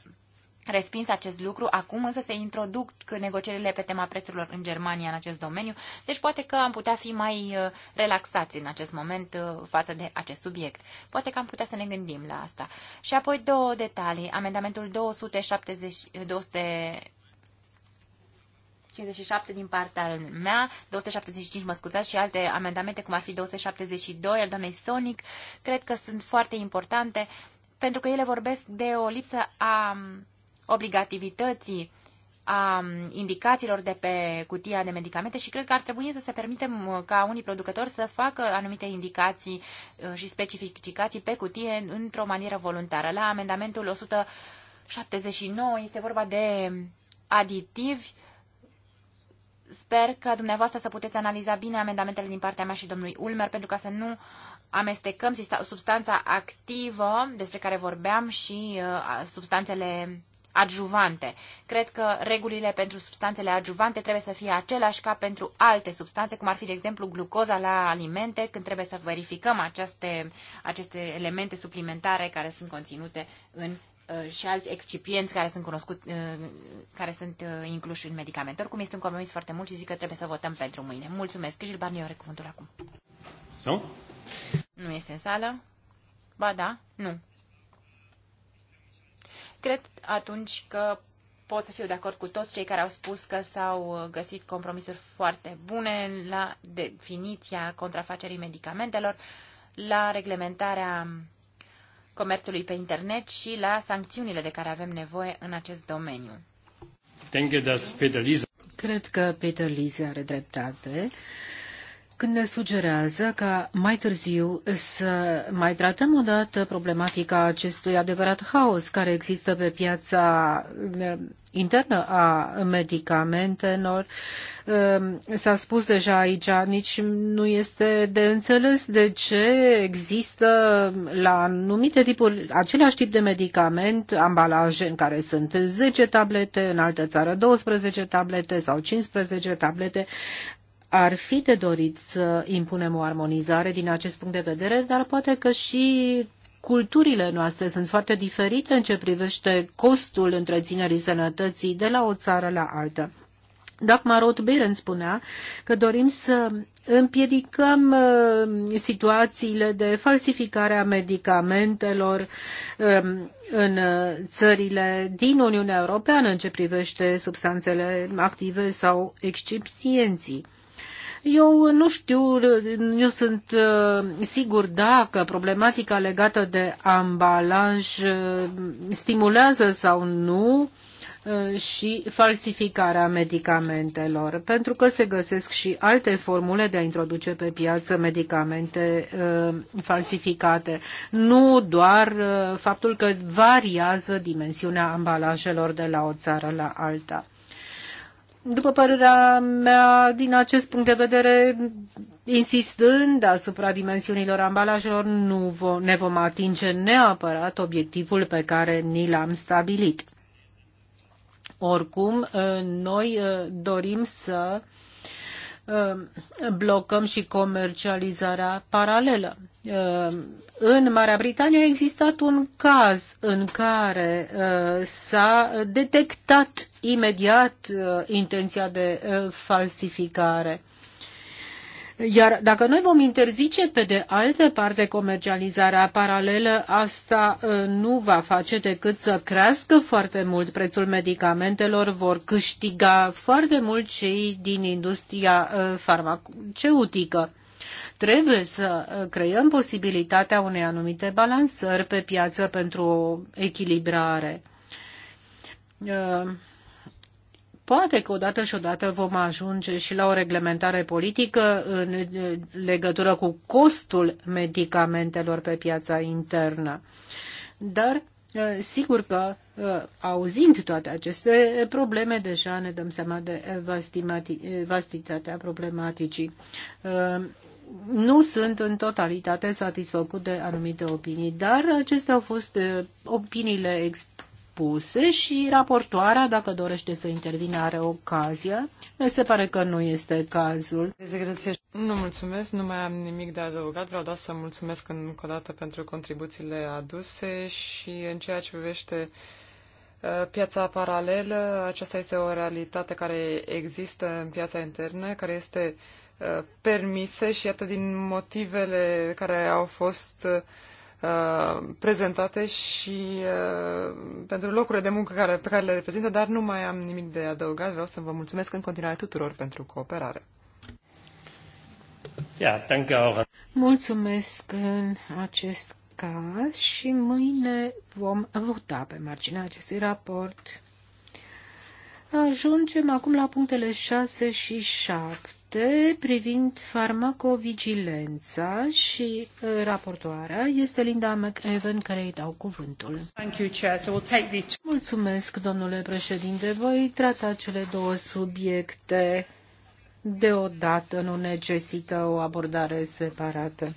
respins acest lucru. Acum însă se introduc negocierile pe tema prețurilor în Germania în acest domeniu, deci poate că am putea fi mai uh, relaxați în acest moment față de acest subiect. Poate că am putea să ne gândim la asta. Și apoi două detalii. Amendamentul 270, 200 57 din partea mea, 275 mă scuzați și alte amendamente, cum ar fi 272 al doamnei Sonic, cred că sunt foarte importante pentru că ele vorbesc de o lipsă a um, obligativității a um, indicațiilor de pe cutia de medicamente și cred că ar trebui să se permitem ca unii producători să facă anumite indicații uh, și specificații pe cutie într-o manieră voluntară. La amendamentul 179 este vorba de um, aditivi Sper că dumneavoastră să puteți analiza bine amendamentele din partea mea și domnului Ulmer, pentru ca să nu amestecăm substanța activă despre care vorbeam și uh, substanțele adjuvante. Cred că regulile pentru substanțele adjuvante trebuie să fie aceleași ca pentru alte substanțe, cum ar fi, de exemplu, glucoza la alimente, când trebuie să verificăm aceste, aceste elemente suplimentare care sunt conținute în Uh, și alți excipienți care sunt cunoscut, uh, care sunt uh, incluși în medicamente. Oricum este un compromis foarte mult și zic că trebuie să votăm pentru mâine. Mulțumesc. Gil Barnier are cuvântul acum. Nu? Nu este în sală? Ba da, nu. Cred atunci că pot să fiu de acord cu toți cei care au spus că s-au găsit compromisuri foarte bune la definiția contrafacerii medicamentelor, la reglementarea comerțului pe internet și la sancțiunile de care avem nevoie în acest domeniu. Cred că Peter Lise are dreptate când ne sugerează ca mai târziu să mai tratăm o dată problematica acestui adevărat haos care există pe piața uh, internă a medicamentelor. Uh, s-a spus deja aici, nici nu este de înțeles de ce există la anumite tipuri, același tip de medicament, ambalaje în care sunt 10 tablete, în altă țară 12 tablete sau 15 tablete ar fi de dorit să impunem o armonizare din acest punct de vedere, dar poate că și culturile noastre sunt foarte diferite în ce privește costul întreținerii sănătății de la o țară la alta. Doc Marot Biren spunea că dorim să împiedicăm uh, situațiile de falsificare a medicamentelor um, în uh, țările din Uniunea Europeană în ce privește substanțele active sau excipienții. Eu nu știu, nu sunt uh, sigur dacă problematica legată de ambalaj uh, stimulează sau nu uh, și falsificarea medicamentelor, pentru că se găsesc și alte formule de a introduce pe piață medicamente falsificate. Nu doar faptul că variază dimensiunea ambalajelor de la o țară la alta după părerea mea, din acest punct de vedere, insistând asupra dimensiunilor ambalajelor, nu vo, ne vom atinge neapărat obiectivul pe care ni l-am stabilit. Oricum, ă, noi ă, dorim să ă, blocăm și comercializarea paralelă în Marea Britanie a existat un caz în care uh, s-a detectat imediat uh, intenția de uh, falsificare. Iar dacă noi vom interzice pe de altă parte comercializarea paralelă, asta uh, nu va face decât să crească foarte mult prețul medicamentelor, vor câștiga foarte mult cei din industria uh, farmaceutică. Trebuie să uh, creăm posibilitatea unei anumite balansări pe piață pentru o echilibrare. Uh, poate că odată și odată vom ajunge și la o reglementare politică în uh, legătură cu costul medicamentelor pe piața internă. Dar sigur că auzind toate aceste probleme, deja ne dăm seama de vastitatea problematicii nu sunt în totalitate satisfăcut de anumite opinii, dar acestea au fost eh, opiniile expuse și raportoarea, dacă dorește să intervine, are ocazia. Ne se pare că nu este cazul. Nu mulțumesc, nu mai am nimic de adăugat. Vreau doar să mulțumesc încă o dată pentru contribuțiile aduse și în ceea ce privește eh, piața paralelă, aceasta este o realitate care există în piața internă, care este permise și iată din motivele care au fost uh, prezentate și uh, pentru locurile de muncă care, pe care le reprezintă, dar nu mai am nimic de adăugat. Vreau să vă mulțumesc în continuare tuturor pentru cooperare. Yeah, thank you. Mulțumesc în acest caz și mâine vom vota pe marginea acestui raport. Ajungem acum la punctele 6 și 7. 7 privind farmacovigilența și uh, raportoarea este Linda McEwen care îi dau cuvântul. Thank you, Chair. So we'll take this... Mulțumesc, domnule președinte. Voi trata cele două subiecte deodată, nu necesită o abordare separată.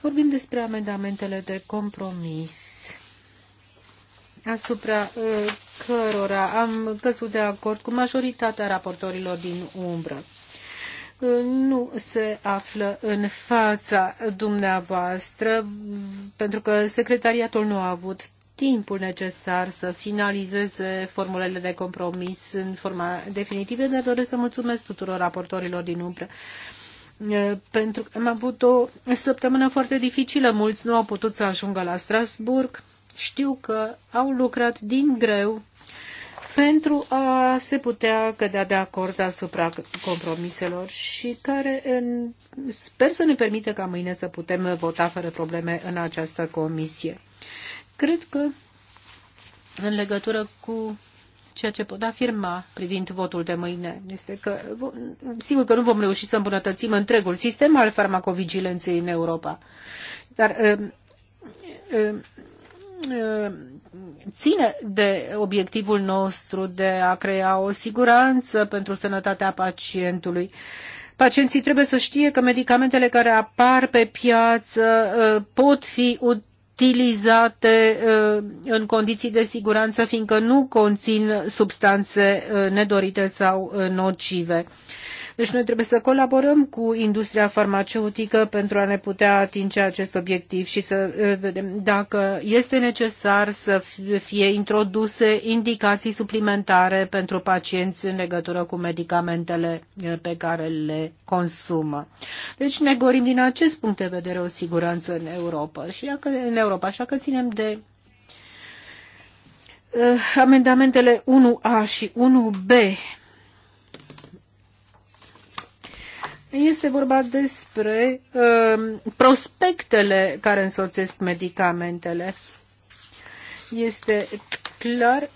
Vorbim despre amendamentele de compromis asupra uh, cărora am căzut de acord cu majoritatea raportorilor din umbră nu se află în fața dumneavoastră, pentru că secretariatul nu a avut timpul necesar să finalizeze formulele de compromis în forma definitivă, dar doresc să mulțumesc tuturor raportorilor din umbră. Pentru că am avut o săptămână foarte dificilă, mulți nu au putut să ajungă la Strasburg. Știu că au lucrat din greu pentru a se putea cădea de acord asupra compromiselor și care sper să ne permite ca mâine să putem vota fără probleme în această comisie. Cred că în legătură cu ceea ce pot afirma privind votul de mâine este că, sigur că nu vom reuși să îmbunătățim întregul sistem al farmacovigilenței în Europa, dar uh, uh, uh, ține de obiectivul nostru de a crea o siguranță pentru sănătatea pacientului. Pacienții trebuie să știe că medicamentele care apar pe piață uh, pot fi utilizate uh, în condiții de siguranță, fiindcă nu conțin substanțe uh, nedorite sau nocive. Deci noi trebuie să colaborăm cu industria farmaceutică pentru a ne putea atinge acest obiectiv și să vedem dacă este necesar să fie introduse indicații suplimentare pentru pacienți în legătură cu medicamentele pe care le consumă. Deci ne gorim din acest punct de vedere o siguranță în Europa și în Europa, așa că ținem de amendamentele 1A și 1B Este vorba despre uh, prospectele care însoțesc medicamentele. Este clar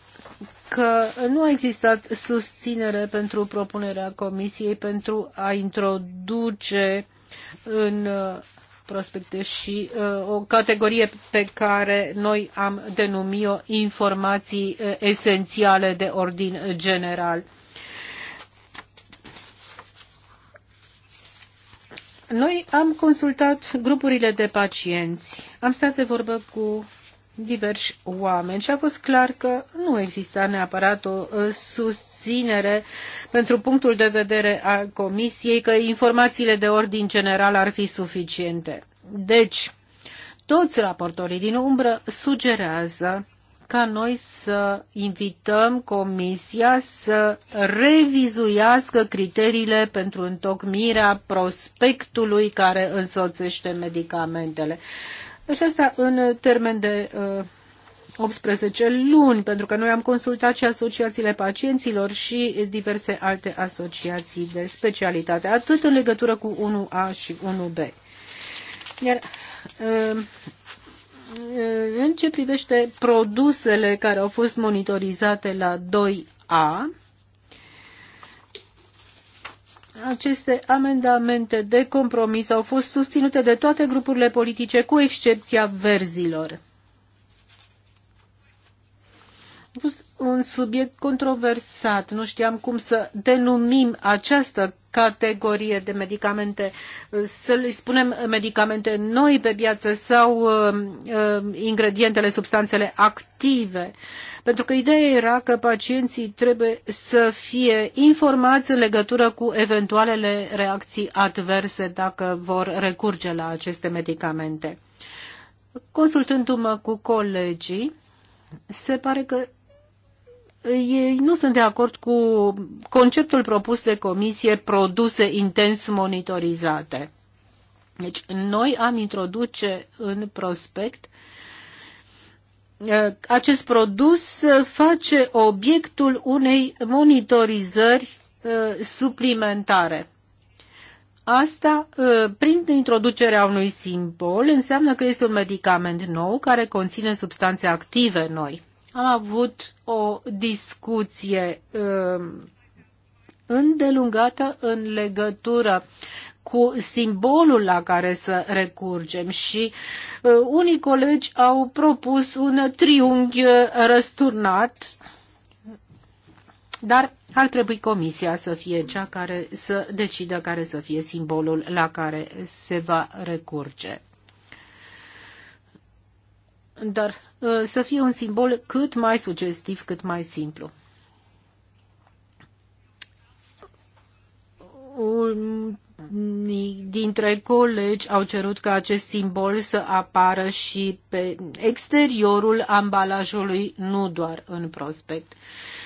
că nu a existat susținere pentru propunerea Comisiei pentru a introduce în uh, prospecte și uh, o categorie pe care noi am denumit-o informații uh, esențiale de ordin general. Noi am consultat grupurile de pacienți, am stat de vorbă cu diversi oameni și a fost clar că nu exista neapărat o uh, susținere pentru punctul de vedere a Comisiei că informațiile de ordin general ar fi suficiente. Deci, toți raportorii din umbră sugerează ca noi să invităm Comisia să revizuiască criteriile pentru întocmirea prospectului care însoțește medicamentele. Și asta în termen de uh, 18 luni, pentru că noi am consultat și asociațiile pacienților și diverse alte asociații de specialitate, atât în legătură cu 1A și 1B. Iar uh, în ce privește produsele care au fost monitorizate la 2A, aceste amendamente de compromis au fost susținute de toate grupurile politice, cu excepția verzilor. Au fost un subiect controversat. Nu știam cum să denumim această categorie de medicamente, să le spunem medicamente noi pe piață sau uh, ingredientele, substanțele active. Pentru că ideea era că pacienții trebuie să fie informați în legătură cu eventualele reacții adverse dacă vor recurge la aceste medicamente. Consultându-mă cu colegii, se pare că ei nu sunt de acord cu conceptul propus de comisie produse intens monitorizate. Deci noi am introduce în prospect eh, acest produs face obiectul unei monitorizări eh, suplimentare. Asta, eh, prin introducerea unui simbol, înseamnă că este un medicament nou care conține substanțe active noi. Am avut o discuție um, îndelungată în legătură cu simbolul la care să recurgem și uh, unii colegi au propus un triunghi uh, răsturnat, dar ar trebui comisia să fie cea care să decidă care să fie simbolul la care se va recurge. Dar Uh, să fie un simbol cât mai sugestiv, cât mai simplu. Unii dintre colegi au cerut ca acest simbol să apară și pe exteriorul ambalajului, nu doar în prospect.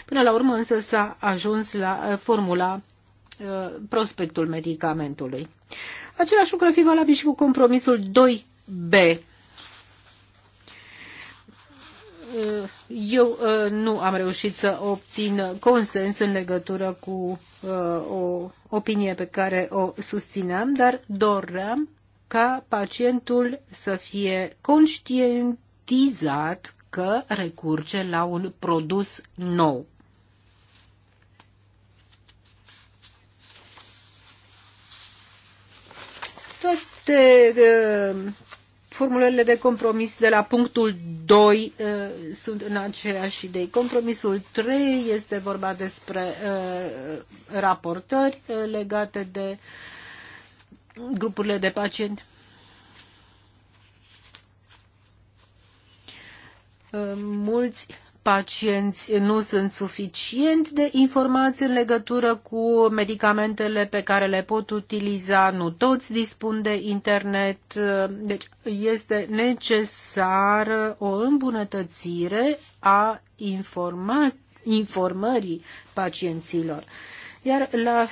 Până la urmă însă s-a ajuns la uh, formula uh, prospectul medicamentului. Același lucru ar fi valabil și cu compromisul 2B, Eh, eu eh, nu am reușit să obțin consens în legătură cu eh, o opinie pe care o susțineam, dar doream ca pacientul să fie conștientizat că recurge la un produs nou. Toate formulările de compromis de la punctul 2 uh, sunt în aceeași idei. Compromisul 3 este vorba despre uh, raportări uh, legate de grupurile de pacienți. Uh, mulți uh, pacienți nu sunt suficient de informați în legătură cu medicamentele pe care le pot utiliza, nu toți dispun de internet, deci este necesară o îmbunătățire a informa- informării pacienților. Iar la,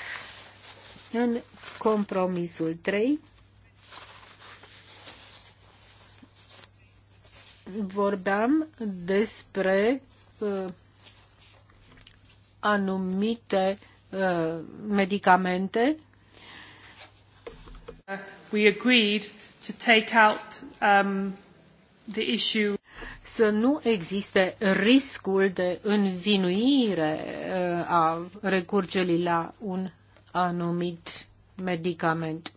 în compromisul 3, vorbeam despre uh, anumite uh, medicamente. We agreed to take out um, the issue să nu existe riscul de învinuire uh, a recurgerii la un anumit medicament.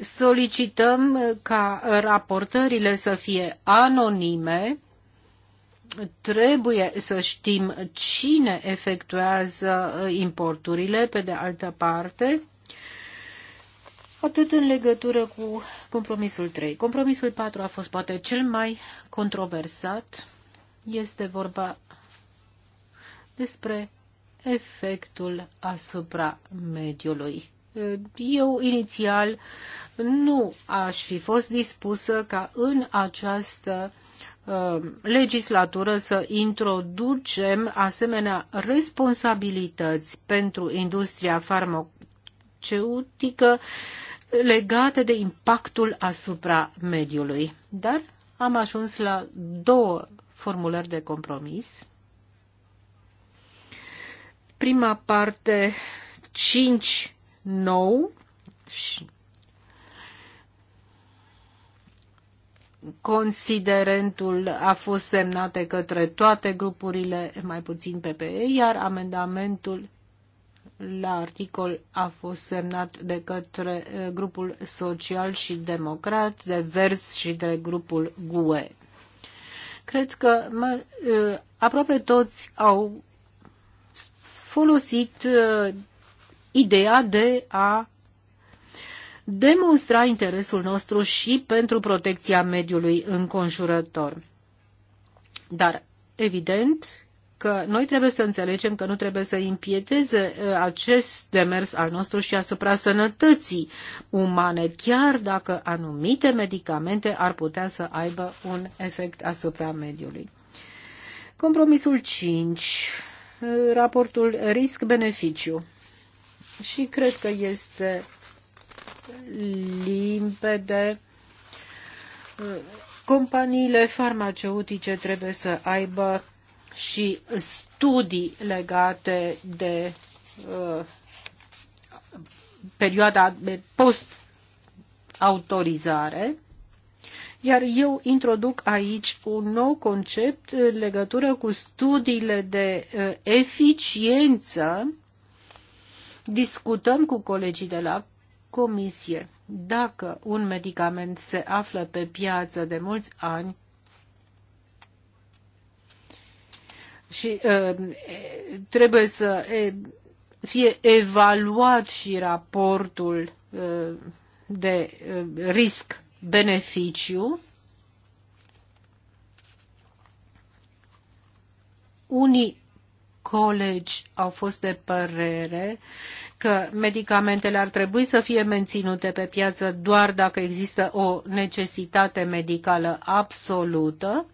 solicităm uh, ca raportările să fie anonime. Trebuie să știm cine efectuează uh, importurile, pe de altă parte, Atât în legătură cu compromisul 3. Compromisul 4 a fost poate cel mai controversat. Este vorba despre efectul asupra mediului. Eu inițial nu aș fi fost dispusă ca în această uh, legislatură să introducem asemenea responsabilități pentru industria farmaceutică legate de impactul asupra mediului. Dar am ajuns la două formulări de compromis. Prima parte, cinci nou și considerentul a fost semnat de către toate grupurile, mai puțin PPE, iar amendamentul la articol a fost semnat de către eh, grupul social și democrat, de vers și de grupul GUE. Cred că mă, eh, aproape toți au folosit eh, ideea de a demonstra interesul nostru și pentru protecția mediului înconjurător. Dar, evident, că noi trebuie să înțelegem că nu trebuie să impieteze uh, acest demers al nostru și asupra sănătății umane, chiar dacă anumite medicamente ar putea să aibă un efect asupra mediului. Compromisul 5. Uh, raportul risc-beneficiu și cred că este limpede. Companiile farmaceutice trebuie să aibă și studii legate de uh, perioada post-autorizare, iar eu introduc aici un nou concept în legătură cu studiile de uh, eficiență discutăm cu colegii de la comisie. Dacă un medicament se află pe piață de mulți ani, și uh, trebuie să fie evaluat și raportul uh, de uh, risc-beneficiu. Unii colegi au fost de părere că medicamentele ar trebui să fie menținute pe piață doar dacă există o necesitate medicală absolută,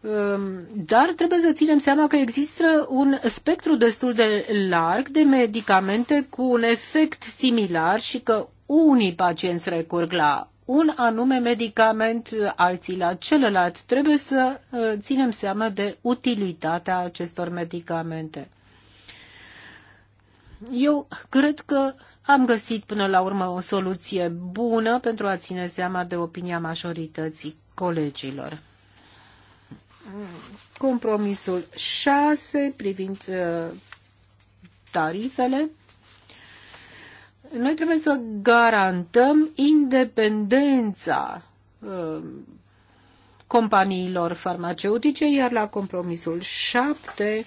ehm, dar trebuie să ținem seama că există un spectru destul de larg de medicamente cu un efect similar și că unii pacienți recurg la un anume medicament, alții la celălalt. Trebuie să uh, ținem seama de utilitatea acestor medicamente. Eu cred că am găsit până la urmă o soluție bună pentru a ține seama de opinia majorității colegilor. Compromisul 6 privind uh, tarifele noi trebuie să garantăm independența uh, companiilor farmaceutice, iar la compromisul 7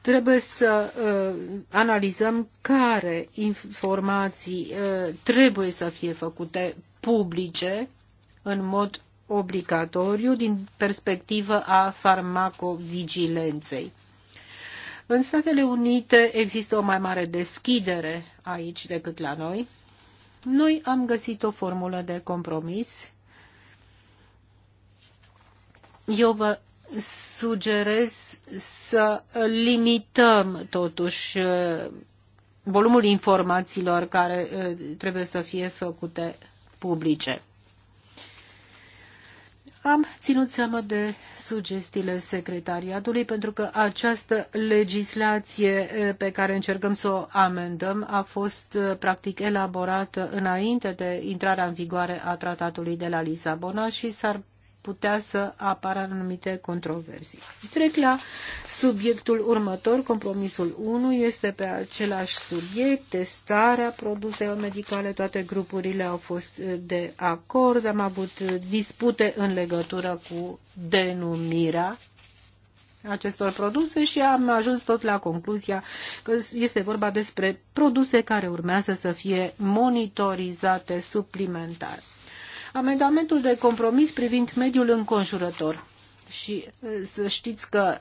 trebuie să uh, analizăm care informații uh, trebuie să fie făcute publice în mod obligatoriu din perspectivă a farmacovigilenței. În Statele Unite există o mai mare deschidere aici decât la noi. Noi am găsit o formulă de compromis. Eu vă sugerez să limităm totuși uh, volumul informațiilor care uh, trebuie să fie făcute publice. Am ținut seama de sugestiile secretariatului pentru că această legislație eh, pe care încercăm să o amendăm a fost eh, practic elaborată înainte de intrarea în vigoare a tratatului de la Lisabona și s-ar putea să apară anumite controversii. Trec la subiectul următor, compromisul 1 este pe același subiect, testarea produselor medicale, toate grupurile au fost eh, de acord, am avut dispute în legătură cu denumirea acestor produse și am ajuns tot la concluzia că este vorba despre produse care urmează să fie monitorizate suplimentar. Amendamentul de compromis privind mediul înconjurător. Și să știți că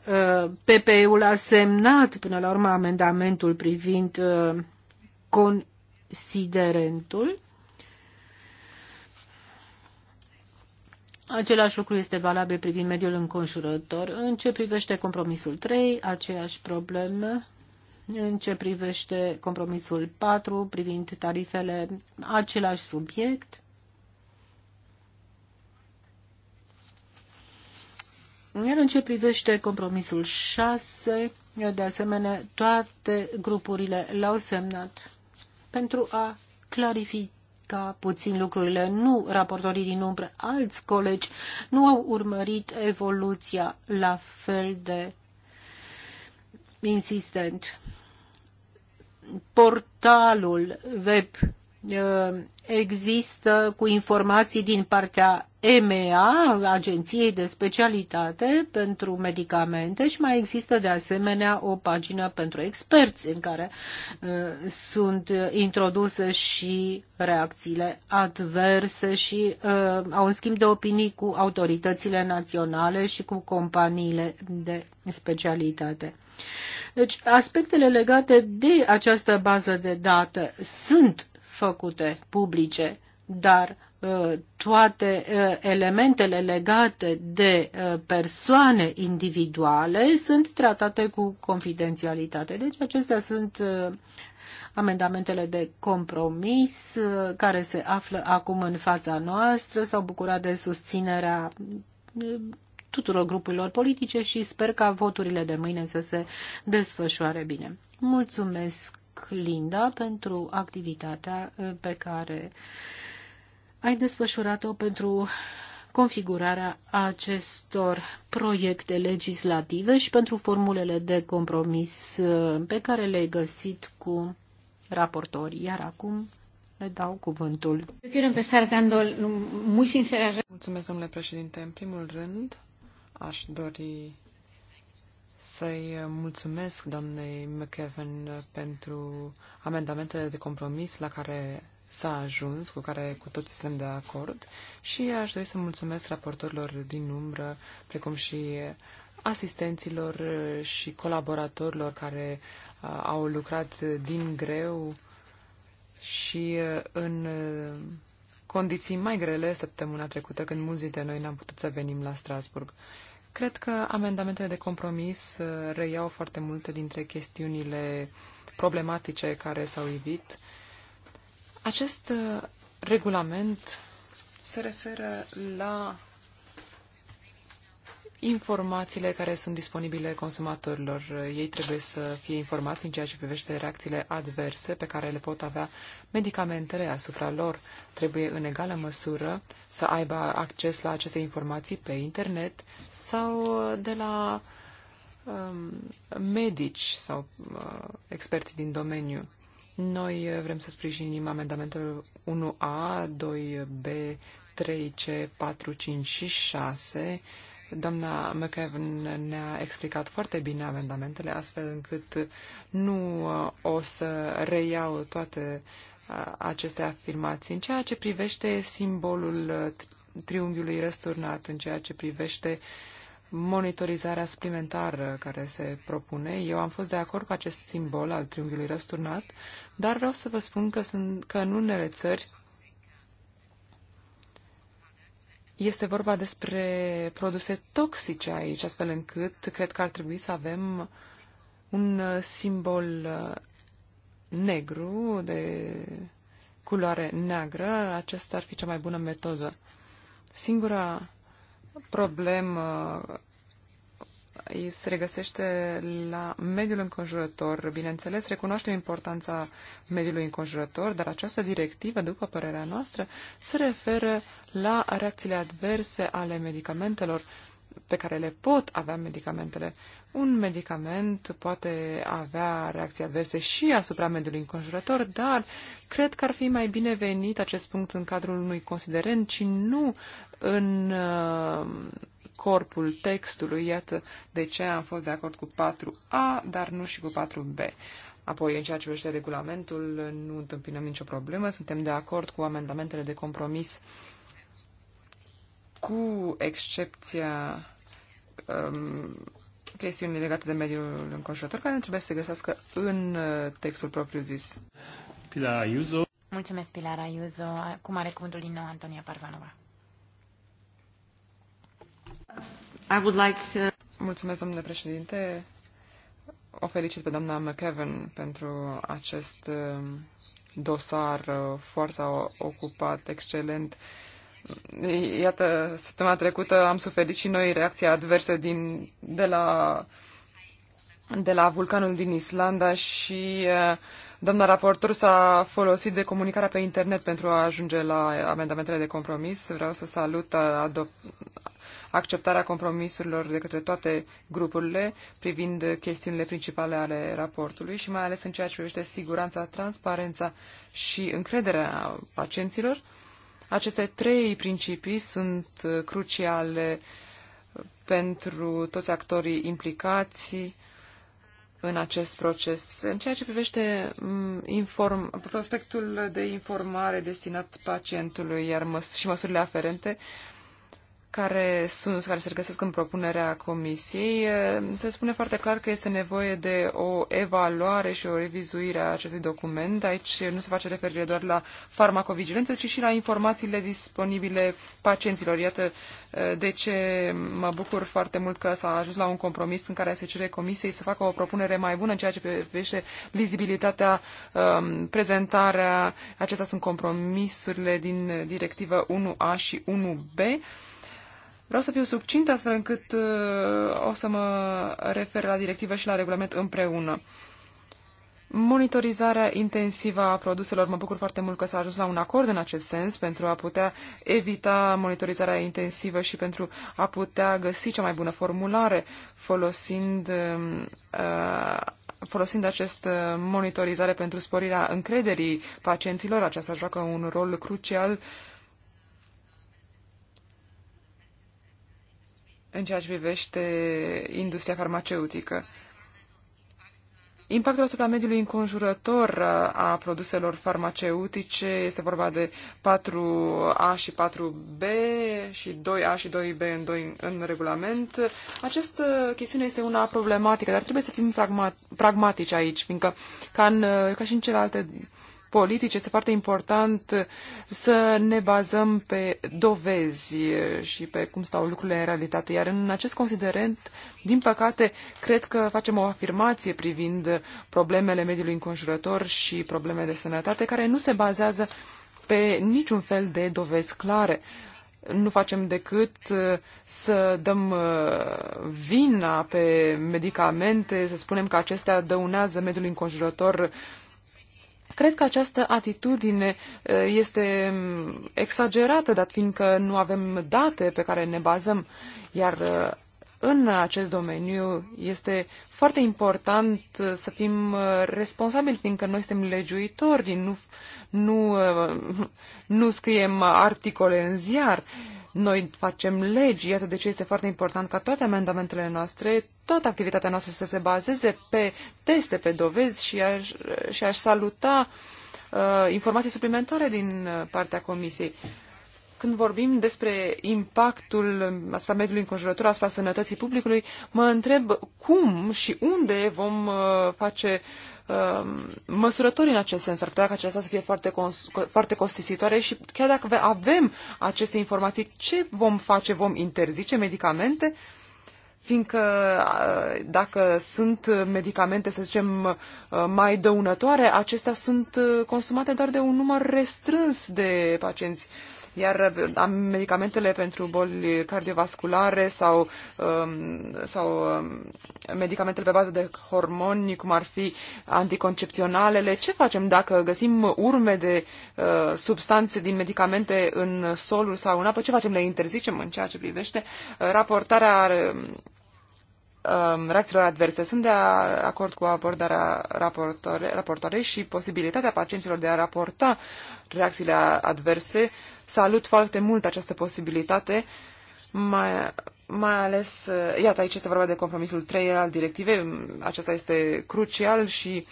PPE-ul a semnat până la urmă amendamentul privind considerentul. Același lucru este valabil privind mediul înconjurător. În ce privește compromisul 3, aceeași problemă. În ce privește compromisul 4, privind tarifele, același subiect. Iar în ce privește compromisul 6, de asemenea, toate grupurile l-au semnat pentru a clarifica puțin lucrurile. Nu raportorii din umbră, alți colegi nu au urmărit evoluția la fel de insistent. Portalul web uh, există cu informații din partea EMEA, Agenției de Specialitate pentru Medicamente și mai există de asemenea o pagină pentru experți în care uh, sunt introduse și reacțiile adverse și uh, au un schimb de opinii cu autoritățile naționale și cu companiile de specialitate. Deci aspectele legate de această bază de date sunt făcute publice, dar uh, toate uh, elementele legate de uh, persoane individuale sunt tratate cu confidențialitate. Deci acestea sunt amendamentele de compromis care se află acum în fața noastră, s-au bucurat de susținerea tuturor grupurilor politice și sper ca voturile de mâine să se desfășoare bine. Mulțumesc Clinda pentru activitatea pe care ai desfășurat-o pentru configurarea acestor proiecte legislative și pentru formulele de compromis pe care le-ai găsit cu raportorii. Iar acum le dau cuvântul. Mulțumesc, domnule președinte. În primul rând, aș dori să-i mulțumesc doamnei McKevin pentru amendamentele de compromis la care s-a ajuns, cu care cu toții suntem de acord și aș dori să mulțumesc raportorilor din umbră, precum și asistenților și colaboratorilor care uh, au lucrat din greu și uh, în uh, condiții mai grele săptămâna trecută, când mulți dintre noi n-am putut să venim la Strasburg. Cred că amendamentele de compromis uh, reiau foarte multe dintre chestiunile problematice care s-au ivit. Acest uh, regulament se referă la informațiile care sunt disponibile consumatorilor. Ei trebuie să fie informați în ceea ce privește reacțiile adverse pe care le pot avea medicamentele asupra lor. Trebuie în egală măsură să aibă acces la aceste informații pe internet sau uh, de la um, medici sau uh, experți din domeniu. Noi uh, vrem să sprijinim amendamentul 1A, 2B, 3C, 4, 5 și 6 Doamna McEvan ne-a explicat foarte bine amendamentele, astfel încât nu uh, o să reiau toate uh, aceste afirmații. În ceea ce privește simbolul uh, triunghiului răsturnat, în ceea ce privește monitorizarea suplimentară care se propune, eu am fost de acord cu acest simbol al triunghiului răsturnat, dar vreau să vă spun că, sunt, că în unele țări Este vorba despre produse toxice aici, astfel încât cred că ar trebui să avem un simbol uh, negru, de culoare neagră. Aceasta ar fi cea mai bună metodă. Singura problemă se regăsește la mediul înconjurător. Bineînțeles, recunoaștem importanța mediului înconjurător, dar această directivă, după părerea noastră, se referă la reacțiile adverse ale medicamentelor pe care le pot avea medicamentele. Un medicament poate avea reacții adverse și asupra mediului înconjurător, dar cred că ar fi mai bine venit acest punct în cadrul unui considerent, ci nu în uh, corpul textului. Iată de ce am fost de acord cu 4A, dar nu și cu 4B. Apoi, în ceea ce privește regulamentul, nu întâmpinăm nicio problemă. Suntem de acord cu amendamentele de compromis, cu excepția um, chestiunii legate de mediul înconjurător, care trebuie să se găsească în uh, textul propriu zis. Pilar Ayuso. Mulțumesc, Pilar Iuzo. Cum are cuvântul din nou Antonia Parvanova. I would like... Uh, Mulțumesc, domnule președinte. O felicit pe doamna McKevin pentru acest um, dosar uh, foarte ocupat, excelent. Iată, săptămâna trecută am suferit și noi reacții adverse din, de, la, de la vulcanul din Islanda și uh, Doamna raportor s-a folosit de comunicarea pe internet pentru a ajunge la amendamentele de compromis. Vreau să salut acceptarea compromisurilor de către toate grupurile privind chestiunile principale ale raportului și mai ales în ceea ce privește siguranța, transparența și încrederea pacienților. Aceste trei principii sunt cruciale pentru toți actorii implicați în acest proces. În ceea ce privește mm, inform, prospectul de informare destinat pacientului iar măs- și măsurile aferente, uh, care sunt, care se regăsesc în propunerea comisiei, se spune foarte clar că este nevoie de o evaluare și o revizuire a acestui document. Aici nu se face referire doar la farmacovigilență, ci și la informațiile disponibile pacienților. Iată de ce mă bucur foarte mult că s-a ajuns la un compromis în care se cere comisiei să facă o propunere mai bună în ceea ce privește lizibilitatea, prezentarea. Acestea sunt compromisurile din directivă 1A și 1B Vreau să fiu subcint astfel încât uh, o să mă refer la directivă și la regulament împreună. Monitorizarea intensivă a produselor. Mă bucur foarte mult că s-a ajuns la un acord în acest sens pentru a putea evita monitorizarea intensivă și pentru a putea găsi cea mai bună formulare folosind, um, uh, folosind această uh, monitorizare pentru sporirea încrederii pacienților. Aceasta joacă un rol crucial uh, în ceea ce privește industria farmaceutică. Impactul asupra mediului înconjurător uh, a produselor farmaceutice este vorba de 4A și 4B și 2A și 2B în, 2, în regulament. Această chestiune este una problematică, dar trebuie să fim pragma, pragmatici aici, fiindcă ca, în, uh, ca și în celelalte Politic, este foarte important să ne bazăm pe dovezi și pe cum stau lucrurile în realitate. Iar în acest considerent, din păcate, cred că facem o afirmație privind problemele mediului înconjurător și problemele de sănătate care nu se bazează pe niciun fel de dovezi clare nu facem decât uh, să dăm uh, vina pe medicamente, să spunem că acestea dăunează mediul înconjurător Cred că această atitudine este exagerată, dat fiindcă nu avem date pe care ne bazăm, iar în acest domeniu este foarte important să fim responsabili, fiindcă noi suntem legiuitori, nu, nu, nu scriem articole în ziar. Uh, noi facem legi, iată de ce este foarte important ca toate amendamentele noastre, toată activitatea noastră să se bazeze pe teste, pe dovezi și aș, și aș saluta uh, informații suplimentare din partea Comisiei. Când vorbim despre impactul asupra mediului înconjurător, asupra sănătății publicului, mă întreb cum și unde vom uh, face uh, Um, măsurători în acest sens. Ar putea ca aceasta să fie foarte, foarte costisitoare și chiar dacă avem aceste informații, ce vom face? Vom interzice medicamente? Fiindcă uh, dacă sunt medicamente, să zicem, uh, mai dăunătoare, acestea sunt uh, consumate doar de un număr restrâns de pacienți. Uh, iar medicamentele pentru boli cardiovasculare sau, um, sau um, medicamentele pe bază de hormoni, cum ar fi anticoncepționalele, ce facem dacă găsim urme de uh, substanțe din medicamente în solul sau în apă? Ce facem? Le interzicem în ceea ce privește uh, raportarea um, reacțiilor adverse. Sunt de acord cu abordarea raportoarei și posibilitatea pacienților de a raporta reacțiile adverse Salut foarte mult această posibilitate, mai, mai ales, uh, iată, aici este vorba de compromisul 3 al directivei, mm, acesta este crucial și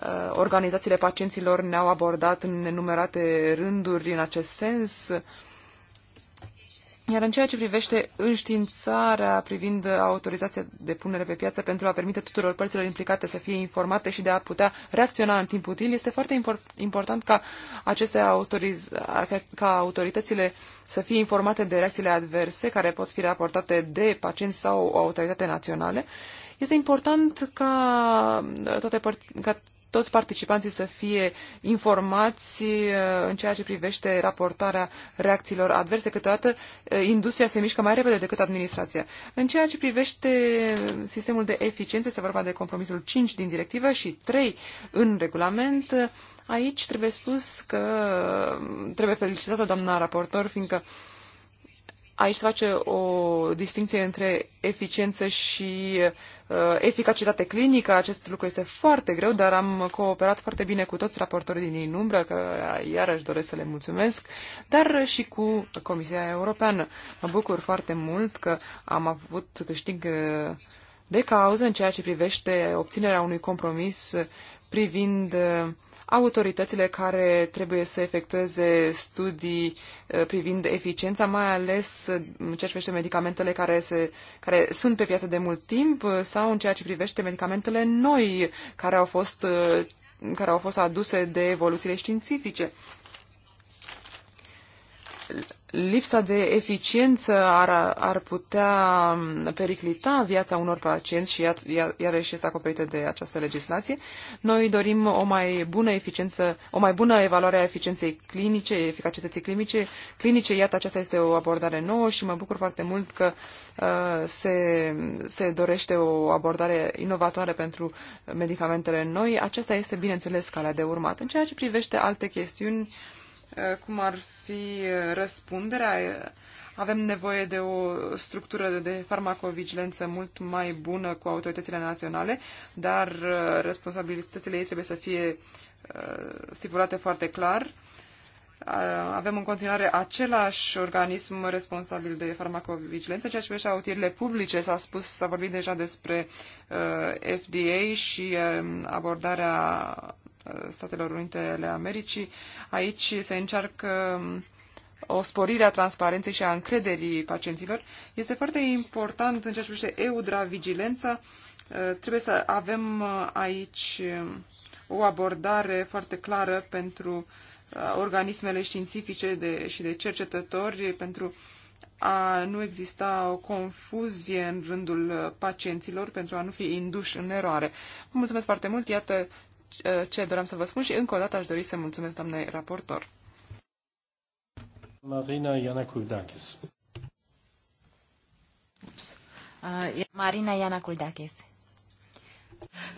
uh, organizațiile pacienților ne-au abordat în nenumărate rânduri în acest sens. Uh, iar în ceea ce privește înștiințarea privind autorizația de punere pe piață pentru a permite tuturor părților implicate să fie informate și de a putea reacționa în timp util, este foarte important ca, aceste autoriz, ca, autoritățile să fie informate de reacțiile adverse care pot fi raportate de pacienți sau o autoritate naționale. Este important ca toate, păr- ca toți participanții să fie informați uh, în ceea ce privește raportarea reacțiilor adverse. Câteodată uh, industria se mișcă mai repede decât administrația. În ceea ce privește sistemul de eficiență, se vorba de compromisul 5 din directivă și 3 în regulament. Uh, aici trebuie spus că trebuie felicitată doamna raportor, fiindcă aici se face o distinție între eficiență și uh, Uh, eficacitate clinică. Acest lucru este foarte greu, dar am cooperat foarte bine cu toți raportorii din umbră, că iarăși doresc să le mulțumesc, dar și cu Comisia Europeană. Mă bucur foarte mult că am avut câștig uh, de cauză în ceea ce privește obținerea unui compromis privind uh, autoritățile care trebuie să efectueze studii uh, privind eficiența, mai ales uh, în ceea ce privește medicamentele care, se, care sunt pe piață de mult timp uh, sau în ceea ce privește medicamentele noi care au fost, care au fost aduse de evoluțiile științifice lipsa de eficiență ar, ar putea periclita viața unor pacienți și iar, iar, iarăși este acoperită de această legislație. Noi dorim o mai bună eficiență, o mai bună evaluare a eficienței clinice, eficacității clinice. clinice. Iată, aceasta este o abordare nouă și mă bucur foarte mult că uh, se, se dorește o abordare inovatoare pentru medicamentele noi. Aceasta este, bineînțeles, calea de urmat. În ceea ce privește alte chestiuni, uh, cum ar fi răspunderea. Avem nevoie de o structură de farmacovigilență mult mai bună cu autoritățile naționale, dar responsabilitățile ei trebuie să fie stipulate foarte clar. Avem în continuare același organism responsabil de farmacovigilență, ceea ce privește autierile publice. S-a spus, s-a vorbit deja despre FDA și abordarea Statelor Unite ale Americii. Aici se încearcă um, o sporire a transparenței și a încrederii pacienților. Este foarte important în ceea ce privește EUDRA, vigilența. Uh, trebuie să avem uh, aici um, o abordare foarte clară pentru uh, organismele științifice de, și de cercetători, pentru a nu exista o confuzie în rândul pacienților pentru a nu fi induși în eroare. Vă mulțumesc foarte mult. Iată ce doream să vă spun și încă o dată aș dori să mulțumesc doamnei raportor. Marina Ianaculdakis. Kuldakis. Uh, Marina Ianaculdakis.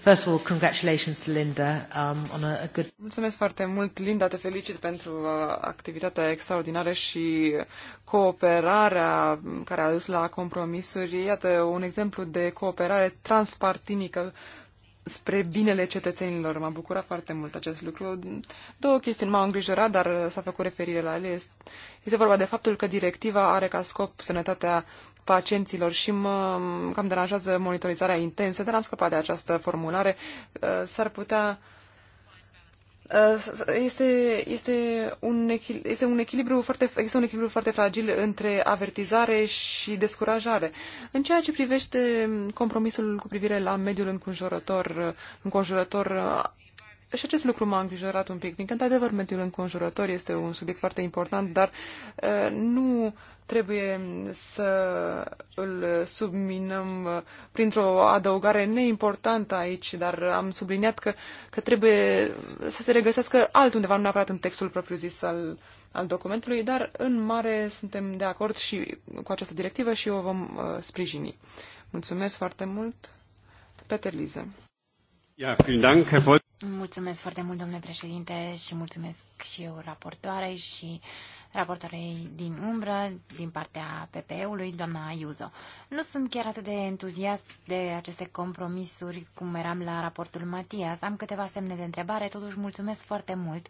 First of all, congratulations to Linda um, on a, a good. Mulțumesc foarte mult, Linda, te felicit pentru uh, activitatea extraordinară și cooperarea care a dus la compromisuri. Iată un exemplu de cooperare transpartinică spre binele cetățenilor. M-a bucurat foarte mult acest lucru. Două chestiuni m-au îngrijorat, dar s-a făcut referire la ele. Este vorba de faptul că directiva are ca scop sănătatea pacienților și mă cam deranjează monitorizarea intensă, dar am scăpat de această formulare. S-ar putea Uh, este, este, un, este un echilibru foarte, există un echilibru foarte fragil între avertizare și descurajare. În ceea ce privește compromisul cu privire la mediul înconjurător, înconjurător uh, și acest lucru m-a îngrijorat un pic, fiindcă, într-adevăr, mediul înconjurător este un subiect foarte important, dar uh, nu trebuie să îl subminăm uh, printr-o adăugare neimportantă aici, dar am subliniat că, că trebuie să se regăsească altundeva, nu neapărat în textul propriu-zis al, al documentului, dar în mare suntem de acord și cu această directivă și o vom uh, sprijini. Mulțumesc foarte mult, Peter Lize. Ja, vielen Dank, Herr Mulțumesc foarte mult, domnule președinte, și mulțumesc și eu raportoarei și uh, raportoarei din umbră, din partea PPE-ului, doamna Iuzo. Nu sunt chiar atât de entuziast de aceste compromisuri cum eram la raportul Matias. Am câteva semne de întrebare, totuși mulțumesc foarte mult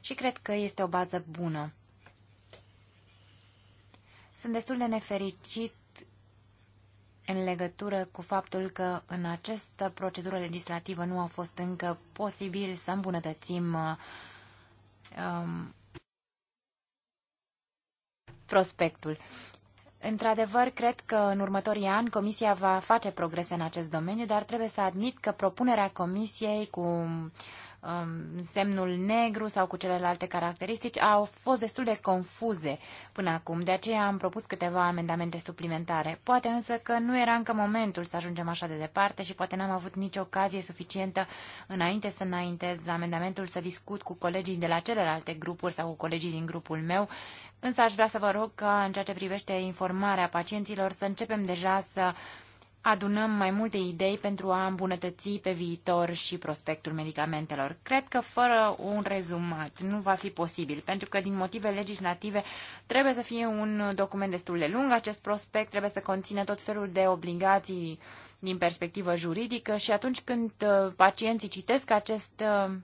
și cred că este o bază bună. Sunt destul de nefericit în legătură cu faptul că în această procedură legislativă nu a fost încă posibil să îmbunătățim uh, um, prospectul. Într-adevăr, cred că în următorii ani Comisia va face progrese în acest domeniu, dar trebuie să admit că propunerea Comisiei cu um, semnul negru sau cu celelalte caracteristici au fost destul de confuze până acum, de aceea am propus câteva amendamente suplimentare. Poate însă că nu era încă momentul să ajungem așa de departe și poate n-am avut nicio ocazie suficientă înainte să înaintez amendamentul să discut cu colegii de la celelalte grupuri sau cu colegii din grupul meu, însă aș vrea să vă rog că în ceea ce privește informarea pacienților să începem deja să adunăm mai multe idei pentru a îmbunătăți pe viitor și prospectul medicamentelor. Cred că fără un rezumat nu va fi posibil, pentru că din motive legislative trebuie să fie un document destul de lung. Acest prospect trebuie să conțină tot felul de obligații din perspectivă juridică și atunci când uh, pacienții citesc acest uh,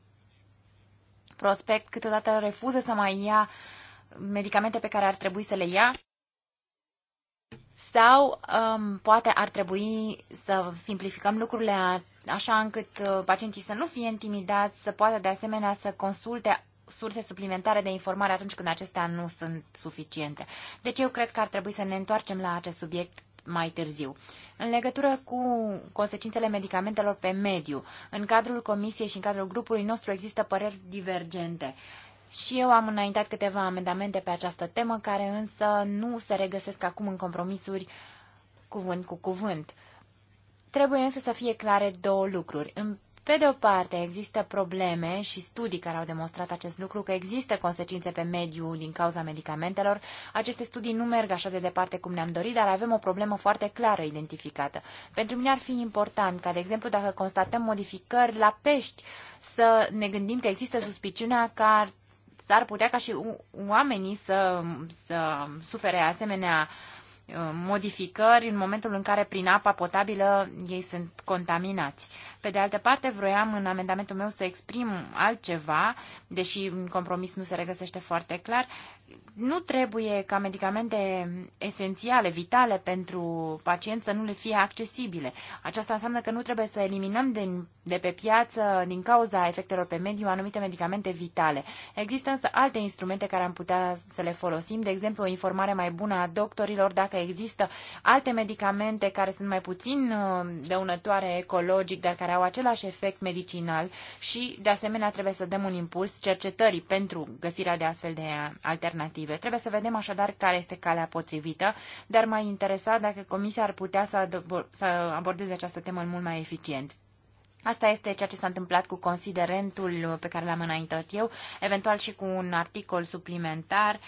prospect, câteodată refuză să mai ia medicamente pe care ar trebui să le ia sau um, poate ar trebui să simplificăm lucrurile așa încât uh, pacienții să nu fie intimidați, să poată de asemenea să consulte surse suplimentare de informare atunci când acestea nu sunt suficiente. Deci eu cred că ar trebui să ne întoarcem la acest subiect mai târziu. În legătură cu consecințele medicamentelor pe mediu, în cadrul comisiei și în cadrul grupului nostru există păreri divergente. Și eu am înaintat câteva amendamente pe această temă, care însă nu se regăsesc acum în compromisuri cuvânt cu cuvânt. Trebuie însă să fie clare două lucruri. pe de o parte, există probleme și studii care au demonstrat acest lucru, că există consecințe pe mediu din cauza medicamentelor. Aceste studii nu merg așa de departe cum ne-am dorit, dar avem o problemă foarte clară identificată. Pentru mine ar fi important ca, de exemplu, dacă constatăm modificări la pești, să ne gândim că există suspiciunea că ar s-ar putea ca și oamenii să, să sufere asemenea uh, modificări în momentul în care prin apa potabilă ei sunt contaminați. Pe de altă parte, vroiam în amendamentul meu să exprim altceva, deși un compromis nu se regăsește foarte clar. Nu trebuie ca medicamente esențiale, vitale pentru pacient să nu le fie accesibile. Aceasta înseamnă că nu trebuie să eliminăm din, de pe piață, din cauza efectelor pe mediu, anumite medicamente vitale. Există însă alte instrumente care am putea să le folosim, de exemplu o informare mai bună a doctorilor dacă există alte medicamente care sunt mai puțin uh, dăunătoare ecologic, dar care care au același efect medicinal și, de asemenea, trebuie să dăm un impuls cercetării pentru găsirea de astfel de alternative. Trebuie să vedem așadar care este calea potrivită, dar mai interesat dacă Comisia ar putea să abordeze această temă în mult mai eficient. Asta este ceea ce s-a întâmplat cu considerentul pe care l-am înaintat eu, eventual și cu un articol suplimentar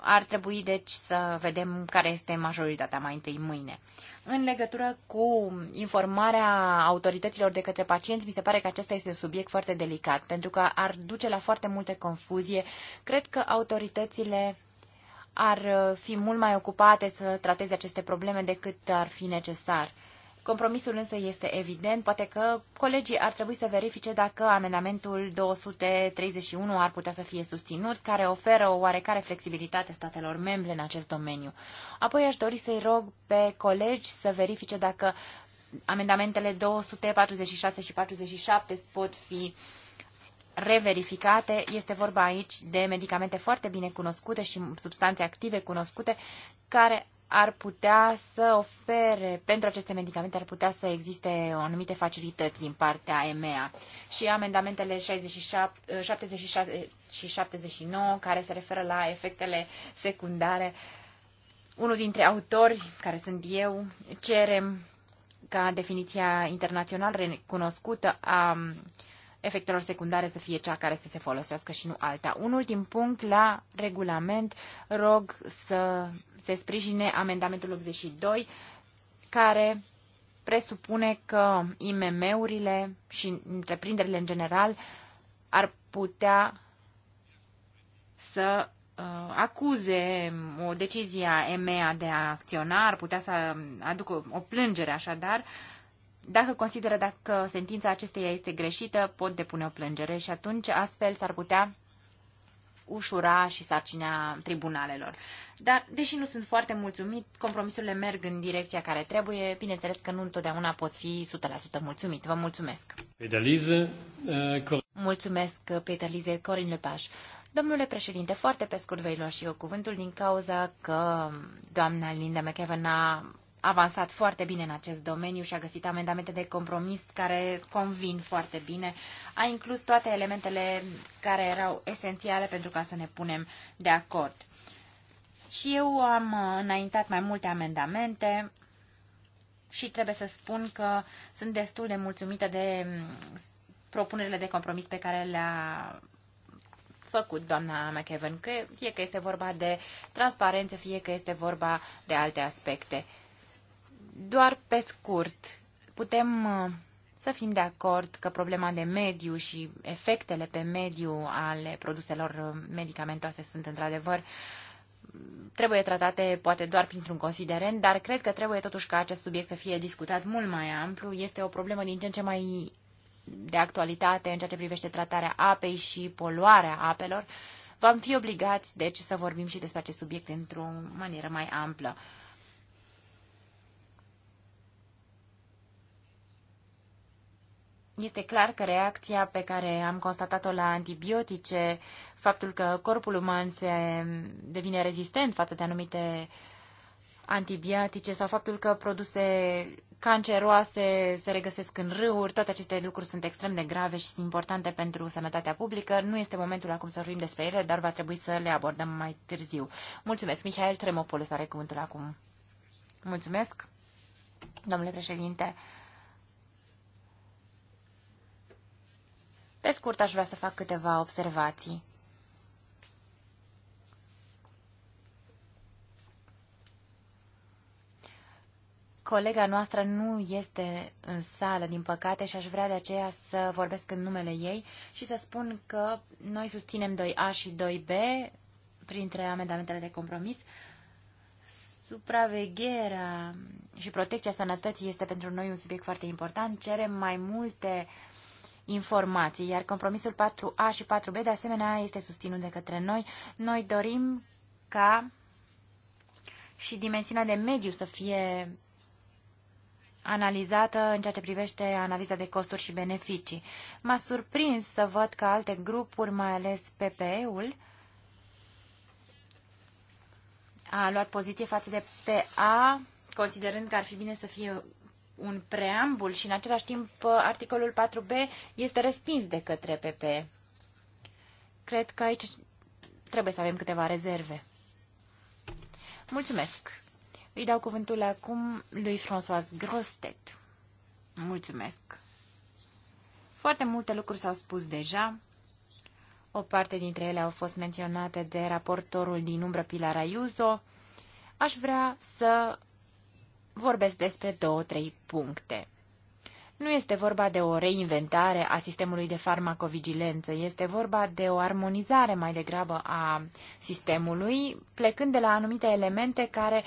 ar trebui, deci, să vedem care este majoritatea mai întâi mâine. În legătură cu informarea autorităților de către pacienți, mi se pare că acesta este un subiect foarte delicat, pentru că ar duce la foarte multe confuzie. Cred că autoritățile ar fi mult mai ocupate să trateze aceste probleme decât ar fi necesar. Compromisul însă este evident. Poate că colegii ar trebui să verifice dacă amendamentul 231 ar putea să fie susținut, care oferă o oarecare flexibilitate statelor membre în acest domeniu. Apoi aș dori să-i rog pe colegi să verifice dacă amendamentele 246 și 47 pot fi reverificate. Este vorba aici de medicamente foarte bine cunoscute și substanțe active cunoscute care ar putea să ofere, pentru aceste medicamente ar putea să existe o anumite facilități din partea EMEA. Și amendamentele 67, 76 și 79, eh, care se referă la efectele secundare, unul dintre autori, care sunt eu, cerem ca definiția internațional recunoscută a efectelor secundare să fie cea care să se folosească și nu alta. Un ultim punct la regulament, rog să se sprijine amendamentul 82, care presupune că IMM-urile și întreprinderile în general ar putea să uh, acuze o decizie a EMEA de a acționa, ar putea să aducă o plângere așadar, uh, dacă consideră dacă sentința acesteia este greșită, pot depune o plângere și atunci astfel s-ar putea ușura și sarcina tribunalelor. Dar, deși nu sunt foarte mulțumit, compromisurile merg în direcția care trebuie. Bineînțeles că nu întotdeauna pot fi 100% mulțumit. Vă mulțumesc! Pedalize, uh, mulțumesc, Peter Lize, Corin Lepaș. Domnule președinte, foarte pe scurt vei lua și eu cuvântul din cauza că doamna Linda McEwen a avansat foarte bine în acest domeniu și a găsit amendamente de compromis care convin foarte bine. A inclus toate elementele care erau esențiale pentru ca să ne punem de acord. Și eu am uh, înaintat mai multe amendamente și trebuie să spun că sunt destul de mulțumită de mm, propunerile de compromis pe care le-a făcut doamna McEwen, că fie că este vorba de transparență, fie că este vorba de alte aspecte. Doar pe scurt, putem uh, să fim de acord că problema de mediu și efectele pe mediu ale produselor uh, medicamentoase sunt într-adevăr mm, trebuie tratate poate doar printr-un considerent, dar cred că trebuie totuși ca acest subiect să fie discutat mult mai amplu. Este o problemă din ce în ce mai de actualitate în ceea ce privește tratarea apei și poluarea apelor. Vom fi obligați, deci, să vorbim și despre acest subiect într-o manieră mai amplă. Este clar că reacția pe care am constatat-o la antibiotice, faptul că corpul uman se devine rezistent față de anumite antibiotice sau faptul că produse canceroase se regăsesc în râuri, toate aceste lucruri sunt extrem de grave și sunt importante pentru sănătatea publică. Nu este momentul acum să vorbim despre ele, dar va trebui să le abordăm mai târziu. Mulțumesc. Mihail Tremopoulos are cuvântul acum. Mulțumesc, domnule președinte. Pe scurt, aș vrea să fac câteva observații. Colega noastră nu este în sală, din păcate, și aș vrea de aceea să vorbesc în numele ei și să spun că noi susținem 2A și 2B printre amendamentele de compromis. Supravegherea și protecția sănătății este pentru noi un subiect foarte important. Cerem mai multe uh, informații, iar compromisul 4A și 4B de asemenea este susținut de către noi. Noi dorim ca și dimensiunea de mediu să fie analizată în ceea ce privește analiza de costuri și beneficii. M-a surprins să văd că alte grupuri, mai ales PPE-ul, a luat poziție față de PA, considerând că ar fi bine să fie un preambul și în același timp uh, articolul 4b este respins de către PP. Cred că aici trebuie să avem câteva rezerve. Mulțumesc. Îi dau cuvântul acum lui François Grostet. Mulțumesc. Foarte multe lucruri s-au spus deja. O parte dintre ele au fost menționate de raportorul din umbră Pilar Ayuso. Aș vrea să vorbesc despre două, trei puncte. Nu este vorba de o reinventare a sistemului de farmacovigilență, este vorba de o armonizare mai degrabă a sistemului, plecând de la anumite elemente care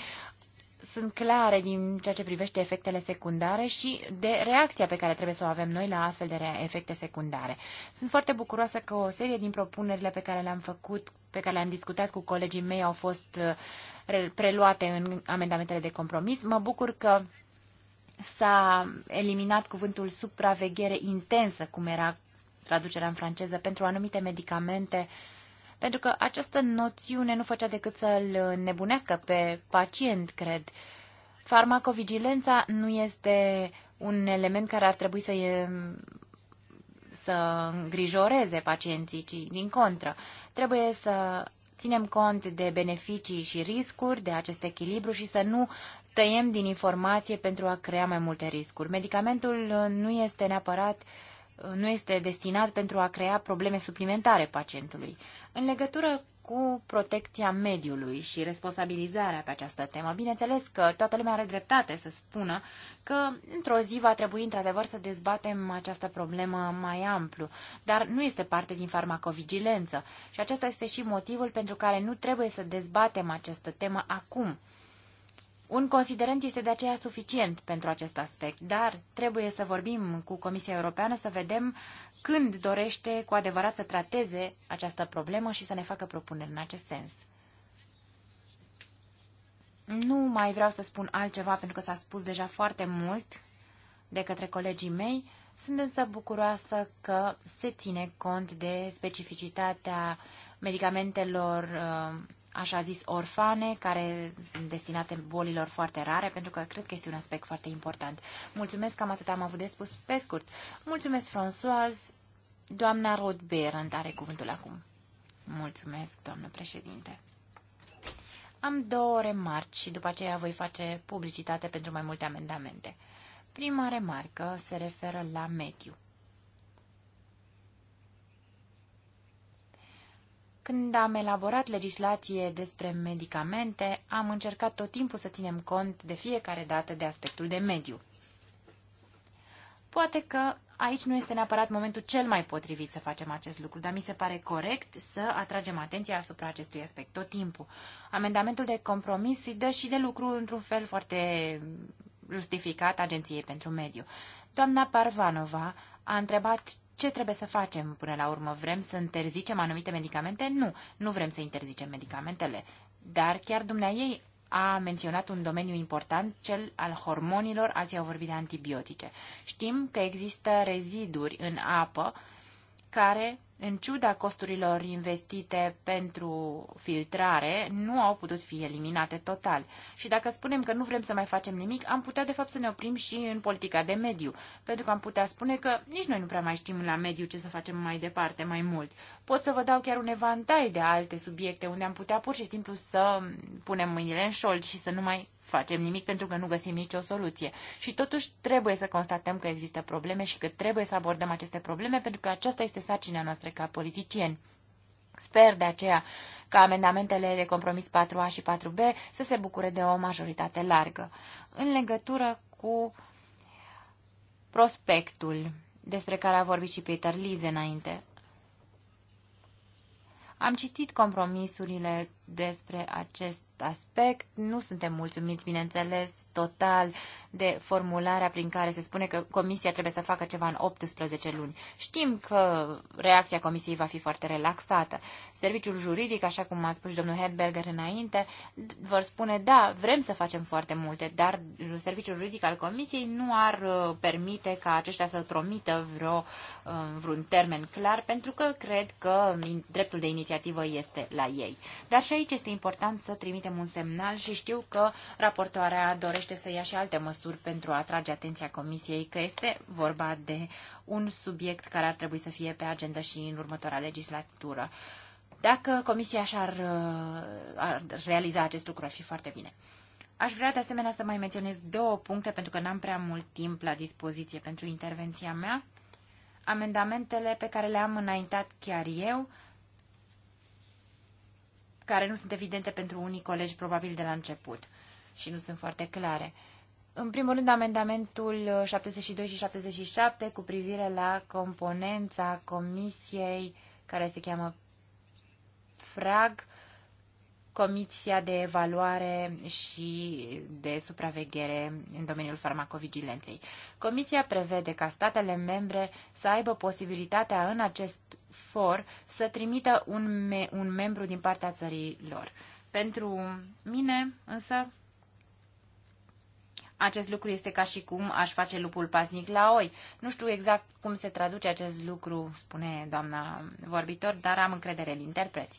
sunt clare din ceea ce privește efectele secundare și de reacția pe care trebuie să o avem noi la astfel de efecte secundare. Sunt foarte bucuroasă că o serie din propunerile pe care le-am făcut pe care le-am discutat cu colegii mei au fost uh, preluate în amendamentele de compromis. Mă bucur că s-a eliminat cuvântul supraveghere intensă, cum era traducerea în franceză, pentru anumite medicamente, pentru că această noțiune nu făcea decât să-l nebunească pe pacient, cred. Farmacovigilența nu este un element care ar trebui să să îngrijoreze pacienții, ci din contră. Trebuie să ținem cont de beneficii și riscuri, de acest echilibru și să nu tăiem din informație pentru a crea mai multe riscuri. Medicamentul nu este neapărat nu este destinat pentru a crea probleme suplimentare pacientului. În legătură cu protecția mediului și responsabilizarea pe această temă. Bineînțeles că toată lumea are dreptate să spună că într-o zi va trebui într-adevăr să dezbatem această problemă mai amplu, dar nu este parte din farmacovigilență și acesta este și motivul pentru care nu trebuie să dezbatem această temă acum un considerent este de aceea suficient pentru acest aspect, dar trebuie să vorbim cu Comisia Europeană să vedem când dorește cu adevărat să trateze această problemă și să ne facă propuneri în acest sens. Nu mai vreau să spun altceva pentru că s-a spus deja foarte mult de către colegii mei. Sunt însă bucuroasă că se ține cont de specificitatea medicamentelor uh, așa zis, orfane, care sunt destinate bolilor foarte rare, pentru că cred că este un aspect foarte important. Mulțumesc, cam atât am avut de spus pe scurt. Mulțumesc, François. Doamna Rod Berend are cuvântul acum. Mulțumesc, doamnă președinte. Am două remarci și după aceea voi face publicitate pentru mai multe amendamente. Prima remarcă se referă la mediu. Când am elaborat legislație despre medicamente, am încercat tot timpul să ținem cont de fiecare dată de aspectul de mediu. Poate că aici nu este neapărat momentul cel mai potrivit să facem acest lucru, dar mi se pare corect să atragem atenția asupra acestui aspect tot timpul. Amendamentul de compromis îi dă și de lucru într-un fel foarte justificat Agenției pentru Mediu. Doamna Parvanova a întrebat ce trebuie să facem până la urmă? Vrem să interzicem anumite medicamente? Nu, nu vrem să interzicem medicamentele. Dar chiar dumnea ei a menționat un domeniu important, cel al hormonilor, alții au vorbit de antibiotice. Știm că există reziduri în apă uh, care, în ciuda costurilor investite pentru filtrare, nu au putut fi eliminate total. Și dacă spunem că nu vrem să mai facem nimic, am putea de fapt să ne oprim și în politica de mediu, pentru că am putea spune că nici noi nu prea mai știm la mediu ce să facem mai departe, mai mult. Pot să vă dau chiar un evantai de alte subiecte unde am putea pur și simplu să punem mâinile în șold și să nu mai facem nimic pentru că nu găsim nicio soluție. Și totuși trebuie să constatăm că există probleme și că trebuie să abordăm aceste probleme pentru că aceasta este sarcina noastră ca politicieni. Sper de aceea ca amendamentele de compromis 4A și 4B să se bucure de o majoritate largă. În legătură cu prospectul despre care a vorbit și Peter Lise înainte, am citit compromisurile despre acest aspect. Nu suntem mulțumiți, bineînțeles, total de formularea prin care se spune că Comisia trebuie să facă ceva în 18 luni. Știm că reacția Comisiei va fi foarte relaxată. Serviciul juridic, așa cum a spus domnul Hedberger înainte, vor spune, da, vrem să facem foarte multe, dar serviciul juridic al Comisiei nu ar uh, permite ca aceștia să promită vreo, uh, vreun termen clar, pentru că cred că dreptul de inițiativă este la ei. Dar și aici este important să trimitem trimitem un semnal și știu că raportoarea dorește să ia și alte măsuri pentru a atrage atenția Comisiei că este vorba de un subiect care ar trebui să fie pe agenda și în următoarea legislatură. Dacă Comisia și-ar uh, ar realiza acest lucru, ar fi foarte bine. Aș vrea de asemenea să mai menționez două puncte, pentru că n-am prea mult timp la dispoziție pentru intervenția mea. Amendamentele pe care le-am înaintat chiar eu, care nu sunt evidente pentru unii colegi, probabil de la început și nu sunt foarte clare. În primul rând, amendamentul 72 și 77 cu privire la componența comisiei care se cheamă FRAG, Comisia de Evaluare și de Supraveghere în domeniul farmacovigilenței. Comisia prevede ca statele membre să aibă posibilitatea în acest for să trimită un, me- un membru din partea țării lor. Pentru mine, însă, acest lucru este ca și cum aș face lupul pasnic la oi. Nu știu exact cum se traduce acest lucru, spune doamna vorbitor, dar am încredere în interpreți.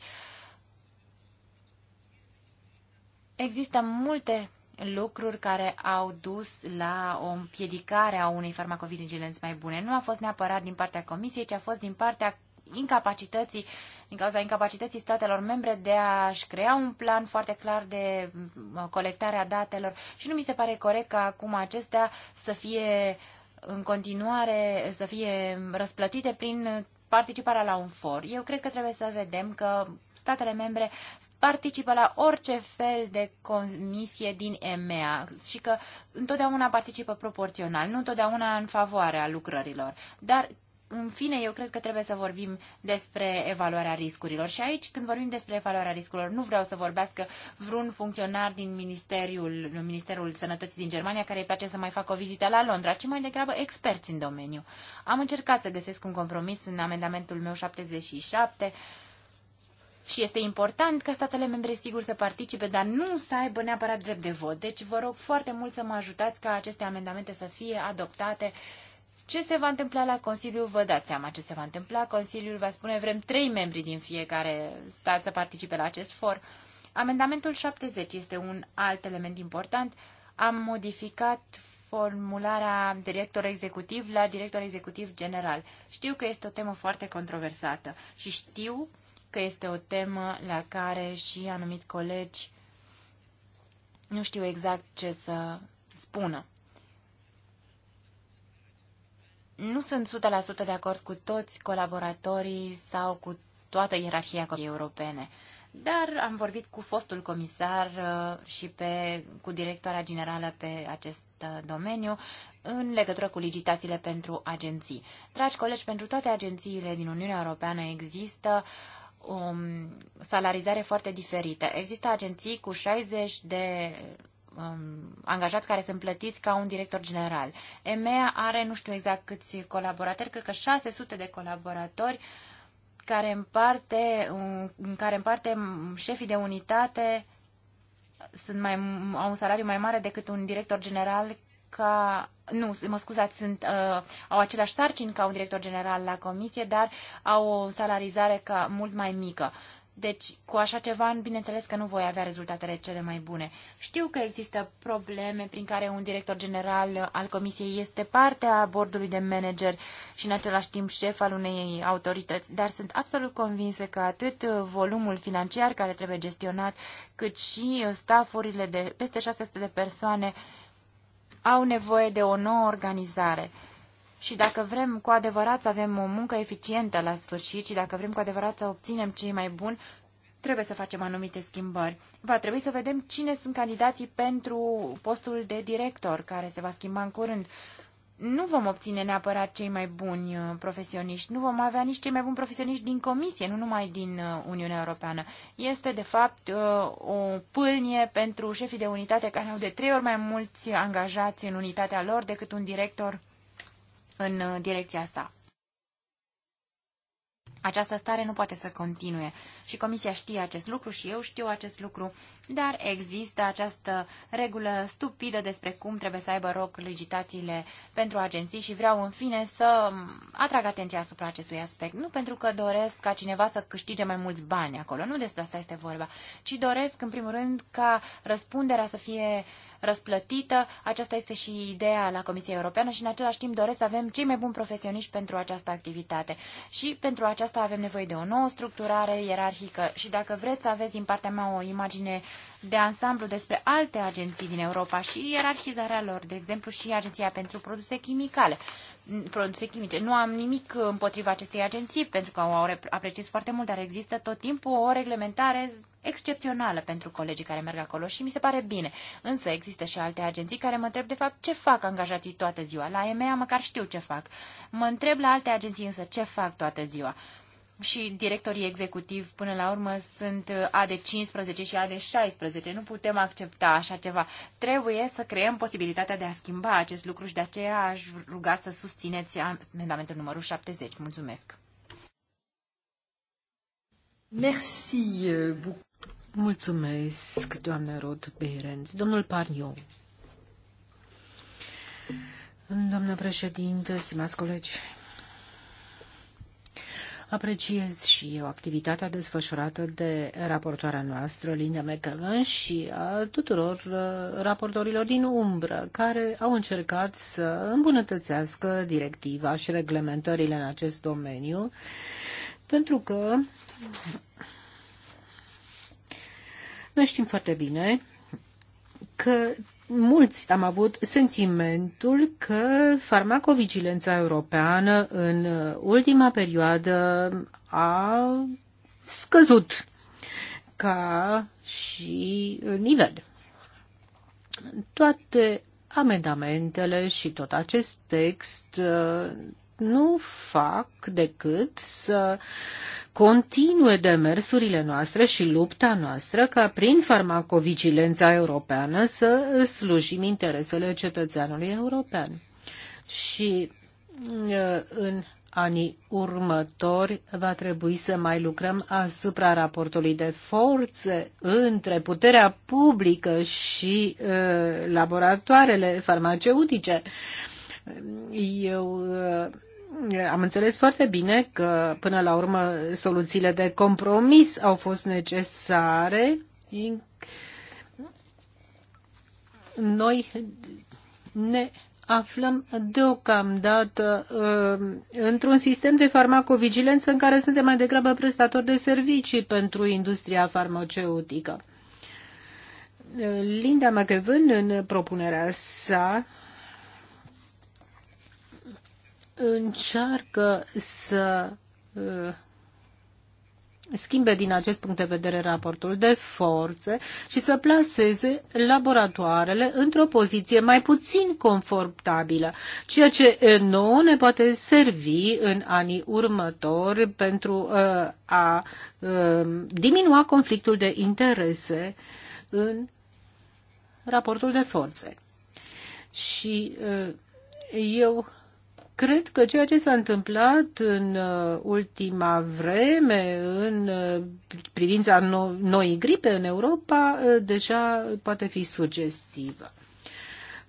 Există multe lucruri care au dus la o împiedicare a unei farmacovigilenți mai bune. Nu a fost neapărat din partea comisiei, ci a fost din partea incapacității, din cauza incapacității statelor membre de a-și crea un plan foarte clar de uh, colectare a datelor și nu mi se pare corect ca acum acestea să fie în continuare, să fie răsplătite prin participarea la un for. Eu cred că trebuie să vedem că statele membre participă la orice fel de comisie din EMEA și că întotdeauna participă proporțional, nu întotdeauna în favoarea lucrărilor. Dar în fine, eu cred că trebuie să vorbim despre evaluarea riscurilor. Și aici, când vorbim despre evaluarea riscurilor, nu vreau să vorbească vreun funcționar din Ministerul, Ministerul Sănătății din Germania care îi place să mai facă o vizită la Londra, ci mai degrabă experți în domeniu. Am încercat să găsesc un compromis în amendamentul meu 77 și este important ca statele membre, sigur, să participe, dar nu să aibă neapărat drept de vot. Deci vă rog foarte mult să mă ajutați ca aceste amendamente să fie adoptate ce se va întâmpla la Consiliu? Vă dați seama ce se va întâmpla. Consiliul va spune vrem trei membri din fiecare stat să participe la acest for. Amendamentul 70 este un alt element important. Am modificat formularea director executiv la director executiv general. Știu că este o temă foarte controversată și știu că este o temă la care și anumit colegi nu știu exact ce să spună. Nu sunt 100% de acord cu toți colaboratorii sau cu toată ierarhia europene, dar am vorbit cu fostul comisar uh, și pe, cu directoarea generală pe acest uh, domeniu în legătură cu licitațiile pentru agenții. Dragi colegi, pentru toate agențiile din Uniunea Europeană există o um, salarizare foarte diferită. Există agenții cu 60 de um, angajați care sunt plătiți ca un director general. EMEA are, nu știu exact câți colaboratori, cred că 600 de colaboratori care în parte, în care în parte șefii de unitate sunt mai, au un salariu mai mare decât un director general ca nu, mă scuzați, sunt, uh, au aceleași sarcini ca un director general la comisie, dar au o salarizare ca mult mai mică. Deci, cu așa ceva, bineînțeles că nu voi avea rezultatele cele mai bune. Știu că există probleme prin care un director general al comisiei este parte a bordului de manager și în același timp șef al unei autorități, dar sunt absolut convinsă că atât volumul financiar care trebuie gestionat, cât și staffurile de peste 600 de persoane au nevoie de o nouă organizare și dacă vrem cu adevărat să avem o muncă eficientă la sfârșit și dacă vrem cu adevărat să obținem cei mai buni, trebuie să facem anumite schimbări. Va trebui să vedem cine sunt candidații pentru postul de director, care se va schimba în curând. Nu vom obține neapărat cei mai buni uh, profesioniști, nu vom avea nici cei mai buni profesioniști din Comisie, nu numai din uh, Uniunea Europeană. Este, de fapt, uh, o pâlnie pentru șefii de unitate care au de trei ori mai mulți angajați în unitatea lor decât un director în uh, direcția sa. Această stare nu poate să continue și Comisia știe acest lucru și eu știu acest lucru, dar există această regulă stupidă despre cum trebuie să aibă rog legitațiile pentru agenții și vreau în fine să atrag atenția asupra acestui aspect. Nu pentru că doresc ca cineva să câștige mai mulți bani acolo, nu despre asta este vorba, ci doresc în primul rând ca răspunderea să fie răsplătită. Aceasta este și ideea la Comisia Europeană și în același timp doresc să avem cei mai buni profesioniști pentru această activitate și pentru această asta avem nevoie de o nouă structurare ierarhică și dacă vreți să aveți din partea mea o imagine de ansamblu despre alte agenții din Europa și ierarhizarea lor, de exemplu și Agenția pentru Produse Chimicale, produse chimice. Nu am nimic împotriva acestei agenții pentru că o apreciez foarte mult, dar există tot timpul o reglementare excepțională pentru colegii care merg acolo și mi se pare bine. Însă există și alte agenții care mă întreb de fapt ce fac angajații toată ziua. La EMEA măcar știu ce fac. Mă întreb la alte agenții însă ce fac toată ziua și directorii executivi până la urmă sunt uh, AD15 și AD16. Nu putem accepta așa ceva. Trebuie să creăm posibilitatea de a schimba acest lucru și de aceea aș ruga să susțineți amendamentul numărul 70. Mulțumesc! Merci euh, beaucoup. Mulțumesc, doamnă Rod Berend. Domnul Parniu. Doamnă președinte, stimați colegi, Apreciez și eu activitatea desfășurată de raportoarea noastră, Linda McEwen, și a tuturor uh, raportorilor din umbră, care au încercat să îmbunătățească directiva și reglementările în acest domeniu, pentru că noi știm foarte bine că mulți am avut sentimentul că farmacovigilența europeană în ultima perioadă a scăzut ca și nivel. Toate amendamentele și tot acest text uh, nu fac decât să continue demersurile noastre și lupta noastră ca prin farmacovigilența europeană să slujim interesele cetățeanului european. Și uh, în anii următori va trebui să mai lucrăm asupra raportului de forțe între puterea publică și uh, laboratoarele farmaceutice. Eu uh, am înțeles foarte bine că, până la urmă, soluțiile de compromis au fost necesare. Noi ne aflăm deocamdată uh, într-un sistem de farmacovigilență în care suntem mai degrabă prestatori de servicii pentru industria farmaceutică. Uh, Linda McEwen, în propunerea sa, încearcă să uh, schimbe din acest punct de vedere raportul de forțe și să plaseze laboratoarele într-o poziție mai puțin confortabilă, ceea ce eh, nouă ne poate servi în anii următori pentru uh, a uh, diminua conflictul de interese în raportul de forțe. Și uh, eu Cred că ceea ce s-a întâmplat în uh, ultima vreme în uh, privința no- noii gripe în Europa uh, deja poate fi sugestivă.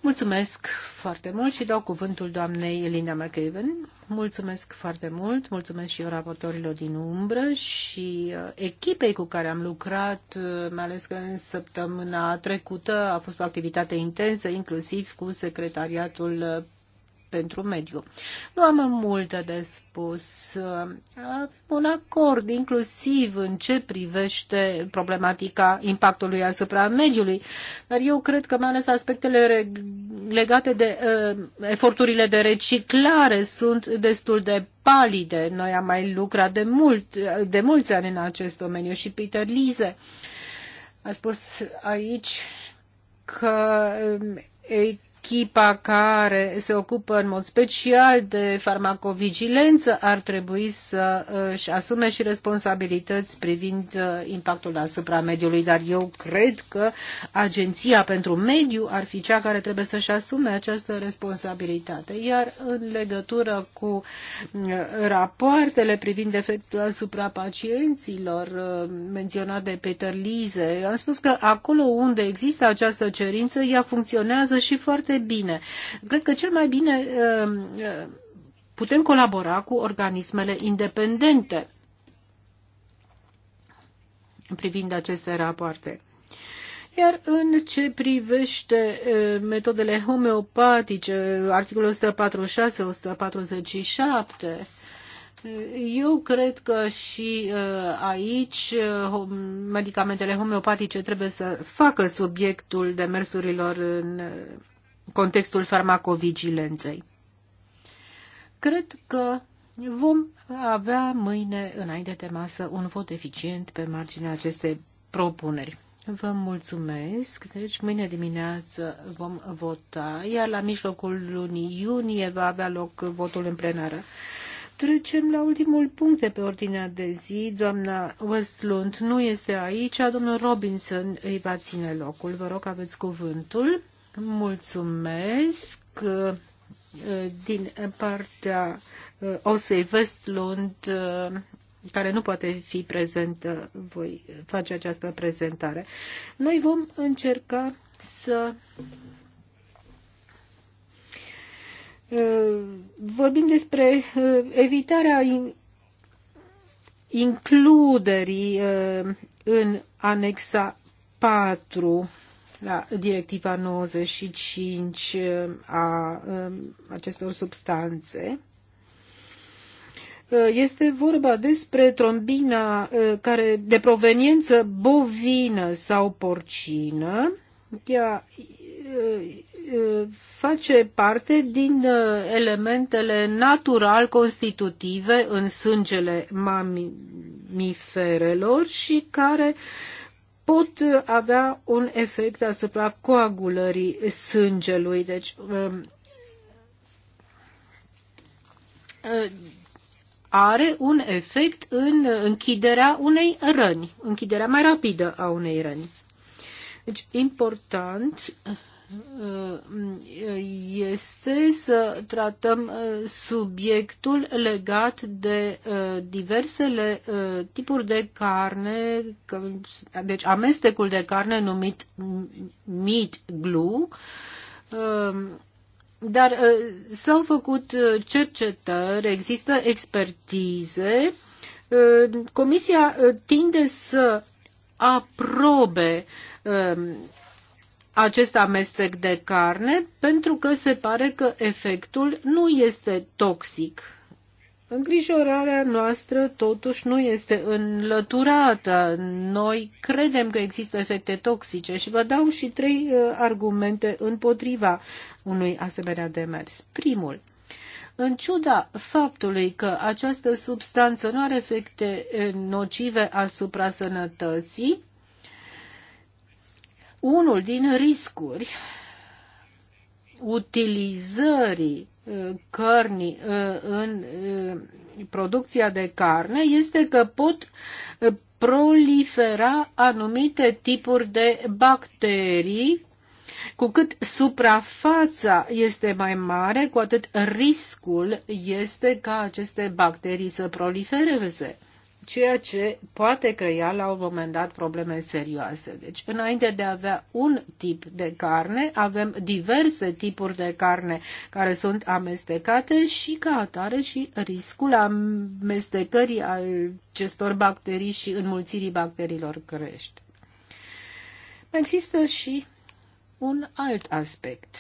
Mulțumesc foarte mult și dau cuvântul doamnei Linda McEwen. Mulțumesc foarte mult, mulțumesc și eu raportorilor din umbră și echipei cu care am lucrat, mai ales că în săptămâna trecută a fost o activitate intensă, inclusiv cu secretariatul pentru mediu. Nu am multe de spus. Avem uh, un acord inclusiv în ce privește problematica impactului asupra mediului, dar eu cred că mai ales aspectele legate de uh, eforturile de reciclare sunt destul de palide. Noi am mai lucrat de, mult, de mulți ani în acest domeniu și Peter Lise a spus aici că um, echipa care se ocupă în mod special de farmacovigilență ar trebui să uh, își asume și responsabilități privind uh, impactul asupra mediului, dar eu cred că Agenția pentru Mediu ar fi cea care trebuie să-și asume această responsabilitate. Iar în legătură cu uh, rapoartele privind efectul asupra pacienților menționat de Peter Lise, am spus că acolo unde există această cerință, ea funcționează și foarte foarte bine. Cred că cel mai bine uh, uh, putem colabora cu organismele independente privind aceste rapoarte. Iar în ce privește uh, metodele homeopatice, articolul 146-147, eu cred că și aici medicamentele homeopatice trebuie să facă subiectul demersurilor în contextul farmacovigilenței. Cred că vom avea mâine, înainte de masă, un vot eficient pe marginea acestei propuneri. Vă mulțumesc. Deci, mâine dimineață vom vota, iar la mijlocul lunii iunie va avea loc votul în plenară. Trecem la ultimul punct de pe ordinea de zi. Doamna Westlund nu este aici, domnul Robinson îi va ține locul. Vă rog, aveți cuvântul. Mulțumesc uh, din partea uh, Osei Westlund, uh, care nu poate fi prezentă, voi face această prezentare. Noi vom încerca să vorbim despre evitarea includerii în anexa 4 la directiva 95 uh, a um, acestor substanțe. Uh, este vorba despre trombina uh, care de proveniență bovină sau porcină. Ea face parte din elementele natural constitutive în sângele mamiferelor și care uh, pot avea un efect asupra coagulării sângelui. Deci, um, uh, are un efect în închiderea unei răni, închiderea mai rapidă a unei răni. Deci, important este să tratăm uh, subiectul legat de uh, diversele uh, tipuri de carne, deci amestecul de carne numit meat glue, dar s-au făcut cercetări, există expertize. Comisia tinde să aprobe acest amestec de carne pentru că se pare că efectul nu este toxic. Îngrijorarea noastră totuși nu este înlăturată. Noi credem că există efecte toxice și vă dau și trei uh, argumente împotriva unui asemenea demers. Primul, în ciuda faptului că această substanță nu are efecte uh, nocive asupra sănătății, unul din riscuri utilizării uh, cărnii uh, în uh, producția de carne este că pot prolifera anumite tipuri de bacterii. Cu cât suprafața este mai mare, cu atât riscul este ca aceste bacterii să prolifereze ceea ce poate crea la un moment dat probleme serioase. Deci, înainte de a avea un tip de carne, avem diverse tipuri de carne care sunt amestecate și ca atare și riscul amestecării acestor bacterii și înmulțirii bacteriilor crește. Există și un alt aspect.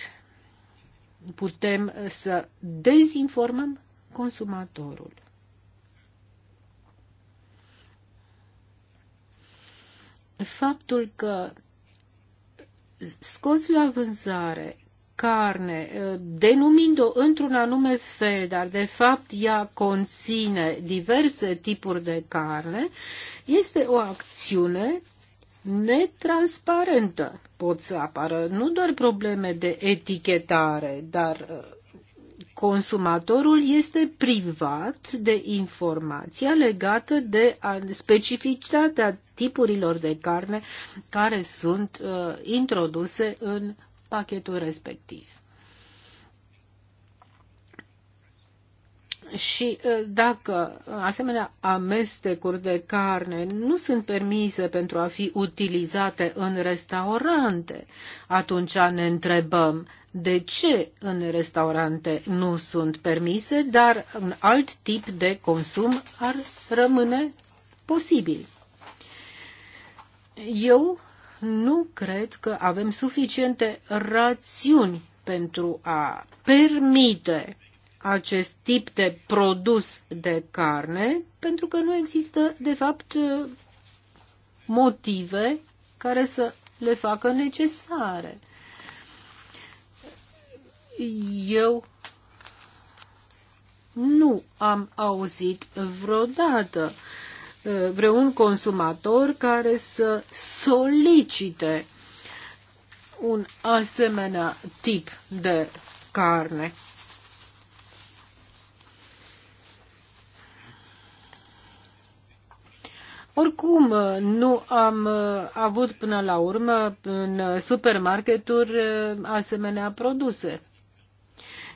Putem să dezinformăm consumatorul. faptul că scoți la vânzare carne, eh, denumind-o într-un anume fel, dar de fapt ea conține diverse tipuri de carne, este o acțiune netransparentă. Pot să apară nu doar probleme de etichetare, dar eh, consumatorul este privat de informația legată de specificitatea tipurilor de carne care sunt uh, introduse în pachetul respectiv. Și uh, dacă asemenea amestecuri de carne nu sunt permise pentru a fi utilizate în restaurante, atunci ne întrebăm de ce în restaurante nu sunt permise, dar un alt tip de consum ar rămâne posibil. Eu nu cred că avem suficiente rațiuni pentru a permite acest tip de produs de carne, pentru că nu există, de fapt, motive care să le facă necesare. Eu nu am auzit vreodată Uh, vreun consumator care să solicite un asemenea tip de carne. Oricum, uh, nu am uh, avut până la urmă în supermarketuri asemenea produse.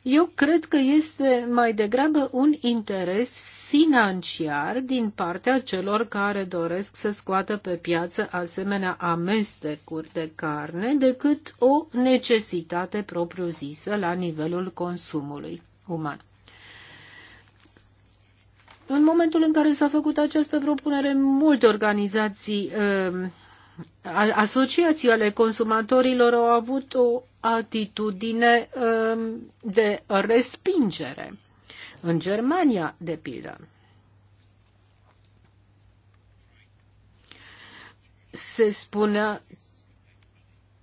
Eu cred că este mai degrabă un interes financiar din partea celor care doresc să scoată pe piață asemenea amestecuri de carne decât o necesitate propriu-zisă la nivelul consumului uman. În momentul în care s-a făcut această propunere, multe organizații uh, asociații ale consumatorilor au avut o atitudine uh, de respingere în Germania, de pildă. Se spunea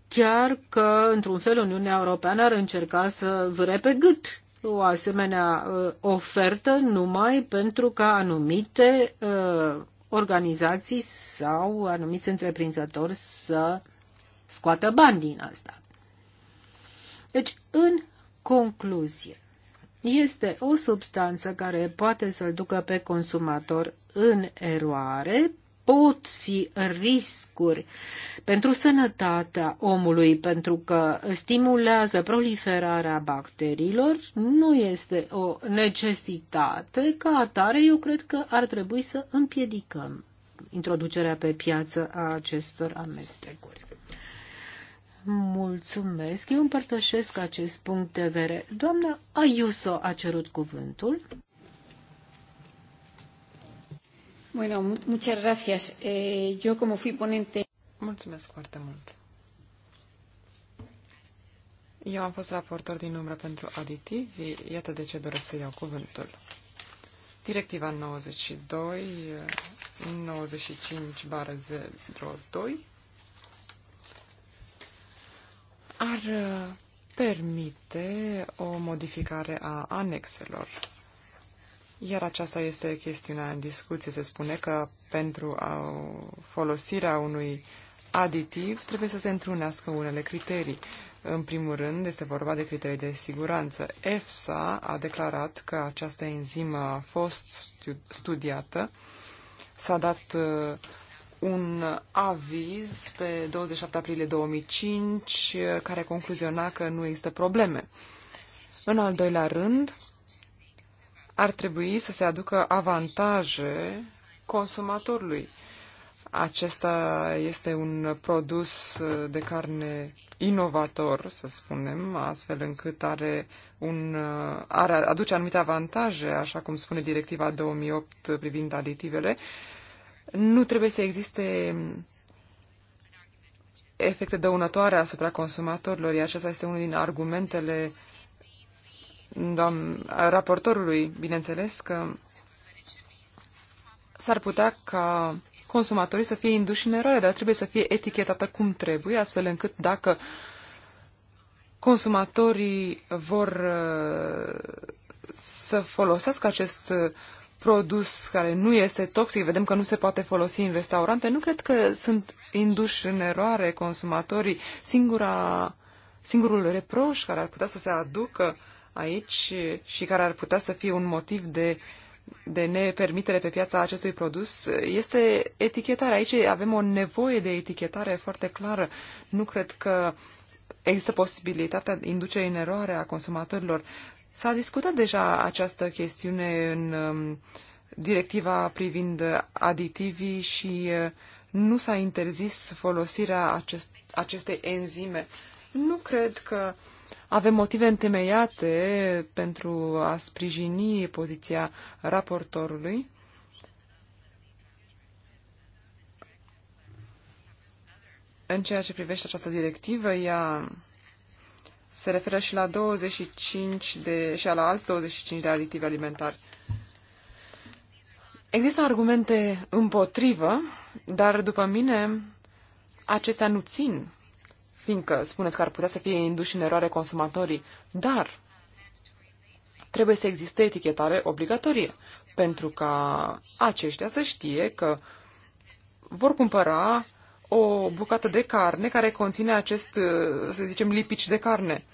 chiar că, într-un fel, Uniunea Europeană ar încerca să vâre pe gât o asemenea uh, ofertă numai pentru ca anumite uh, organizații sau anumiți întreprinzători să scoată bani din asta. Deci, în concluzie, este o substanță care poate să-l ducă pe consumator în eroare, pot fi riscuri pentru sănătatea omului, pentru că stimulează proliferarea bacteriilor, nu este o necesitate. Ca atare, eu cred că ar trebui să împiedicăm introducerea pe piață a acestor amestecuri. Mulțumesc, eu împărtășesc acest punct de vedere. Doamna Ayuso a cerut cuvântul. Bueno, muchas gracias. Eh, yo como fui ponente... Mulțumesc foarte mult. Eu am fost raportor din umbră pentru aditivi, iată de ce doresc să iau cuvântul. Directiva 92, 95 eh, bară 02, ar uh, permite o modificare a anexelor. Iar aceasta este chestiunea în discuție. Se spune că pentru a folosirea unui aditiv trebuie să se întrunească unele criterii. În primul rând, este vorba de criterii de siguranță. EFSA a declarat că această enzimă a fost studiată, s-a dat uh, un aviz pe 27 aprilie 2005 care concluziona că nu există probleme. În al doilea rând, ar trebui să se aducă avantaje consumatorului. Acesta este un produs de carne inovator, să spunem, astfel încât are un, are, aduce anumite avantaje, așa cum spune directiva 2008 privind aditivele, nu trebuie să existe efecte dăunătoare asupra consumatorilor, iar acesta este unul din argumentele raportorului, bineînțeles, că s-ar putea ca consumatorii să fie induși în eroare, dar trebuie să fie etichetată cum trebuie, astfel încât dacă consumatorii vor uh, să folosească acest uh, produs care nu este toxic, vedem că nu se poate folosi în restaurante, nu cred că sunt induși în eroare consumatorii. Singura, singurul reproș care ar putea să se aducă aici și care ar putea să fie un motiv de, de nepermitere pe piața acestui produs este etichetarea. Aici avem o nevoie de etichetare foarte clară. Nu cred că există posibilitatea inducerii în eroare a consumatorilor. S-a discutat deja această chestiune în um, directiva privind aditivii și uh, nu s-a interzis folosirea acest, acestei enzime. Nu cred că avem motive întemeiate pentru a sprijini poziția raportorului. În ceea ce privește această directivă, ea se referă și la 25 de, și la alți 25 de aditivi alimentari. Există argumente împotrivă, dar după mine acestea nu țin, fiindcă spuneți că ar putea să fie induși în eroare consumatorii, dar trebuie să existe etichetare obligatorie, pentru ca aceștia să știe că vor cumpăra o bucată de carne care conține acest, uh, să zicem, lipici de carne,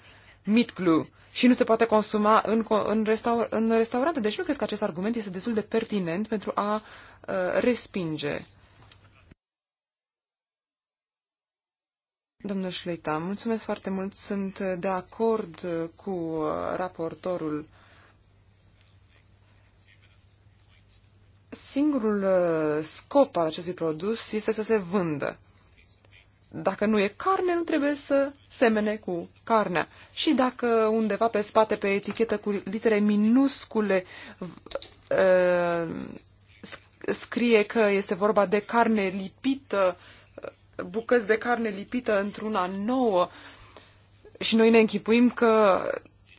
meat glue, și nu se poate consuma în, în, restaur, în restaurante. Deci nu cred că acest argument este destul de pertinent pentru a uh, respinge. Domnul Șleita, mulțumesc foarte mult. Sunt de acord uh, cu uh, raportorul singurul uh, scop al acestui produs este să se vândă. Dacă nu e carne, nu trebuie să semene cu carnea. Și dacă undeva pe spate, pe etichetă, cu litere minuscule, uh, scrie că este vorba de carne lipită, uh, bucăți de carne lipită într-una nouă, și noi ne închipuim că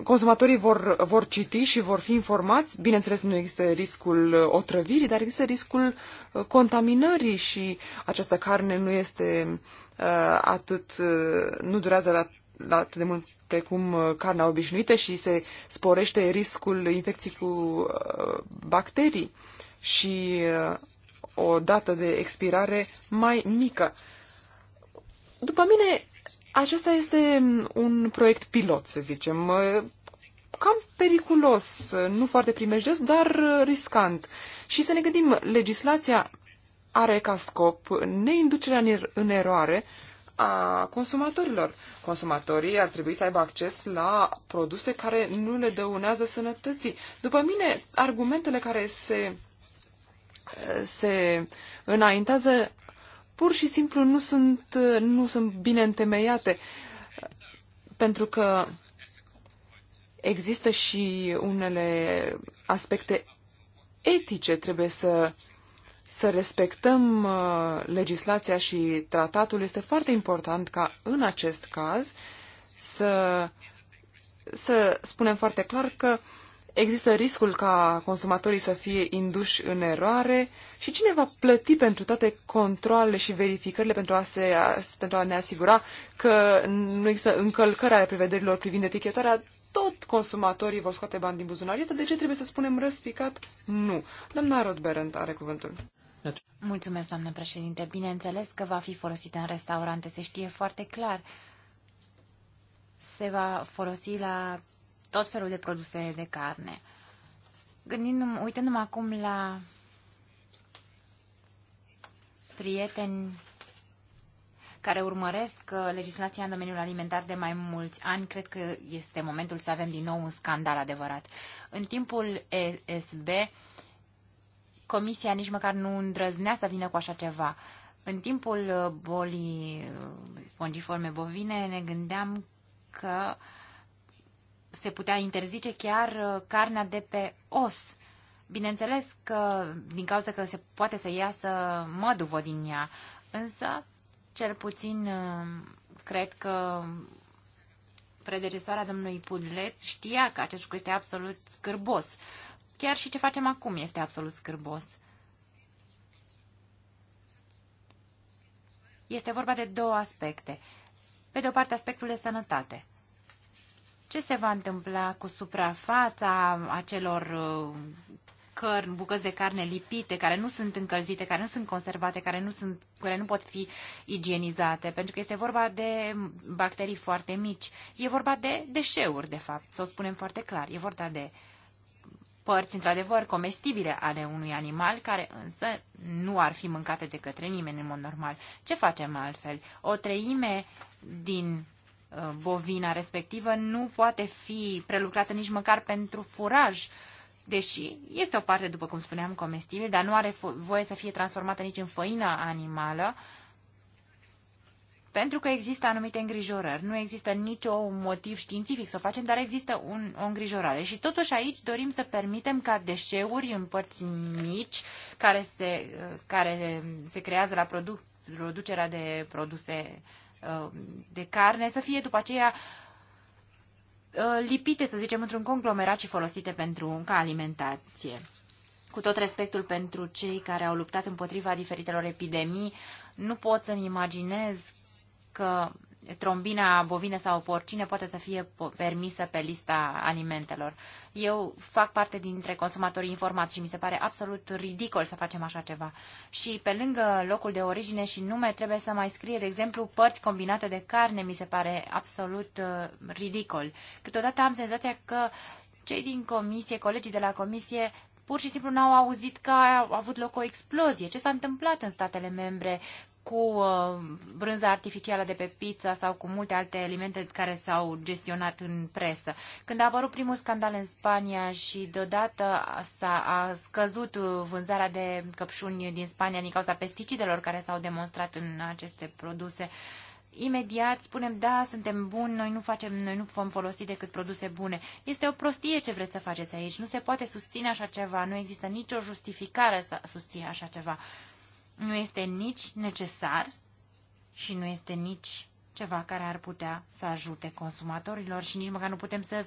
consumatorii vor, vor citi și vor fi informați. Bineînțeles, nu există riscul otrăvirii, dar există riscul uh, contaminării și această carne nu este uh, atât, uh, nu durează la, la atât de mult precum uh, carnea obișnuită și se sporește riscul infecții cu uh, bacterii și uh, o dată de expirare mai mică. După mine, acesta este un proiect pilot, să zicem, cam periculos, nu foarte primejdios, dar riscant. Și să ne gândim, legislația are ca scop neinducerea în er- eroare a consumatorilor. Consumatorii ar trebui să aibă acces la produse care nu le dăunează sănătății. După mine, argumentele care se, se înaintează pur și simplu nu sunt, nu sunt bine întemeiate, pentru că există și unele aspecte etice. Trebuie să, să respectăm uh, legislația și tratatul. Este foarte important ca în acest caz să, să spunem foarte clar că uh, există riscul ca consumatorii să fie induși în eroare și cine va plăti pentru toate controlele și verificările pentru a, se, pentru a ne asigura că nu există încălcări ale prevederilor privind etichetarea tot consumatorii vor scoate bani din buzunar. Iată de ce trebuie să spunem răspicat nu. Doamna Rodberent are cuvântul. Mulțumesc, doamnă președinte. Bineînțeles că va fi folosită în restaurante, se știe foarte clar. Se va folosi la tot felul de produse de carne. Gândindu-mă, uitându-mă acum la prieteni care urmăresc uh, legislația în domeniul alimentar de mai mulți ani, cred că este momentul să avem din nou un scandal adevărat. În timpul ESB, Comisia nici măcar nu îndrăznea să vină cu așa ceva. În timpul uh, bolii uh, spongiforme bovine ne gândeam că uh, se putea interzice chiar uh, carnea de pe os. Bineînțeles că din cauza că se poate să iasă măduvă din ea, însă cel puțin uh, cred că predecesoarea domnului Pudlet știa că acest lucru este absolut scârbos. Chiar și ce facem acum este absolut scârbos. Este vorba de două aspecte. Pe de o parte, aspectul de sănătate. Ce se va întâmpla cu suprafața acelor uh, cărni, bucăți de carne lipite, care nu sunt încălzite, care nu sunt conservate, care nu, sunt, care nu pot fi igienizate, pentru că este vorba de bacterii foarte mici. E vorba de deșeuri, de fapt, să o spunem foarte clar. E vorba de părți, într-adevăr, comestibile ale unui animal, care însă nu ar fi mâncate de către nimeni în mod normal. Ce facem altfel? O treime din Uh, bovina respectivă nu poate fi prelucrată nici măcar pentru furaj, deși este o parte, după cum spuneam, comestibil, dar nu are voie să fie transformată nici în făină animală, pentru că există anumite îngrijorări. Nu există niciun motiv științific să o facem, dar există un, o îngrijorare. Și totuși aici dorim să permitem ca deșeuri în părți mici care se, uh, care se creează la produ- producerea de produse Um, de carne să fie după aceea uh, lipite, să zicem, într-un conglomerat și folosite pentru, ca alimentație. Cu tot respectul pentru cei care au luptat împotriva diferitelor epidemii, nu pot să-mi imaginez că trombina bovine sau porcine poate să fie permisă pe lista alimentelor. Eu fac parte dintre consumatorii informați și mi se pare absolut ridicol să facem așa ceva. Și pe lângă locul de origine și nume trebuie să mai scrie, de exemplu, părți combinate de carne, mi se pare absolut uh, ridicol. Câteodată am senzația că cei din comisie, colegii de la comisie, pur și simplu n-au auzit că a avut loc o explozie. Ce s-a întâmplat în statele membre? cu uh, brânza artificială de pe pizza sau cu multe alte alimente care s-au gestionat în presă. Când a apărut primul scandal în Spania și deodată s-a a scăzut uh, vânzarea de căpșuni din Spania din cauza pesticidelor care s-au demonstrat în aceste produse, imediat spunem, da, suntem buni, noi nu facem, noi nu vom folosi decât produse bune. Este o prostie ce vreți să faceți aici. Nu se poate susține așa ceva, nu există nicio justificare să susține așa ceva. Nu este nici necesar și nu este nici ceva care ar putea să ajute consumatorilor și nici măcar nu putem să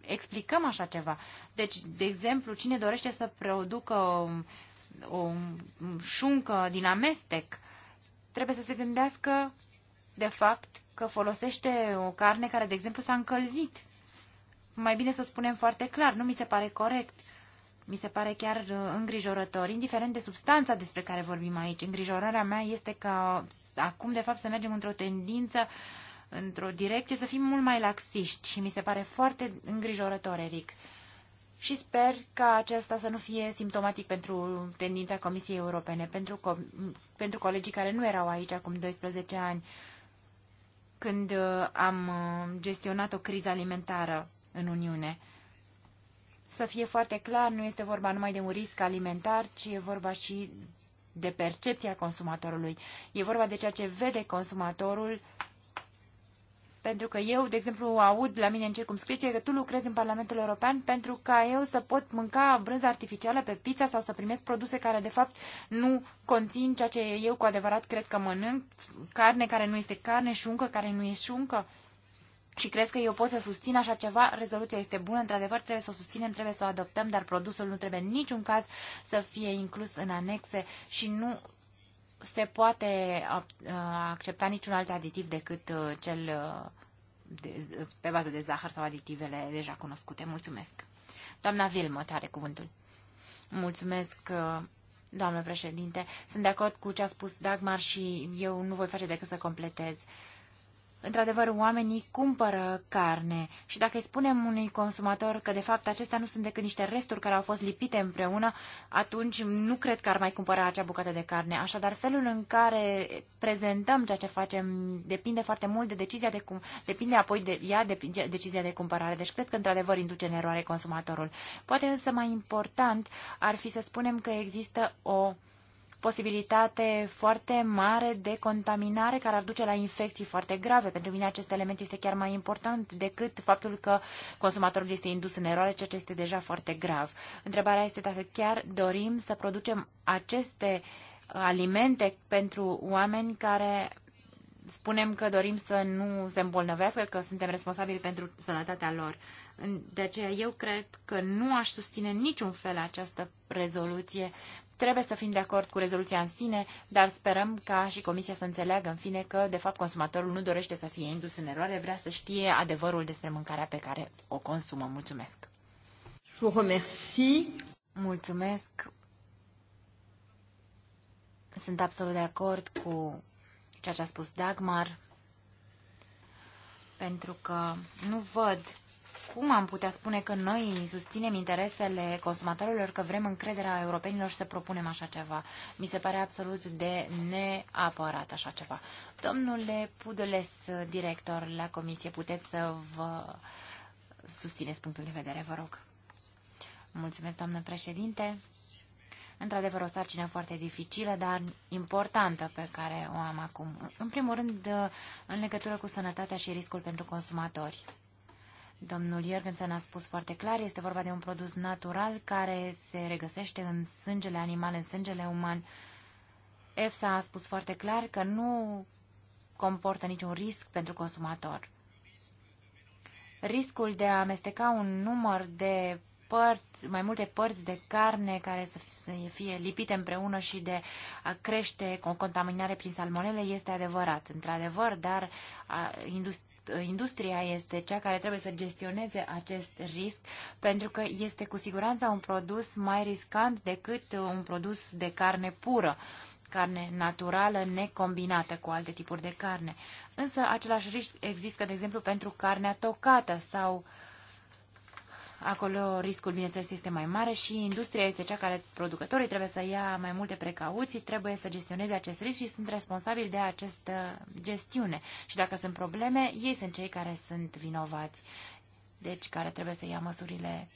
explicăm așa ceva. Deci, de exemplu, cine dorește să producă o, o șuncă din amestec, trebuie să se gândească de fapt că folosește o carne care, de exemplu, s-a încălzit. Mai bine să spunem foarte clar, nu mi se pare corect mi se pare chiar uh, îngrijorător, indiferent de substanța despre care vorbim aici. Îngrijorarea mea este că acum, de fapt, să mergem într-o tendință într-o direcție, să fim mult mai laxiști și mi se pare foarte îngrijorător, Eric. Și sper ca acesta să nu fie simptomatic pentru tendința Comisiei Europene, pentru, co- pentru colegii care nu erau aici acum 12 ani, când uh, am uh, gestionat o criză alimentară în Uniune. Să fie foarte clar, nu este vorba numai de un risc alimentar, ci e vorba și de percepția consumatorului. E vorba de ceea ce vede consumatorul pentru că eu, de exemplu, aud la mine în circumscripție că tu lucrezi în Parlamentul European pentru ca eu să pot mânca brânză artificială pe pizza sau să primesc produse care, de fapt, nu conțin ceea ce eu cu adevărat cred că mănânc, carne care nu este carne, șuncă care nu e șuncă și crezi că eu pot să susțin așa ceva? Rezoluția este bună, într-adevăr trebuie să o susținem, trebuie să o adoptăm, dar produsul nu trebuie în niciun caz să fie inclus în anexe și nu se poate uh, accepta niciun alt aditiv decât uh, cel uh, de, pe bază de zahăr sau aditivele deja cunoscute. Mulțumesc. Doamna Vilmă, tare cuvântul. Mulțumesc, doamnă președinte. Sunt de acord cu ce a spus Dagmar și eu nu voi face decât să completez uh, într-adevăr, oamenii cumpără carne și dacă îi spunem unui consumator că, de fapt, acestea nu sunt decât niște resturi care au fost lipite împreună, atunci nu cred că ar mai cumpăra acea bucată de carne. Așadar, felul în care prezentăm ceea ce facem depinde foarte mult de decizia de cum, depinde apoi de ea de, decizia de cumpărare. Deci, cred că, într-adevăr, induce în eroare consumatorul. Poate însă mai important ar fi să spunem că există o posibilitate foarte mare de contaminare care ar duce la infecții foarte grave. Pentru mine acest element este chiar mai important decât faptul că consumatorul este indus în eroare, ceea ce este deja foarte grav. Întrebarea este dacă chiar dorim să producem aceste uh, alimente pentru oameni care spunem că dorim să nu se îmbolnăvească, că suntem responsabili pentru sănătatea lor. De aceea eu cred că nu aș susține niciun fel această rezoluție, Trebuie să fim de acord cu rezoluția în sine, dar sperăm ca și Comisia să înțeleagă în fine că, de fapt, consumatorul nu dorește să fie indus în eroare, vrea să știe adevărul despre mâncarea pe care o consumă. Mulțumesc! Vă Mulțumesc! Sunt absolut de acord cu ceea ce a spus Dagmar, pentru că nu văd cum am putea spune că noi susținem interesele consumatorilor, că vrem încrederea europenilor și să propunem așa ceva? Mi se pare absolut de neapărat așa ceva. Domnule Pudules, director la Comisie, puteți să vă susțineți punctul de vedere, vă rog. Mulțumesc, doamnă președinte. Într-adevăr, o sarcină foarte dificilă, dar importantă pe care o am acum. În primul rând, în legătură cu sănătatea și riscul pentru consumatori. Domnul Jorgensen a spus foarte clar, este vorba de un produs natural care se regăsește în sângele animal, în sângele uman. EFSA a spus foarte clar că nu comportă niciun risc pentru consumator. Riscul de a amesteca un număr de părți, mai multe părți de carne care să fie lipite împreună și de a crește o contaminare prin salmonele este adevărat, într-adevăr, dar a, industria industria este cea care trebuie să gestioneze acest risc, pentru că este cu siguranță un produs mai riscant decât un produs de carne pură carne naturală necombinată cu alte tipuri de carne. Însă același risc există, de exemplu, pentru carnea tocată sau uh, Acolo riscul, bineînțeles, este mai mare și industria este cea care, producătorii trebuie să ia mai multe precauții, trebuie să gestioneze acest risc și sunt responsabili de această gestiune. Și dacă sunt probleme, ei sunt cei care sunt vinovați, deci care trebuie să ia măsurile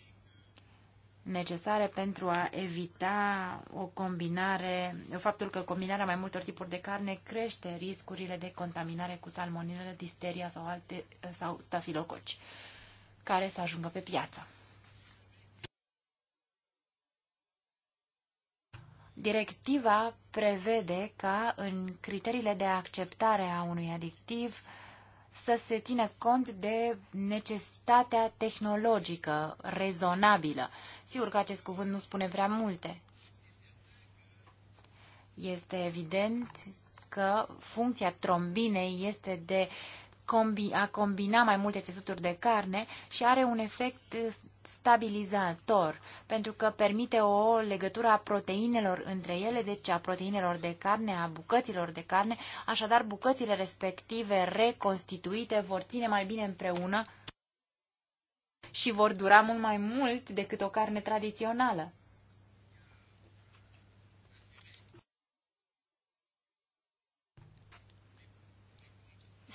necesare pentru a evita o combinare, faptul că combinarea mai multor tipuri de carne crește riscurile de contaminare cu salmonelă, disteria sau alte sau stafilococi care să ajungă pe piață. Directiva prevede ca în criteriile de acceptare a unui adictiv să se țină cont de necesitatea tehnologică rezonabilă. Sigur că acest cuvânt nu spune prea multe. Este evident că funcția trombinei este de combi a combina mai multe țesuturi de carne și are un efect stabilizator, pentru că permite o legătură a proteinelor între ele, deci a proteinelor de carne, a bucăților de carne, așadar bucățile respective reconstituite vor ține mai bine împreună și vor dura mult mai mult decât o carne tradițională.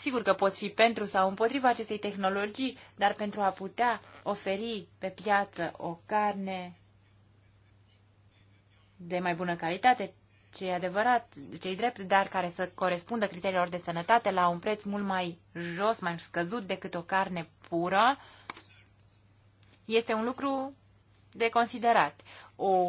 Sigur că poți fi pentru sau împotriva acestei tehnologii, dar pentru a putea oferi pe piață o carne de mai bună calitate, ce e adevărat, ce e drept, dar care să corespundă criteriilor de sănătate la un preț mult mai jos, mai scăzut decât o carne pură, este un lucru de considerat. O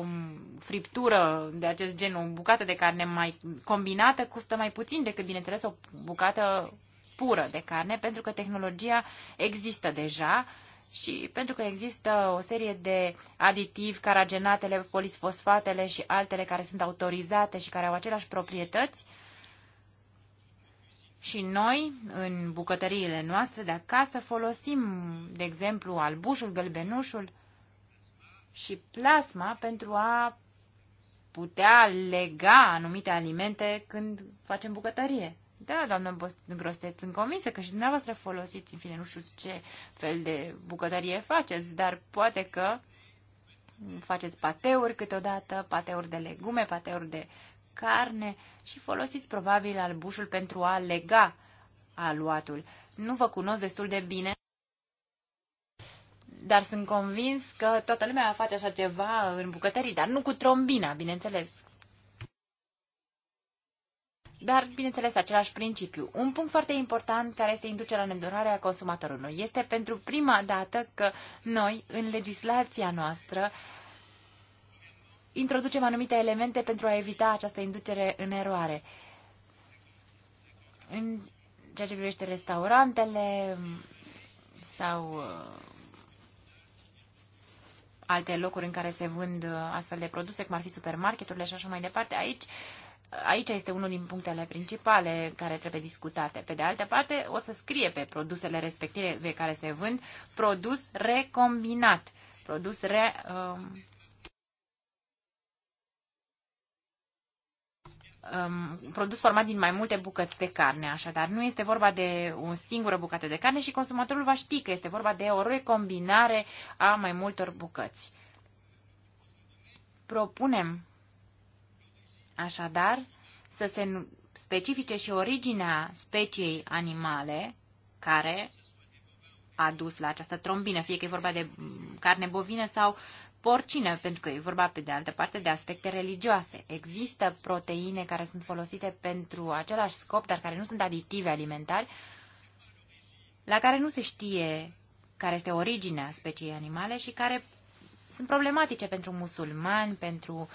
friptură de acest gen, o bucată de carne mai combinată, costă mai puțin decât, bineînțeles, o bucată pură de carne, pentru că tehnologia există deja și pentru că există o serie de aditivi, caragenatele, polisfosfatele și altele care sunt autorizate și care au aceleași proprietăți, și noi, în bucătăriile noastre de acasă, folosim, de exemplu, albușul, gălbenușul și plasma pentru a putea lega anumite alimente când facem bucătărie. Da, doamnă Grosteț, sunt convinsă că și dumneavoastră folosiți, în fine, nu știu ce fel de bucătărie faceți, dar poate că faceți pateuri câteodată, pateuri de legume, pateuri de carne și folosiți probabil albușul pentru a lega aluatul. Nu vă cunosc destul de bine, dar sunt convins că toată lumea face așa ceva în bucătării, dar nu cu trombina, bineînțeles. Dar, bineînțeles, același principiu. Un punct foarte important care este inducerea în îndurarea consumatorului. Este pentru prima dată că noi, în legislația noastră, introducem anumite elemente pentru a evita această inducere în eroare. În ceea ce privește restaurantele sau uh, alte locuri în care se vând uh, astfel de produse, cum ar fi supermarketurile și așa mai departe, aici uh, aici este unul din punctele principale care trebuie discutate. Pe de altă parte, o să scrie pe produsele respective care se vând produs recombinat, produs re, um, um, produs format din mai multe bucăți de carne, așadar. Nu este vorba de o singură bucată de carne și consumatorul va ști că este vorba de o recombinare a mai multor bucăți. Propunem Așadar, să se specifice și originea speciei animale care a dus la această trombină, fie că e vorba de carne bovină sau porcină, pentru că e vorba, pe de altă parte, de aspecte religioase. Există proteine care sunt folosite pentru același scop, dar care nu sunt aditive alimentari, la care nu se știe care este originea speciei animale și care sunt problematice pentru musulmani, pentru uh,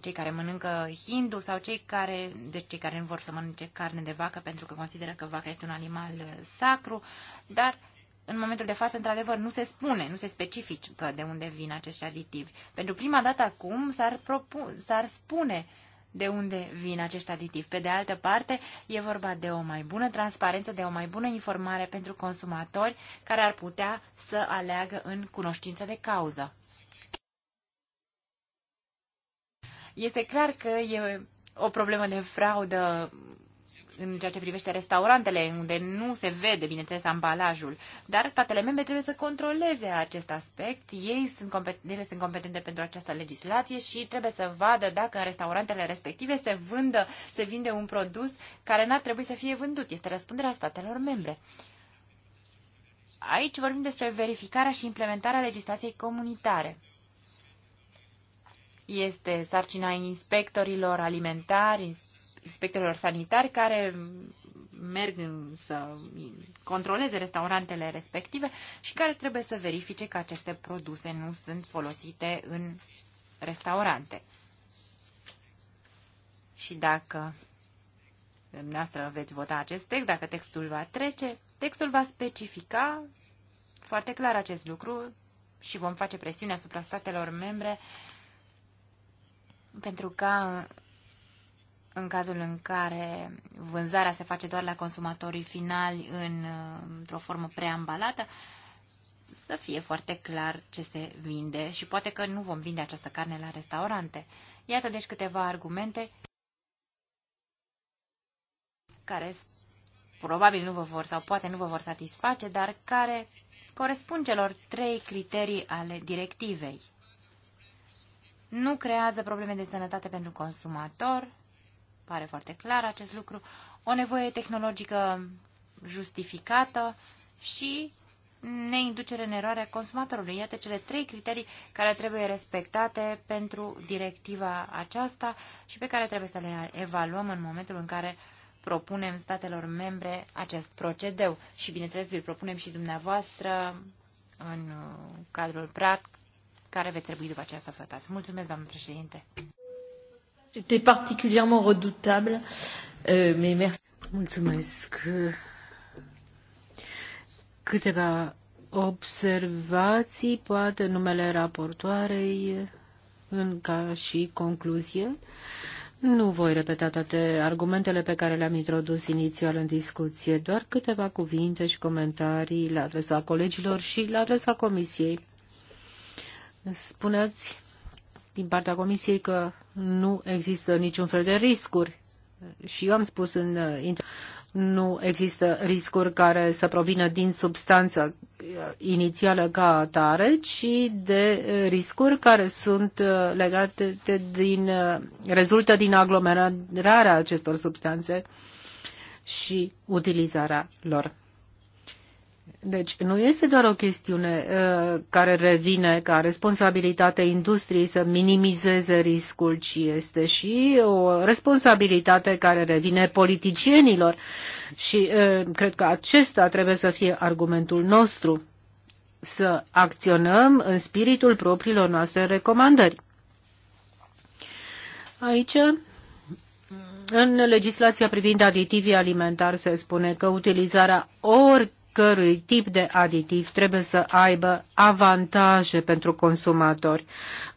cei care mănâncă hindu sau cei care, deci cei care nu vor să mănânce carne de vacă pentru că consideră că vaca este un animal sacru, dar în momentul de față, într-adevăr, nu se spune, nu se specifică de unde vin acești aditivi. Pentru prima dată acum s-ar, s-ar spune de unde vin acești aditivi. Pe de altă parte, e vorba de o mai bună transparență, de o mai bună informare pentru consumatori care ar putea să aleagă în cunoștință de cauză. Este clar că e o problemă de fraudă în ceea ce privește restaurantele, unde nu se vede, bineînțeles, ambalajul. Dar statele membre trebuie să controleze acest aspect. Ei sunt ele sunt competente pentru această legislație și trebuie să vadă dacă în restaurantele respective se vândă, se vinde un produs care n-ar trebui să fie vândut. Este răspunderea statelor membre. Aici vorbim despre verificarea și implementarea legislației comunitare. Este sarcina inspectorilor alimentari, inspectorilor sanitari care merg să controleze restaurantele respective și care trebuie să verifice că aceste produse nu sunt folosite în restaurante. Și dacă dumneavoastră veți vota acest text, dacă textul va trece, textul va specifica foarte clar acest lucru și vom face presiune asupra statelor membre uh, pentru că în cazul în care vânzarea se face doar la consumatorii finali în, într-o formă preambalată, să fie foarte clar ce se vinde și poate că nu vom vinde această carne la restaurante. Iată deci câteva argumente care probabil nu vă vor sau poate nu vă vor satisface, dar care corespund celor trei criterii ale directivei nu creează probleme de sănătate pentru consumator, pare foarte clar acest lucru, o nevoie tehnologică justificată și neinducere în eroarea consumatorului. Iată cele trei criterii care trebuie respectate pentru directiva aceasta și pe care trebuie să le evaluăm în momentul în care propunem statelor membre acest procedeu. Și bineînțeles, îl propunem și dumneavoastră în uh, cadrul care veți trebui după aceea să aflătați. Mulțumesc, doamnă președinte. C'était particulièrement redoutable, euh, mais merci. Mulțumesc. Câteva observații, poate numele raportoarei, în ca și concluzie. Nu voi repeta toate argumentele pe care le-am introdus inițial în discuție, doar câteva cuvinte și comentarii la adresa colegilor și la adresa comisiei spuneți din partea Comisiei că nu există niciun fel de riscuri. Și eu am spus în nu există riscuri care să provină din substanța inițială ca atare, ci de riscuri care sunt uh, legate de, din, uh, rezultă din aglomerarea acestor substanțe și utilizarea lor. Deci nu este doar o chestiune uh, care revine ca responsabilitate industriei să minimizeze riscul, ci este și o responsabilitate care revine politicienilor și uh, cred că acesta trebuie să fie argumentul nostru, să acționăm în spiritul propriilor noastre recomandări. Aici în legislația privind aditivii alimentari se spune că utilizarea oricărui cărui tip de aditiv trebuie să aibă avantaje pentru consumatori.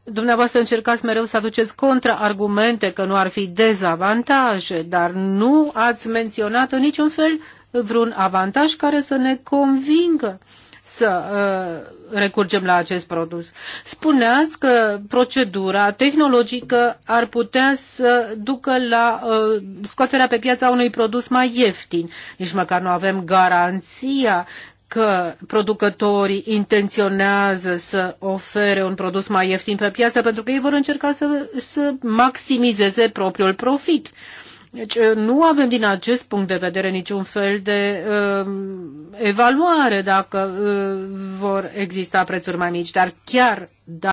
Dumneavoastră încercați mereu să aduceți contraargumente că nu ar fi dezavantaje, dar nu ați menționat în niciun fel vreun avantaj care să ne convingă să uh, recurgem la acest produs. Spuneați că procedura tehnologică ar putea să ducă la uh, scoaterea pe piața unui produs mai ieftin. Nici măcar nu avem garanția că producătorii intenționează să ofere un produs mai ieftin pe piață pentru că ei vor încerca să, să maximizeze propriul profit. Uh, deci uh, nu avem din acest punct de vedere niciun fel de uh, evaluare dacă uh, vor exista prețuri mai mici, dar chiar